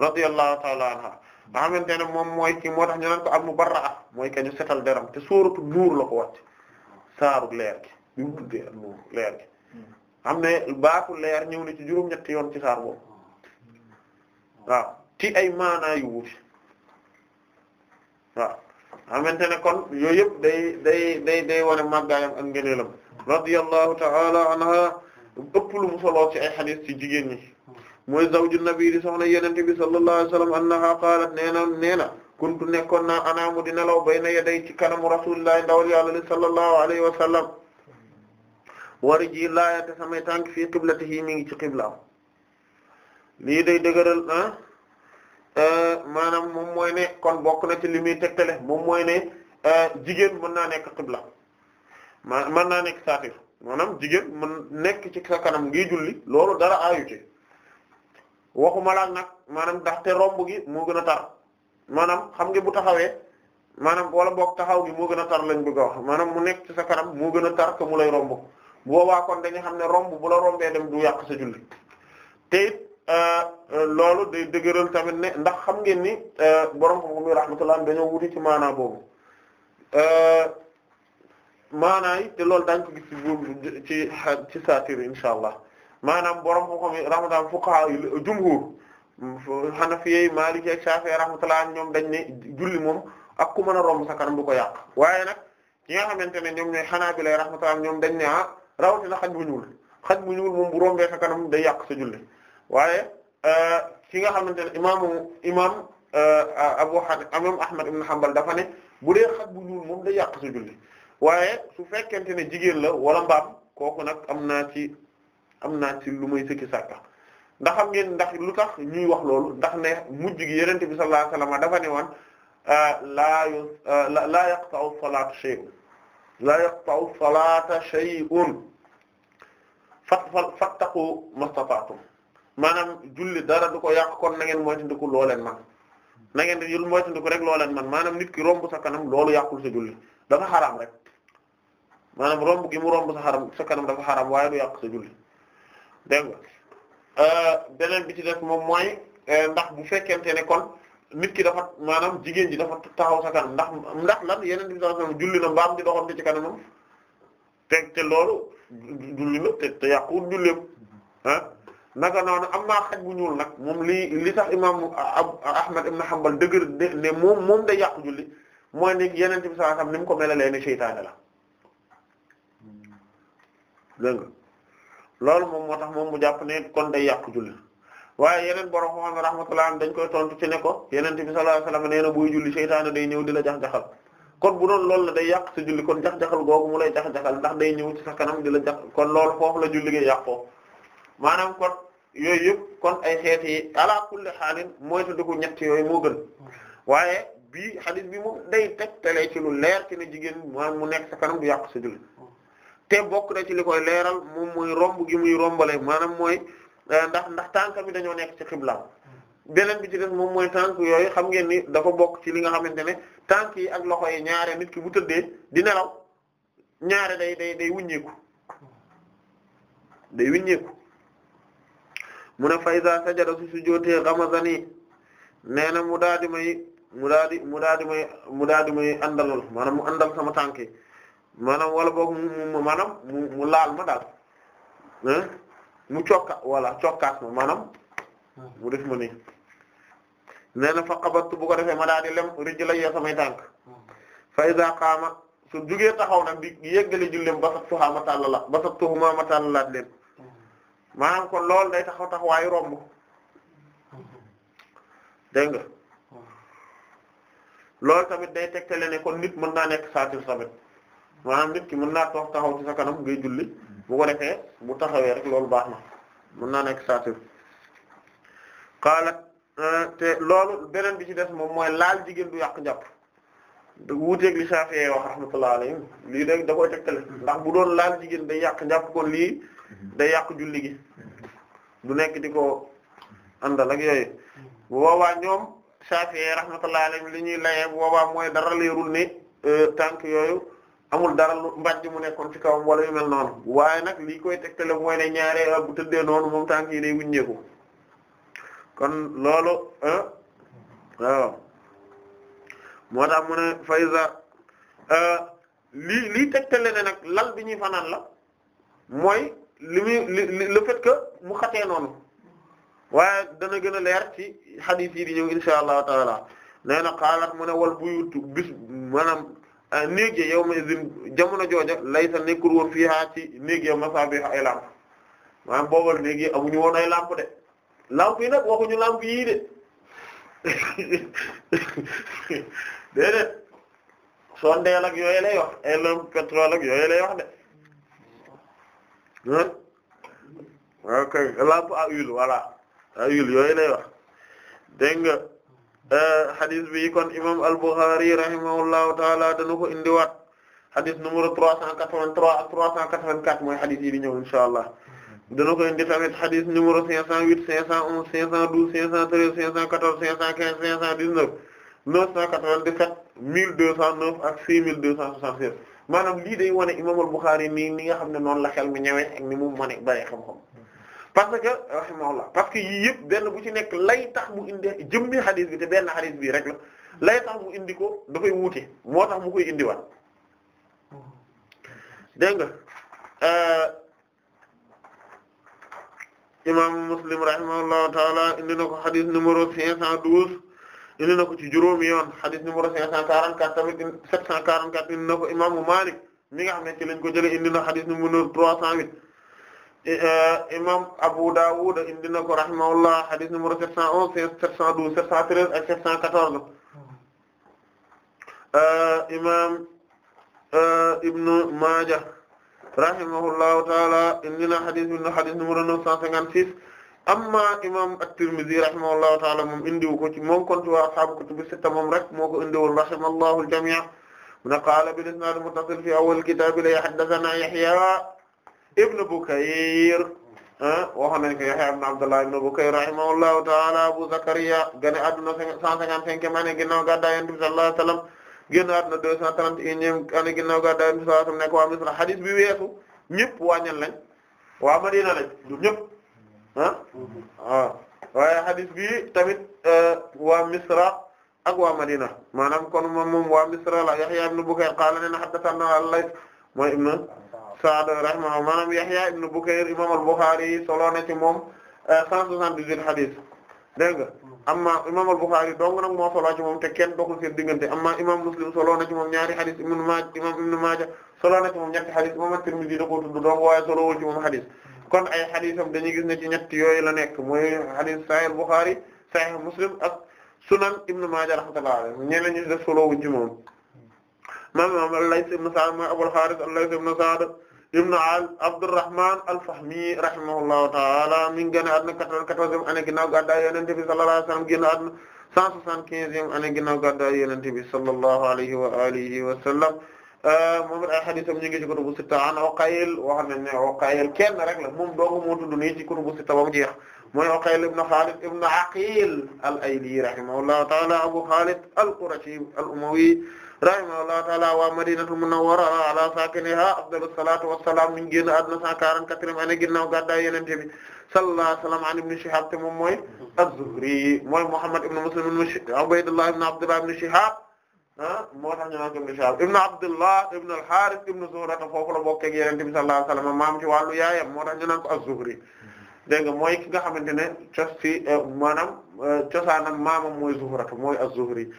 radiyallahu ta'ala anha nga xamante ne moom mooy ci moo tax ñu naan ko al-mubarra'a mooy kañu setal deram te suuratu nuur la ko wàcc leer gi bi mu tuddee ak leer gi xam ne baatu leer ñëw na ci juróom-ñetti yoon ci saar boobu waaw ay maanaa yu wuti waaw xamante ne kon yooyu yëpp day day day day wane màggaayam ak ngëneelam radiyallahu ta'ala anha ëpp lu mu ci ay hadith ci jigéen ñi mooy zawju nabi di soxna yenente bi sallallahu alayhi wasallam annaha qaalat nee na nee na kuntu nekkoon naa anaamu di nelaw bayna yaday ci kanamu rasulillahi ndawal yàlla li sallallahu alayhi wa sallam wari ji laayate samay tànk fii qiblatihi mi ngi ci qiblaam lii day dëgëral ah eh, maanaam moom mooy kon bokk na ci li muy tegtale moom mooy ne eh, jigéen mën naa nekk qibla ma mën naa nekk saatir maanaam jigéen mën nekk ci sa kanam ngi julli loolu dara aayu ci waxuma la nag maanaam ndax te romb gi moo gën a tar maanaam xam nga bu taxawee maanaam wala boog taxaw gi moo gën a tar lañ bëgg a wax maanaam mu nekk ci sa kanam moo gën a tar que mu lay romb boobaa kon dañu xam ne romb bu la rombee dem du yàq sa julli te it euh, euh, loolu de dëgëral tamit ne ndax xam ngeen ni euh, borom xam-xam yi rahmatullah dañoo wuti ci maanaa boobu maanaa te loolu daañu ko gis ci ci ci satiri insha allah maanaam borom ko xam rahmatullah fuqaha jumhur hanafiyyi maliki ak shafi'i rahmatullah ñoom dañ ne julli moom a ku mën a romb sa kanam du ko yàq waaye nag ki nga xamante ne ñoom ñooy hanabila rahmatullah ñoom dañ ne ah rawatina xaj bu ñuul xaj bu ñuul moom bu rombee sa kanam day yàq sa julli waaye euh, ki nga xamante ne imaamu imaam euh, Abu Hanifa imaam Ahmad ibn Hanbal dafa ne bu dee xaj bu ñuul moom day yàq sa julli waaye su fekkente ne jigéen la wala mbaam kooku nag am naa ci. am naa ci lu may sëkki sàkka ndaxam xam ngeen ndax lu tax ñuy wax loolu ndax ne mujj gi yonent bi sallallahu alayhi wasallam dafa ne woon ah, laa yu laa yaqta'u salaata shay'un laa yaqta'u salaata shay'un fattaqu mastata'tum maanaam julli dara du ko yàq kon na ngeen moytandiku loo leen man na ngeen di yul moytandiku rek loo leen man maanaam nit ki romb sa kanam loolu yàqul sa julli dafa xaraam rek maanaam romb gi mu romb sa xaram sa kanam dafa xaraam waaye du yàq sa julli dégg nga euh, beneen bi ci def moom mooy euh, ndax bu fekkente ne kon nit ki dafa maanaam jigéen ji dafa taxaw sa kanam ndax ndax lan yeneen bi sallallahu alayhi wasallam julli na mbaam di doxante ci kanamam te te loolu julli na te te am naa xaj ñuul nag moom li li tax imam Ahmad ibn Hanbal dëgër ne yàqu julli mooy ne yeneen bi sallallahu alayhi ko melalee ne seytaane la dégg loolu moom moo tax moom mu jàpp ne kon day yàq julli waaye yeneen borom xam ne rahmatullah dañ koy tontu ci ne ko yeneen bi sallallahu alayhi wasallam nee na buy julli seytaane day ñëw di la jax-jaxal kon bu doon loolu day yàq sa julli kon jax-jaxal googu mu lay jax-jaxal ndax day ñëw ci sa kanam di la jax kon loolu foofu la julli gi yàqoo maanaam kon yooyu yëpp kon ay xeeti yi ala kulli xaalin mooy te ko ñetti yooyu moo gën waaye bii hadith bi moom day tegtalee ci lu leer ci ne jigéen maanaam mu nekk sa kanam du yàq sa julli te bokk na ci li leeral moom mooy romb gi muy rombale maanaam mooy eh, ndax ndax tànk bi dañoo nekk ci xibla beneen bi ci des moom mooy tànk yooyu xam ngeen ni dafa bokk ci li nga xamante ne tànk yi ak loxo yi ñaare nit ki bu tëddee di nelaw ñaare day day day wuññeeku day wuññeeku mu ne faysa sajada su sujjóotee ramazani nee na mu daal di may mu daal di mu daal di may mu daal di may àndalal maanaam mu àndal sama tànk maanaam wala boog mu maanaam mu mu laal ma daal mu cokka wala cokkaat ma maanaam hmm. mu def ma nii nee fa qabattu bu ko defee ma daal di lem rijlayya samay tànk hmm. fa iza qaama su jugee taxaw na di yeggali jullem basattuhaa ma tàllala basattuhumaa ma tàllalaat leen hmm. maanaam kon loolu day taxaw taxawaayu romb dégg nga loolu tamit day tegtale ne kon nit mën naa nekk saatir tamit maanaam nit ki mën naa toog taxaw ci sa kanam ngay julli bu ko defee bu taxawee rek loolu baax na mën naa nekk saatur loolu beneen bi ci des moom mooy laal jigéen du yàq njàpp wuuteeg li Shafi'i wax rahmatullah alayhi lii rek da koy tegtale ndax bu doon laal jigéen da yàq njàpp kon lii day yàq julli gi du nekk di ko àndal ak yooyu bu boobaa ñoom Shafi'i rahmatullah alayhi li ñuy layee bu boobaa mooy dara leerul ni euh, tànk yooyu amul dara lu mbàjj mu nekkoon ci kawam wala yu mel noonu waaye nag lii koy mu mooy ne ñaaree bu tëddee noonu moom tànk yi day wuññeeku kon loolu ah, waaw moo tax mu ne faysa ah, lii lii tegtale ne nag lal bi ñuy fanaan la mooy li muy li le fait que mu xate noonu waaye dana gën a leer ci hadith yi di ñëw insha allahu taala nee na xaalaat mu ne wal buyut bis maanaam Euh, néeg ya yawma izin jamono jooja laysa nekkul woon fiha ci néeg ya masabiha ay lamp maanaam boobal néeg yi amuñu woon ay lamp de lamp yi nag waxuñu lamp yii de déedéet sondeel ak yooyu lay wax ay lamp pétrole ak yooyu lay wax de ah ok lampe à huile voilà à huile yooyu lay wax dégg nga Eh, hadith bi kon imam al-Bukhari rahimahullahu taala dana ko indiwaat hadith numéro 383 ak 384 mooy hadith yi di ñëw insha allah dana ko indi tamit hadith numéro 508 511 512 513 514 515 519 997 1209 ak 6267 maanaam lii day wane imam al-Bukhari nii ni nga xam ne noonu la xel mi ñëwee ak ni mu mën a bari xam-xam parce que rahimahullah parce que yii yëpp benn bu ci nekk lay tax mu indi jëmmi xadis bi te benn xadis bi rek la lay tax mu indi ko dafay wuute moo tax mu koy indi dégg nga euh, imam Muslim rahimahullahu taala indi na ko xadis numéro 512 indi na ko ci juróomi yoon xadis numéro 544 tamit 744 indi na ko imaamu Malik mi nga xam ne ci lañ ko jëlee indi na xadis numéro 308. Eh, imam Abu Dawud indi na ko rahimahullah hadith numéro 711 712 713 ak 714 eh, imam eh, Ibn Majah rahimahullahu taala indi na hadith bi hadith numéro 956 amma imam At-Tirmidhi rahimahullahu taala moom indiwu ko ci moom kontu wa ashabu kutubu sitta moom rek moo ko indiwoon rahimallahu al-jami' mun qala bil isnad muttasil fi awwal kitab la haddathana Yahya ibn Bukayr ah, waxoon nañ ko Yahya ibn Abdullah ibn Bukayr rahimahullahu ta'ala Abu Zakariya gane adduna cent cinquante-cinquième année ginnaaw gàddaay Yonent bi sallallahu alayhi wa sallam génn adduna deux cent trente-et-unième année ginnaaw gàddaay Yonent bi sallallahu nekk waa Misra hadith bi weesu ñëpp wàññal lañ waa Madina lañ du ah waaye hadith bi tamit eh, waa Misra ak waa Madina maanaam kon moom moom waa Misra la ibn Bukayr qaala lana haddathanaa al-Layth mooy ibn Sa'd rahimahu maanaam Yahya ibn Bukayr imam al-Bukhari solo na ci moom 178 euh, hadith dégg nga amma imam al-Bukhari dong nag moo moom te kenn doxul seen diggante amma imam Muslim solo na ci moom ñaari hadith ibn Majah imam ibn Majah solo na ci moom ñetti hadith imam at-Tirmidhi da ko tudd dong waaye solowul ci moom hadith kon ay haditham dañuy gis ne ci ñetti yooyu la nekk mooy hadith Sahih al-Bukhari Sahih Muslim ak Sunan ibn Majah rahmatullahi alayhi ñeneen ñi def solowuñ ci moom maanaam Layth ibn Sa'd mooy Abul Harith ibn Abdurrahman al-Fahmi rahimahullahu ta'ala mi ngi génn àdduna 94e année ginnaaw gàddaay Yonent bi sallallahu alayhi wa sallam génn àdduna 175e année ginnaaw gàddaay Yonent bi sallallahu alayhi wa alihi wa sallam euh, moom it ay hadiisam ñu ngi ci kutubu sitta an Uqayl wax nañ ne Uqayl kenn rek la moom dong moo tudd nii ci kutubu sitta ba mu jeex mooy Uqayl ibn Khalid ibn Aqil al-Ayli rahimahullahu ta'ala Abu Khalid al-Qurashi al-Umawi rahimahullahu ta'ala wa madinatul munawwara ala sakiniha afdalus salatu wassalam mi ngi génn àdduna 144e année ginnaaw gàddaay Yonent bi sallallahu alayhi wa sallam an ibn Shihab te moom mooy az-Zuhri mooy Muhammad ibn Muslim ibn Ubaydullah ibn Abdullah ibn Shihab ah moo tax ñu naan ko ibn Shihab ibn Abdullah ibn al-Harith ibn Zuhra foofu la bokk ak Yonent bi sallallahu alayhi wa sallam maam ci wàllu yaayam moo tax ñu naan ko az-Zuhri dégg nga mooy ki nga xamante ne cos ci eh, maanaam eh, cosaanam maamam mooy Zuhratu mooy az-Zuhri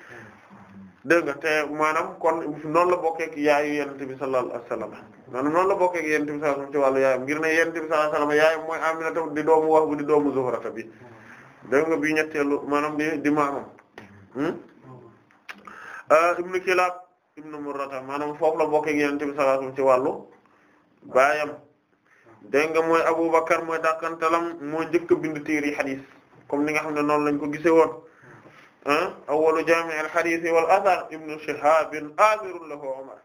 dégg nga te maanaam kon noonu la bokkee ak yaayu yonent bi sallallahu alayhi wasallam la bokkee ak yonent bi sallallahu alayhi wasallam ci wàllu yaayam ngir ne yonent bi sallallahu alayhi wasallam yaayam mooy Aminata di doomu Wahb di doomu Zuhrata bi dégg nga bi ñetteelu maanaam di di maamam hmm? ah, ibnu Kilaab ibnu Murrata maanaam foofu la bokkee ak yonent bi sallallahu ci wàllu baayam dégg nga mooy Abu Bakar mooy dàkkantalam moo njëkk a bind téere yi comme ni nga xam ne noonu lañ ko gisee woon awwalu jaami' al-hadiis wal athar ibnu Shihaab aazirun lahu Umar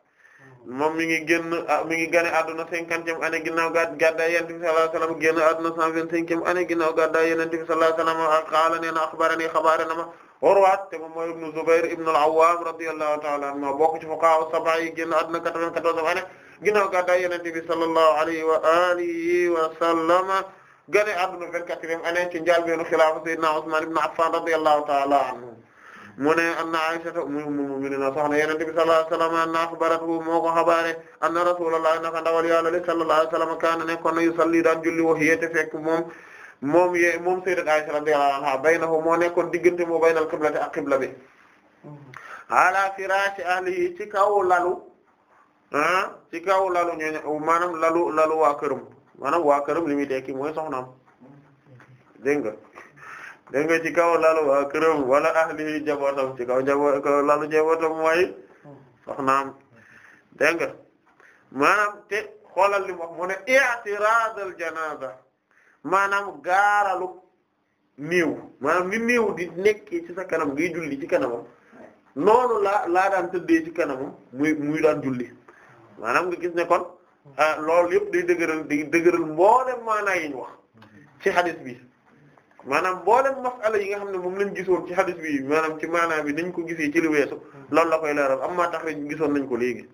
moom mi ngi génn ah, mi ngi gane adduna cinquantième année ginnaaw gàddaay Yonent bi sallallahu alayhi wa sallam génn adduna cent vingt-cinquième année ginnaaw gàddaay Yonent bi sallallahu alayhi wa sallam qaala nee na axbaranii xabaare na ma Urwa te moom mooy ibnu Zubayr ibnu al-Awwaam radiyallahu ta'ala anhumaa bokk ci fuqahaa sab'a yi génn adduna quatre-vingt-quatorzième année ginnaaw gàddaay Yonent bi sallallahu alayhi wa aalihi wa sallam gane adduna a quatrième année ci njaalbeenu xilaafa sayyidina na ibn Affan radiyallahu ta'ala anhu mu ne anna Aysata ummul mu'minin soxna Yonent bi sallallahu alayhi wa sallam anna akhbaratuhu moo ko xabaare anna Rasulullah naka ndawal Yàlla li sallallahu alayhi wa sallam kaana nekkoon na daan julli wa hiya fekk moom moom ye moom sayyidat Aisha radiyallahu anha baynahu moo nekkoon diggante moo baynal qiblati ak qibla bi ala firaashi ahlihi ci kaw lalu ah, ci kaw lalu ñooñu maanaam lalu lalu waa maanaam waa këram li muy tekki mooy soxnaam dégg nga nga ci kaw lalu waa këram wala ahli jabootam ci kaw jaboot lalu jabootam mooy soxnaam dégg nga maanaam te xoolal li mu wax ne i'tirad al janaza maanaam gaaralu néew maanaam ni néew di nekkee ci sa kanam julli ci kanamam noonu laa laa daan tëddee ci kanamam muy muy daan julli maanaam nga gis ne Ah, loolu yëpp day dëgëral day dëgëral mboolem maanaa yi ñu wax ci xadis bi maanaam mboolem masala yi nga xam ne moom lañ gisoon ci xadis bi maanaam ci maanaa bi nañ ko gisee ci li weesu loolu la koy leeral amma tax rek gisoon nañ ko léegi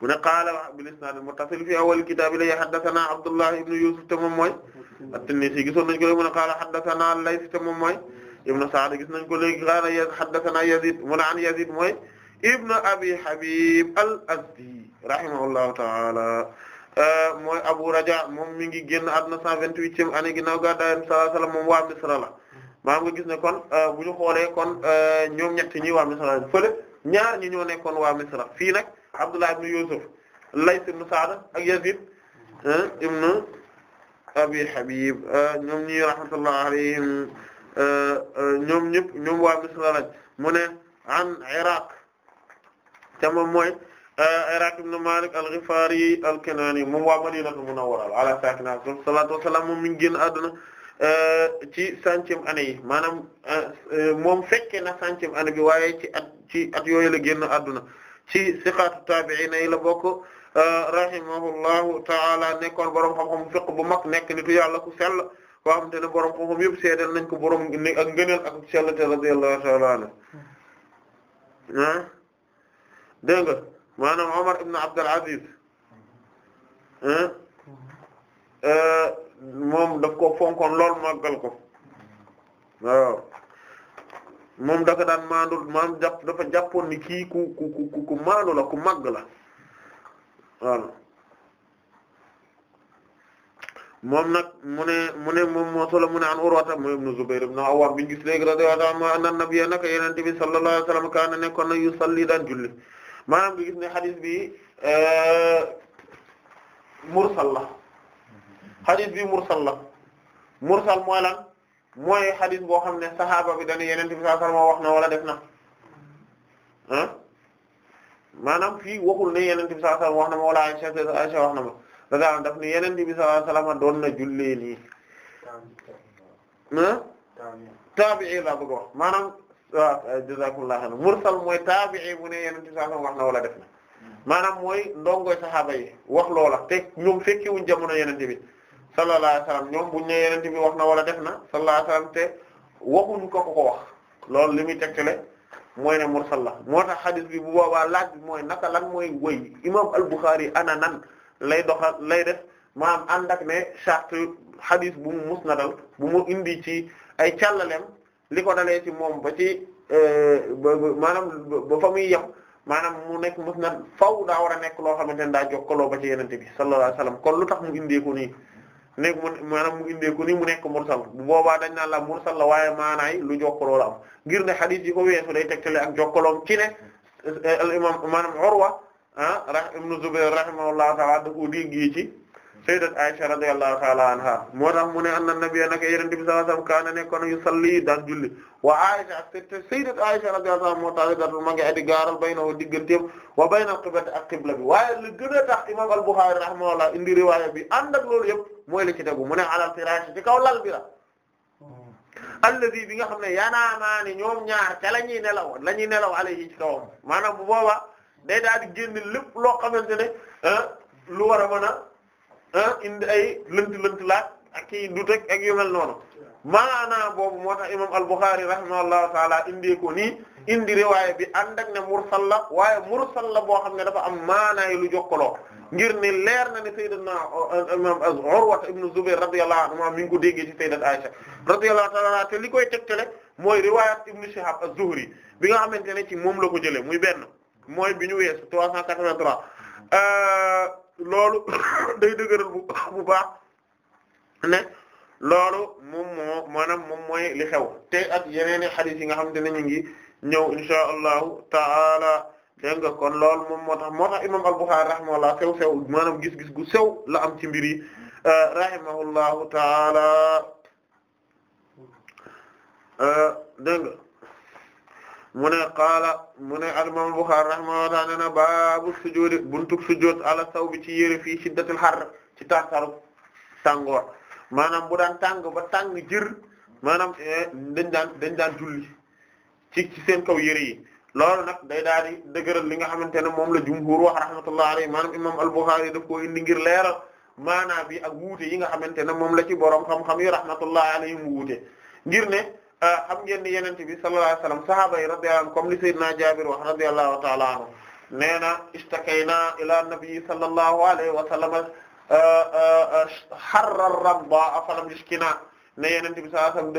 mu ne qaala bil isnaad al muttasil fi awwal kitaab la haddathanaa Abdullah ibn Yusuf te moom mooy at-Tinnisi gisoon nañ ko léegi mu ne qaala haddathanaa al-Layth te moom mooy ibn Sa'd gis nañ ko léegi qaala haddathanaa Yazid mu ne an Yazid mooy ibn Abi Habib al-Azdi rahimahullahu ta'ala euh, mooy Abu Raja moom mi ngi génn àdduna 128e année ginnaaw gàddaay Yonent bi moom waa Misra la maa nga gis ne kon euh, bu ñu xoolee kon euh, ñoom ñett ñi waa Misra la fële ñaar ñi ñoo nekkoon waa Misra fii nag Abdullah ibn Yusuf Layth ibn Sa'd ak Yazid ibn Abi Habib ñoom ñi rahmatullahi alayhim ñoom ñëpp ñoom waa Misra lañ mu ne an Iraq te moom mooy Iraak na Maalik al-Ghifaari al-Kinaani moom waa Madiinatul Munawwara ala saakinihaa salaatu wa salaam moom mi génn àdduna eh, ci centième année yi maanaam eh, eh, moom fekke na centième année bi waaye ci at ci at yooyu la génn àdduna ci siqaatu taabi'iina yi la bokk rahimahullahu ta'ala nekkoon borom xam-xam fiqh bu mag nekk nitu yàlla ku sell koo xam te borom xam-xam yëpp seedeel nañ ko borom ak ngëneel ak sell te radiyallahu ta'ala anhu ah maanaam Omar ibn Abdul Aziz euh, moom daf ko fonkoon lool màggal ko waaw moom dafa daan maandu maam jàpp dafa jàppoon ni kii ku ku ku ku maandu la ku màgg la waaw moom nag mu ne mu ne moom moo solo mu ne an Urwata mu ibn Zubayr ibn Awwam bi ñu gis léegi radiyallahu anhu anna nabiyya naka yonent bi sallallahu alayhi wasallam kaana nekkoon na yusalli daan julli maanaam nga gis ne xadis bi euh, mursal la xadis bi mursal la mursal mooy lan mooy xadis boo xam ne saxaaba bi dañu yeneen bi sallallahu wax na wala def na ah maanaam fii waxul ne yeneen bi sallallahu wax na ma wala Aysa Aysa wax na ma da daf ne yeneen bi sallallahu alayhi wasallam doon na jullee nii ah tabi'i la bëgg wax maanaam waaw euh, jazakumullahu xayran mursal mooy taabi'i bu ne yeneen ci saa wax na wala def na maanaam mooy ndongoy saxaaba yi wax loola te ñoom fekki jamono yeneen bi sallallahu alayhi ñoom buñ ne yeneen bi wax na wala def na sallallahu te waxuñ ko ko ko wax loolu li muy tegtale mooy ne mursal la moo tax xadis bi bu boobaa laaj bi mooy naka lan mooy woy imam al-Bukhari ana nan lay doxal lay def maanaam ànd ak ne charte xadis bu mu musnadal bu mu indi ci ay càllaleem li ko dalee ci moom ba ci euh, maanaam ba fa muy yem maanaam mu nekk mos na faw daa war a nekk loo xamante ne daa jokkaloo ba ci yenente bi sallallahu alayhi wasallam kon lu tax mu indee ko nii nekk mu maanaam mu indee ko nii mu nekk mursal bu boobaa dañ naan la mursal la waaye maanaay lu jokkaloo la am ngir ne hadith yi ko weesu day tegtale ak jokkaloom ci ne euh, al imam maanaam Urwa ah ibn Zubayr rahimahullahu ta'ala da ko déggee ci sayyidat Aisha radiyallahu ta'ala anha moo tax mu ne anna nabiyya naka yonent bi sallallahu alayhi wasallam kaana nekkoon yusalli daan julli wa Aisha ak sayyidat Aisha radiyallahu anha moo tax ma ngi gaaral bayna wa digganteem wa bayna al-qiblati ak bi waaye lu gën a tax imam al-Bukhari rahimahullah indi riwaaya bi ànd ak loolu yëpp mooy li ci tegu mu ne ala firaash ci kaw lal bi la alladhi bi nga xam ne yanaamaani ñoom ñaar ca la ñuy nelaw la ñuy nelaw alayhi ci kawam maanaam bu boobaa day daal di loo xamante ne eh, lu war a mën a Ah, indi ay lënt lënt laaj ak kii du teg ak yu mel noonu maanaa boobu moo tax imam al-Bukhari rahimahullahu taala indee ko nii indi riwaaya bi ànd ak ne mursal la waaye mursal la boo xam ne dafa am maanaay lu jokkaloo ngir ni leer na ne sayyidina imam Urwa ibn Zubayr radiyallahu anhu mi ngi ko déggee ci sayyidat Aisha radiyallahu taala te li koy tegtale mooy riwaayat ibn Shihab az-Zuhri bi nga xamante ne ci moom la ko jëlee muy benn mooy bi ñu weesu 383 loolu day dëgëral bu bu baax ne loolu moom moo maanaam moom mooy li xew te ak yeneen i yi nga xamante ne ñu ngi ñëw insha allahu taala dégg kon lool moom moo tax moo tax imam al-Bukhari rahimahullah sew sew maanaam gis-gis gu sew la am ci mbir yi euh, rahimahullahu taala euh, dégg mu ne qaala mu ne al-imam Bukhari rahimahullahu ta'ala nee na baabu sujuud buntu sujuud ala sawbi ci yére fii shiddatil harr ci tàngaru tàngoor maanaam bu daan tàng ba tàng jër maanaam eh, dañ daan dañ daan julli ci ci seen kaw yére yi loolu nag day daal di dëgëral li nga xamante ne moom la jumhuur wax rahmatullahi alayhi maanaam imam al-Bukhari daf koo ngir leeral maanaam bi ak wuute yi nga xamante ne moom la ci borom xam-xam yi rahmatullahi alayhi mu wuute ngir ne. Ah, am ngeen ni yenente bi sallallahu alayhi wasallam sahaaba yi comme li sayyidina Jaabir wax radiyallahu ta'ala anhu na istakayna ila nabi sallallahu alayhi wa sallam ah, ah, harra rabba afalam yuskina ne yenente bi sallallahu alayhi wasallam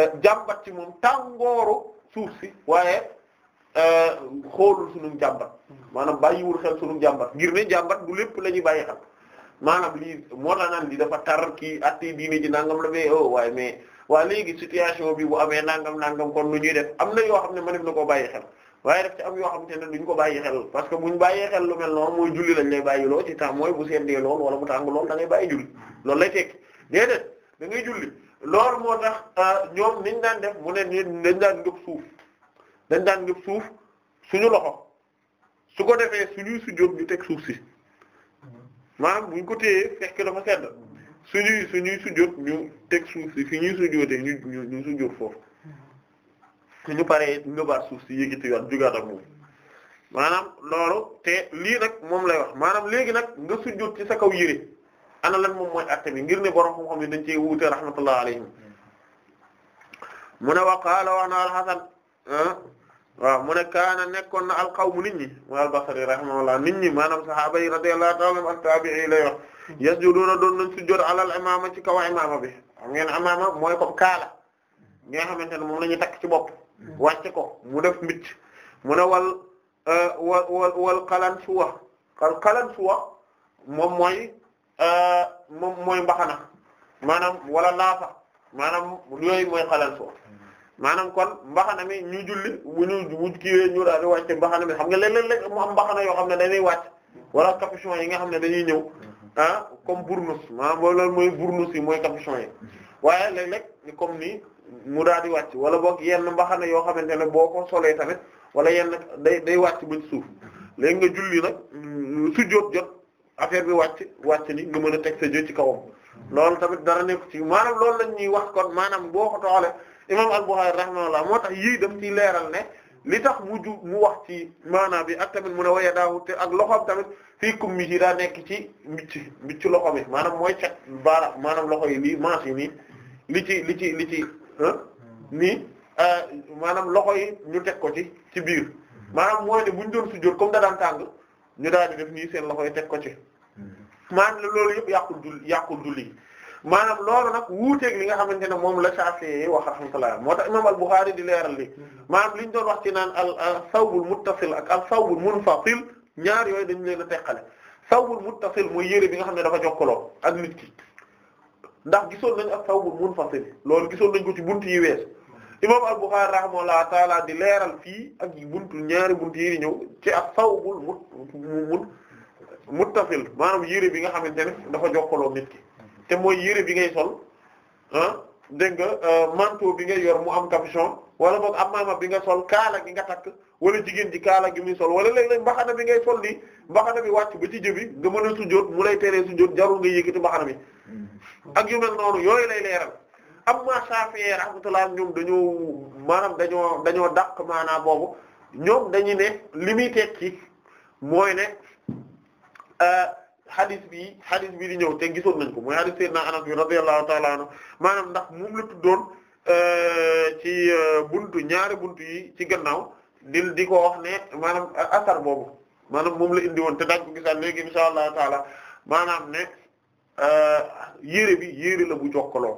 dañoo jàmbat ci moom tàngooru suuf si waaye xoolul sunum jàmbat maanaam bàyyiwul xel sunum jàmbat ngir ne jàmbat du lépp lañuy ñuy bàyyi xel maanaam lii moo tax dafa tar kii atte diine ji nangam la ba oh, waaye mais waa léegi situation bi bu amee nangam nangam kon lu ñuy def am na yoo xam ne ma na ko bàyyi xel waaye def ci am yoo te ne duñ ko bàyyi xel parce que ñu bàyyee xel lu mel noonu mooy julli lañ lay bàyyi loo ci temps mooy bu seddee lool wala bu tàng lool da ngay bàyyi julli loolu lay tekki déedéet da ngay julli loolu moo tax euh, ñoom niñ daan def mu ne ñun dañ daan ngëb suuf dañ daan ngëb suuf suñu loxo su ko defee suñuy sujjóot ñu teg suuf si maanaam buñ ko téyee fekk dafa sedd suñuy suñuy sujjóot ñu teg suuf fi ñuy ñu ñu ñu sujjóot foofu ñu paree nga baat suuf si yëgiti waat jugaat ak moom maanaam loolu te lii nag moom lay wax maanaam léegi nag nga sujjóot ci sa kaw yére ana lan moom mooy atte bi ngir ni borom xam-xam ni dañ cee wuute rahmatullah alayhim mu ne waqaala wax na alxasan ah, waaw mu ne kaana nekkoon na alqawmu ni ñi mu albasari rahimahullah ni ñi maanaam sahaaba yi radiyallahu ta'ala anhum ak yasjuduuna doon nañ sujjóot alal imaama ci kaw imaama bi xam ngeen imaama mooy comme kaala ñi nga xamante ne moom la ñuy takk ci bopp wàcce ko mu def mbicc mu ne wal euh, wal wal wal qalansuwa al qalansuwa moom mooy euh, moom mooy mbaxana maanaam wala laafa maanaam yooyu mooy qalansuwa maanaam kon mbaxana mi ñu julli bu ñu bu kiiwee ñu daal di wàcce mbaxana mi xam nga léeg-léeg mbaxana yoo xam ne dañuy wàcc wala capuchon yi nga xam ne dañuy ñëw ah comme burnus maanaam boobu loolu mooy burnus yi mooy capuchon yi waaye léeg-léeg comme ni mu daal di wàcc wala boog yenn mbaxana yoo xamante ne boo ko solee tamit wala yenn day day wàcc ba suuf léegi nga julli nag mm, su jot jot affaire bi wàcc wàcc ni nga mën a teg sa jë ci kawam loolu tamit dara nekk ci maanaam loolu lañ ñuy wax kon maanaam boo ko toxalee imam Al-Bukhârî rahimahullah moo tax yii dem ciy leeral ne li tax mu ju mu wax ci maanaam bi ak tamit mu ne waye daaw te ak loxoom tamit fii kum mi daa nekk ci mbicc mbicc loxo mi maanaam mooy cat baara maanaam loxo yi lii manche yi nii li ci li ci li ci ah, nii ah, maanaam loxo yi ñu teg ko ci ci biir maanaam mooy ne bu ñu doon sujjóot comme da daan tàng ñu daal di def nii seen loxo yi teg ko ci hmm. maanaam loolu yëpp yàqul dul yàqul maanaam loolu nag wuuteeg li nga xamante ne moom la Shafi'i wax laa moo tax imam al-Bukhari di leeral li maanaam li ñu doon wax ci naan al sawbul muttasil ak al sawbul munfasil ñaar yooyu dañu leen a teqale sawbul muttasil mooy yére bi nga xam ne dafa jokkaloo ak nit ki ndax gisoon nañ ak sawbul munfasil loolu gisoon nañ ko ci buntu yi wees imam al-Bukhari rahmatullah taala di leeral fii ak buntu ñaari buntu yi ñëw ci ak sawbul mut muttasil maanaam yére bi nga xamante ne dafa jokkaloo nit ki te mooy yére bi ngay sol ah nga euh, manteau bi ngay yor mu am capuchon wala boog amaama bi nga sol kaala gi nga takk wala jigéen ji kaala gi muy sol wala léeg-léeg mbaxana bi ngay sol nii mbaxana bi wàcc ba ci jëbi nga mën a sujjóot mu lay teree sujjóot jarul nga yëkkati mbaxana bi mm-hmm. ak yu mel noonu yooyu lay leeral am ma Shafi'i rahmatullah ñoom dañoo maanaam dañoo dañoo dàq maanaa boobu ñoom dañu ne li muy tekki mooy ne. Euh, xadis bi xadis bi di ñëw te gisoon nañ ko mooy xadis na Anas bi radiyallahu ta'ala anhu maanaam ndax moom la tuddoon euh, ci euh, buntu ñaari buntu yi ci gannaaw di di ko wax ne maanaam asar boobu maanaam moom la indi woon te daañ ko gisaan léegi insha allahu taala maanaam ne euh, yére bi yére la bu jokkaloo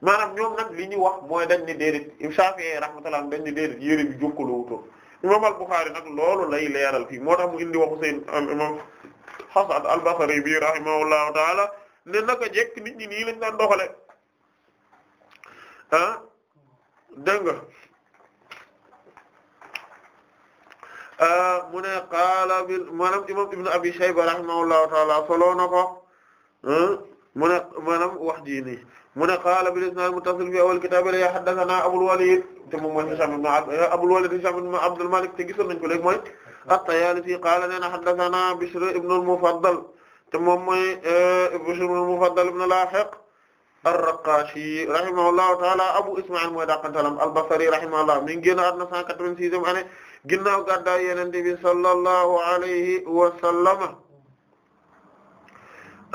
maanaam ñoom nag li ñuy wax mooy dañ ni déedéet im Shafi'i rahmatullah dañ ni déedéet yére bi jokkaloo wutoon imam al nag loolu lay leeral fii moo tax mu indi Hasan al-Basri bi rahimahullahu taala ne naka jekk nit ñi nii lañ daan doxale ah dégg nga ah, mu ne qaala bi maanaam imam ibnu abi shayba rahimahullahu taala soloo na ko ah, mu ne maanaam wax ji nii mu ne qaala bil isnaad muttasil fi awwal kitaab la haddathana abul walid te moom mooy Hisham ibn abdul walid Hisham ibn abdul malik te gisoon nañ ko léegi mooy at-Tayaalisi qaala lana haddathanaa Bishr ibn al-Mufaddal te moom mooy eh, Bishr ibn al-Mufaddal ibn Laahiq ar-Raqaashi rahimahullahu ta'aala Abu Isma'il mooy dàqantalam al-Basri rahimahullah mi ngi génn àdduna 186e année ginnaaw gàddaay Yonent bi sallallahu alayhi wa sallam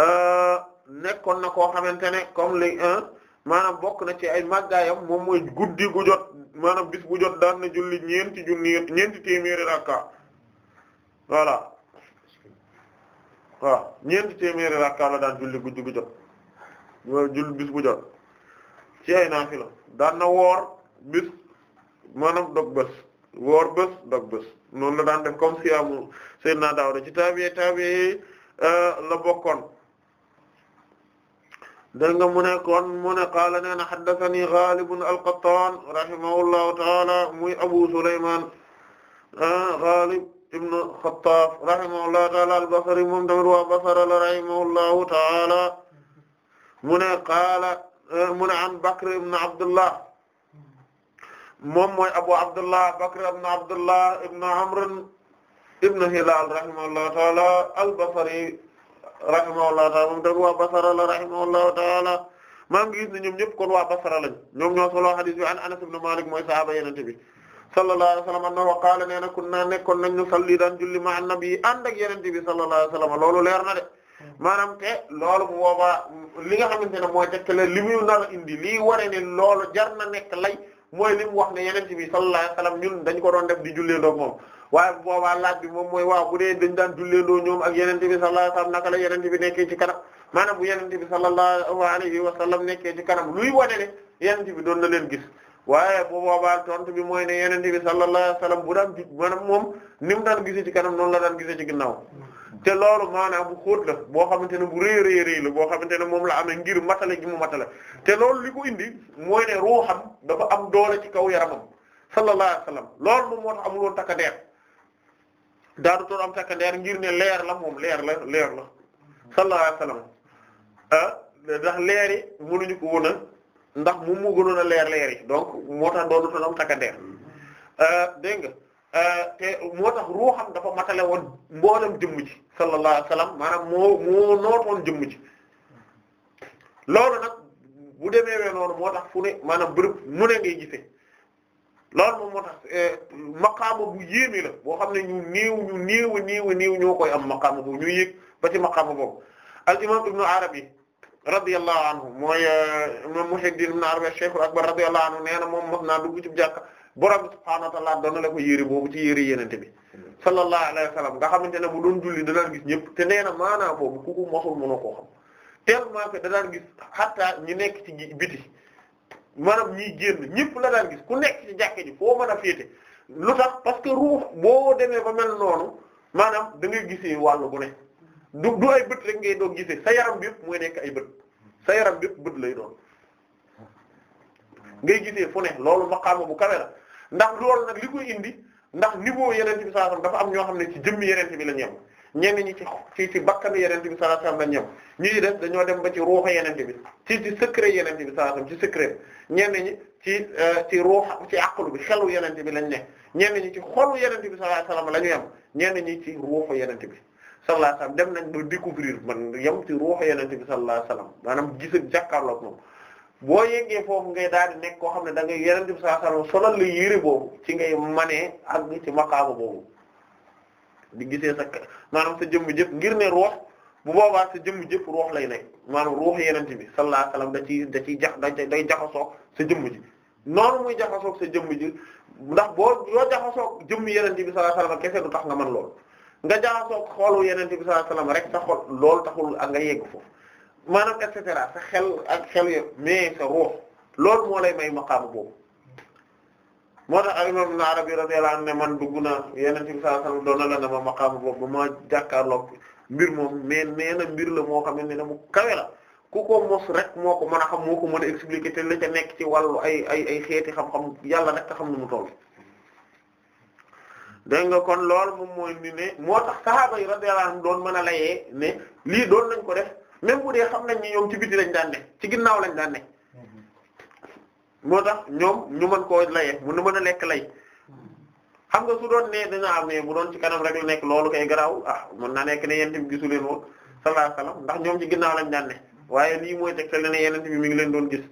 eh, nekkoon na koo xamante ne comme li eh, maanaam bokk na ci ay màggaayam moom mooy guddi gu jot maanaam bis bu jot daan na julli ñeenti junni ñeenti téeméeri rakka voilà waaw ñeenti téeméeri rakka la daan julli guddi gu ci ay naafila daan na woor bis maanaam dog bés woor bés dog bés noonu la daan def comme siyaamu Seydina Daawuda ci tabi'i tabi'i euh, la bokkoon dégg nga mu ne kon mu qaala nee na haddathanii al-Qattaan rahimahullahu ta'aala muy Abu Sulaymaan euh, Ghaalib ibnu Xattaab rahimahullahu ta'ala al-Basri moom tamit waa Basra la rahimahullahu ta'ala mu ne qaala mu ne an Bakr ibn Abdullah moom mooy Abu Abdullah Bakr ibn Abdullah ibn Amr ibn Hilaal rahimahullahu ta'ala al-Basri rahimahullahu ta'ala moom tamit waa Basra la rahimahullahu ta'ala maa ngi gis ne ñoom ñëpp kon waa Basra lañ ñoom ñoo solo hadith bi an Anas ibn Malik mooy sahaaba Yonent bi sallallahu alayhi wa sallam annahu qaala nee na kunna nekkoon nañ ñu salli daan julli ma annabi ànd ak yenente bi sallallahu alayhi wa sallam leer na de maanaam te loolo bu boobaa li nga te na mooy tekkale li mu nar a indi lii ware ne loolu jar na nekk lay mooy li mu wax ne yenente bi sallallahu alayhi wa sallam ñun dañ ko doon def di julleendoo moom waaye bu boobaa laaj bi moom mooy waaw bu dee dañ daan julleendoo ñoom ak yenente bi sallallahu alayhi wa sallam naka la yenente bi nekkee ci kanam maanaam bu yenente bi sallallahu alayhi wa sallam nekkee ci kanam luy wane ne yenente bi doon na leen gis waaye bu boobaa tontu bi mooy ne yenente bi sallallahu alayhi wasallam bu daan maanaam moom ni mu daan gisee ci kanam noonu la daan gisee ci ginnaaw te loolu maanaam bu xóot la boo xamante ne bu rëy rëy rëy la boo xamante ne moom la amee ngir matale gi mu matale te loolu li ko indi mooy ne ruuxam dafa am doole ci kaw yaramam sallallahu alayhi wasallam loolu moom moo tax amul woon takka ndeer daadu toon am takka ngir ne leer la moom leer la leer la sallallahu alayhi wasallam ah ndax leer yi ndax mu moo gënoon a leer leer yi donc moo tax doon na am takkandeer euh, dégg nga euh, te moo tax ruuxam dafa matale woon mboolem jëmm ji sallallahu alayhi wasallam maanaam moo moo nootoon jëmm ji loolu nag bu demee noonu moo tax fu maanaam bërëb mu ne ngay gisee loolu moom moo tax euh, bu yéeme boo xam ne ñu néew ñu néew a néew a néew koy am maqaama boobu ñu yéeg ba ci maqaama boobu al imam ibnu arabi radiyallahu anhu mooy euh, moo moom Muhiddin ibn Arabi Shaykhul Akbar radiyallahu anhu nee na moom mos naa dugg ci jàkka borom subhaanahu wa ta'aala doon la ko yére boobu ci yére yenente bi sallallahu alayhi wa sallam nga xamante ne bu doon julli danaan gis ñëpp te nee na maanaa boobu ku ko mosul mënoo koo xam tellement que danaan gis xattaa ñi nekk ci biti maanaam ñiy génn ñëpp la daan gis ku nekk ci jàkka ji foo mën a lu tax parce que ruux boo demee ba mel noonu maanaam da ngay gisee wàllu bu ne du du ay bët rek ngay doo gisee sa yaram bi yëpp mooy nekk ay bët sa yaram bi yëpp bët lay doon ngay gisee fu ne loolu maqaama bu kawe la ndax loolu nag li koy indi ndax niveau yeneen bi sa alayhi am ñoo xam ne ci jëmmi yeneen bi la ñem ñenn ñi ci ci ci bakkanu yeneen bi sallallahu alayhi wasallam la ñem ñuy def dem ba ci ruuxa yeneen bi ci ci secret yeneen bi sallallahu alayhi wasallam ci secret ñenn ñi ci euh, ci ruuxa ci aqlu bi xelu yeneen bi lañ ne ñenn ñi ci xolu yeneen bi sallallahu alayhi wasallam la ñu yem ñenn ñi ci ruuxu yeneen bi sallallahu alayhi wasallam dem nañ ba découvrir man yam ci ruuxu yonent bi sallallahu alayhi wasallam maanaam gis ak jàkkaarloog moom boo yeggee foofu ngay daal di nekk koo xam ne da ngay yonent bi sallallahu alayhi wasallam solal la yére boobu ci ngay manee ak ci maqaama boobu di gisee sa maanaam sa jëmm jëpp ngir ne ruux bu boobaa sa jëmm jëpp ruux lay nekk maanaam ruux yonent bi sallallahu alayhi wasallam da ciy da ciy jax da day jaxasoog sa jëmm ji noonu muy jaxasoog sa jëmm ji ndax boo yoo jaxasoog jëmm yonent bi sallallahu alayhi wasallam kese du tax nga mën lool nga jaaxasoo xoolu yeneen bi sallallahu alayhi rek sa xol loolu taxul ak nga yegg foofu maanaam et cetera xel ak xel yëpp mais loolu moo lay may maqaam boobu moo tax ak imam Ibn Arabi radiyallahu anhu ne man dugg naa yeneen bi sallallahu na la ne ma maqaam boobu ma jàkkaarloog mbir moom mais nee mbir la moo xam ne mu kawe la ku rek moo ko mën a xam moo ko mën a expliquer te la ca nekk ci wàllu ay ay xeeti xam-xam yàlla rek nga xam ne mu toll. dégg nga kon lool moom mooy ni ne moo tax sahaaba yi radiyallahu anhum doon mën a laye ne lii doon nañ ko def même bu dee xam nañ ni ñoom ci biti lañ daan ci ginnaaw lañ daan ne moo tax ñoom ñu mën koo mu nu mën a lekk lay xam nga su doon ne dina am ne bu doon ci kanam rek la nekk loolu kay garaaw ah mën naa nekk ne yent bi gisu leen woon sallallahu alayhi ndax ñoom ci ginnaaw lañ daan ne waaye lii mooy tegtal ne yonent bi mi ngi leen doon gis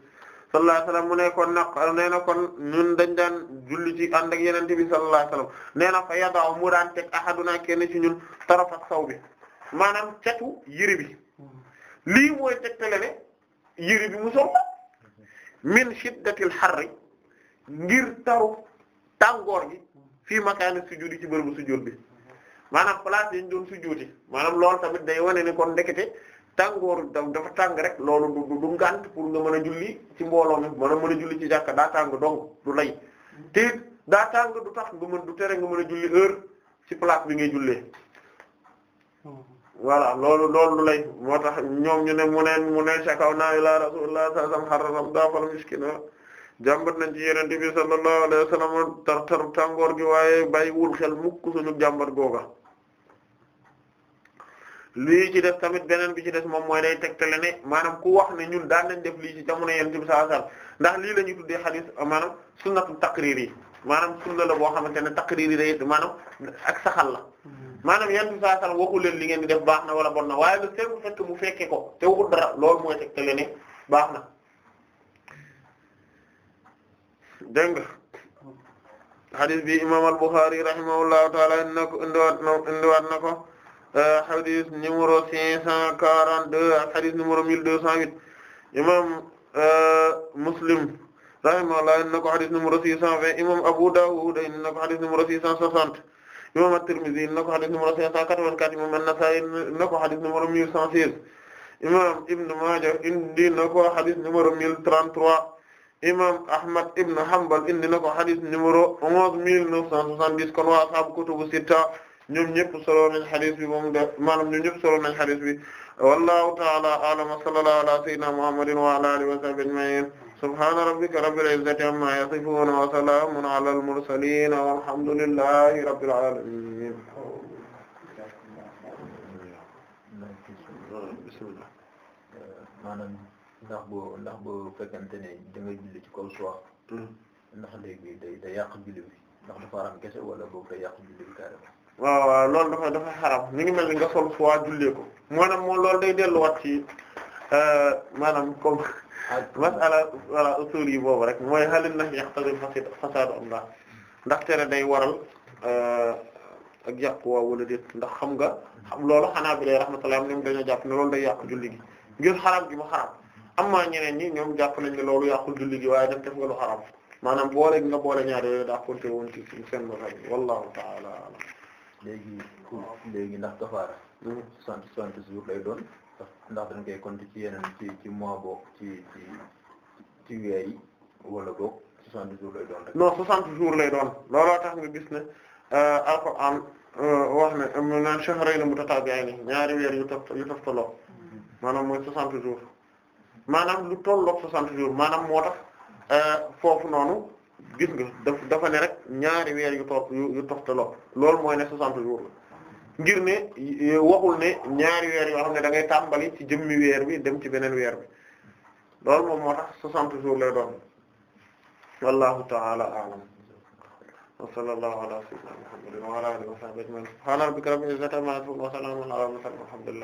sallallahu alayhi wasallam mu ne kon nag nee na kon ñun dañ daan julli ci ànd ak yeneen bi sallallahu alayhi wasallam nee na fa yadaaw mu daan teg ahaduna kenn ci ñun taraf ak saw bi maanaam catu yëre bi lii mooy tele ne yëre bi mu sol min shiddatil harri ngir taru tàngoor gi fii makaani sujudi ci bërëbu sujud bi maanaam place yi ñu doon sujudi maanaam loolu tamit day wane ne kon ndekete tàngooru daw dafa tàng rek loolu du du ngànt pour nga mën a julli ci mbooloo mi mën a mën a julli ci jàkka daa tàng dong du lay te daa tàng du tax nga mën du tere nga mën a julli heure ci place bi ngay jullee hmm. voilà loolu loolu du lay moo tax ñoom ñu ne mu neen mu ne sakaw naa ila rasulullah sallallahu alayhi wasallam xararam gaafal miskina jàmbat nañ ci yenente bi sallallahu alayhi wasallam tar tar tàngoor gi waaye bàyyiwul xel mukk suñu jàmbat googa lii ci def tamit beneen bi ci des moom mooy day tegtale ne maanaam ku wax ne ñun daan nañ def lii ci jamono yonent bi sallallahu alayhi wasallam ndax lii la ñuy tuddee xadis maanaam sunnatu taqrir yi maanaam sunna la boo xamante ne taqrir yi day maanaam ak saxal la maanaam yonent bi sallallahu alayhi wasallam waxu leen li ngeen di def baax na wala bon na waaye lu seen fekk mu fekkee ko te waxul dara loolu mooy tegtale ne baax na dégg nga xadis bi imam al-Bukhari rahimahullahu taala indiwaat na na ko hadith numéro cinq cent quarante-deux ak hadith numéro mille deux cent huit imam euh, Muslim rahimahullah inna ko hadith numéro six cent vingt imam Abu Dawud inna ko hadith numéro six cent soixante imam At-Tirmidhi inna ko hadith numéro cinq cent quatre-vingt-quatre imam An-Nasa'i inna ko hadith numéro mille cent seize imam Ibn Majah indi na ko hadith numéro mille trente-trois imam Ahmad ibn Hanbal indi na ko hadith numéro onze mille neuf cent soixante-dix kon waa ashaabu kutubu sitta ñoom ñëpp solo nañ xadis bi moom da maanaam ñoom ñëpp solo nañ xadis bi wallahu ta'ala a'lam wa sallallahu ala sayyidina muhammadin wa ala alihi wa sahbihi ajma'in subhana rabbika rabbil izzati amma yasifun wa salamun ala al mursalin walhamdulillahi rabbil alamin maanaam ndax boo ndax boo fekkante ne dangay julli ci kaw suuf hmm. ndax léegi day day yàq julli bi ndax dafa aram kese wala boobu day yàq julli bi carrément waaw waaw loolu dafa dafa xaram mi ngi mel ni nga sol fois jullee ko maanaam moo loolu day delluwaat ci euh, maanaam comme masala voilà usul yi boobu rek mooy xalin na yaqtadi fasaadu am la ndax tere day waral euh, ak yàqu waaw wala déet ndax xam nga xam loolu xanaa bi lay rahmatullah am ñoom dañoo jàpp ne loolu day yàq julli gi ngir xaram gi mu xaram amma ñeneen ñi ñoom jàpp nañ ne loolu yàqul julli gi waaye daf def nga lu xaram maanaam boole gi nga boole ñaar yooyu daa konte woon ci seen mazhab wallahu ta'ala léegi léegi ndax kafaara soixante soixante jours lay doon ndax dañ koy compter ci yeneen ci ci mois boog ci ci ci weer wala boog soixante jours lay doon rek non soixante jours lay doon looloo tax nga gis ne euh, alquran euh, wax ne mu naan shahrayni mutatabi'ayni ñaari weer yu toft yu toftaloo maanaam mooy soixante jours maanaam lu tolloog soixante jours maanaam moo tax euh, foofu noonu gis nga daf dafa ne rek ñaari weer yu toog yu toftaloo loolu mooy ne 60 jours la ngir ne waxul ne ñaari weer yoo xam ne dangay ngay tàmbali ci jëmmi weer bi dem ci beneen weer bi loolu moom moo tax 60 jours lay doon wallahu ta'ala a'lam wa sallallahu ala sayyidina muhammadin wa ala alihi wa sahbihi ajma'in subhana rabbika rabbil izzati amma yasifun wa salamun ala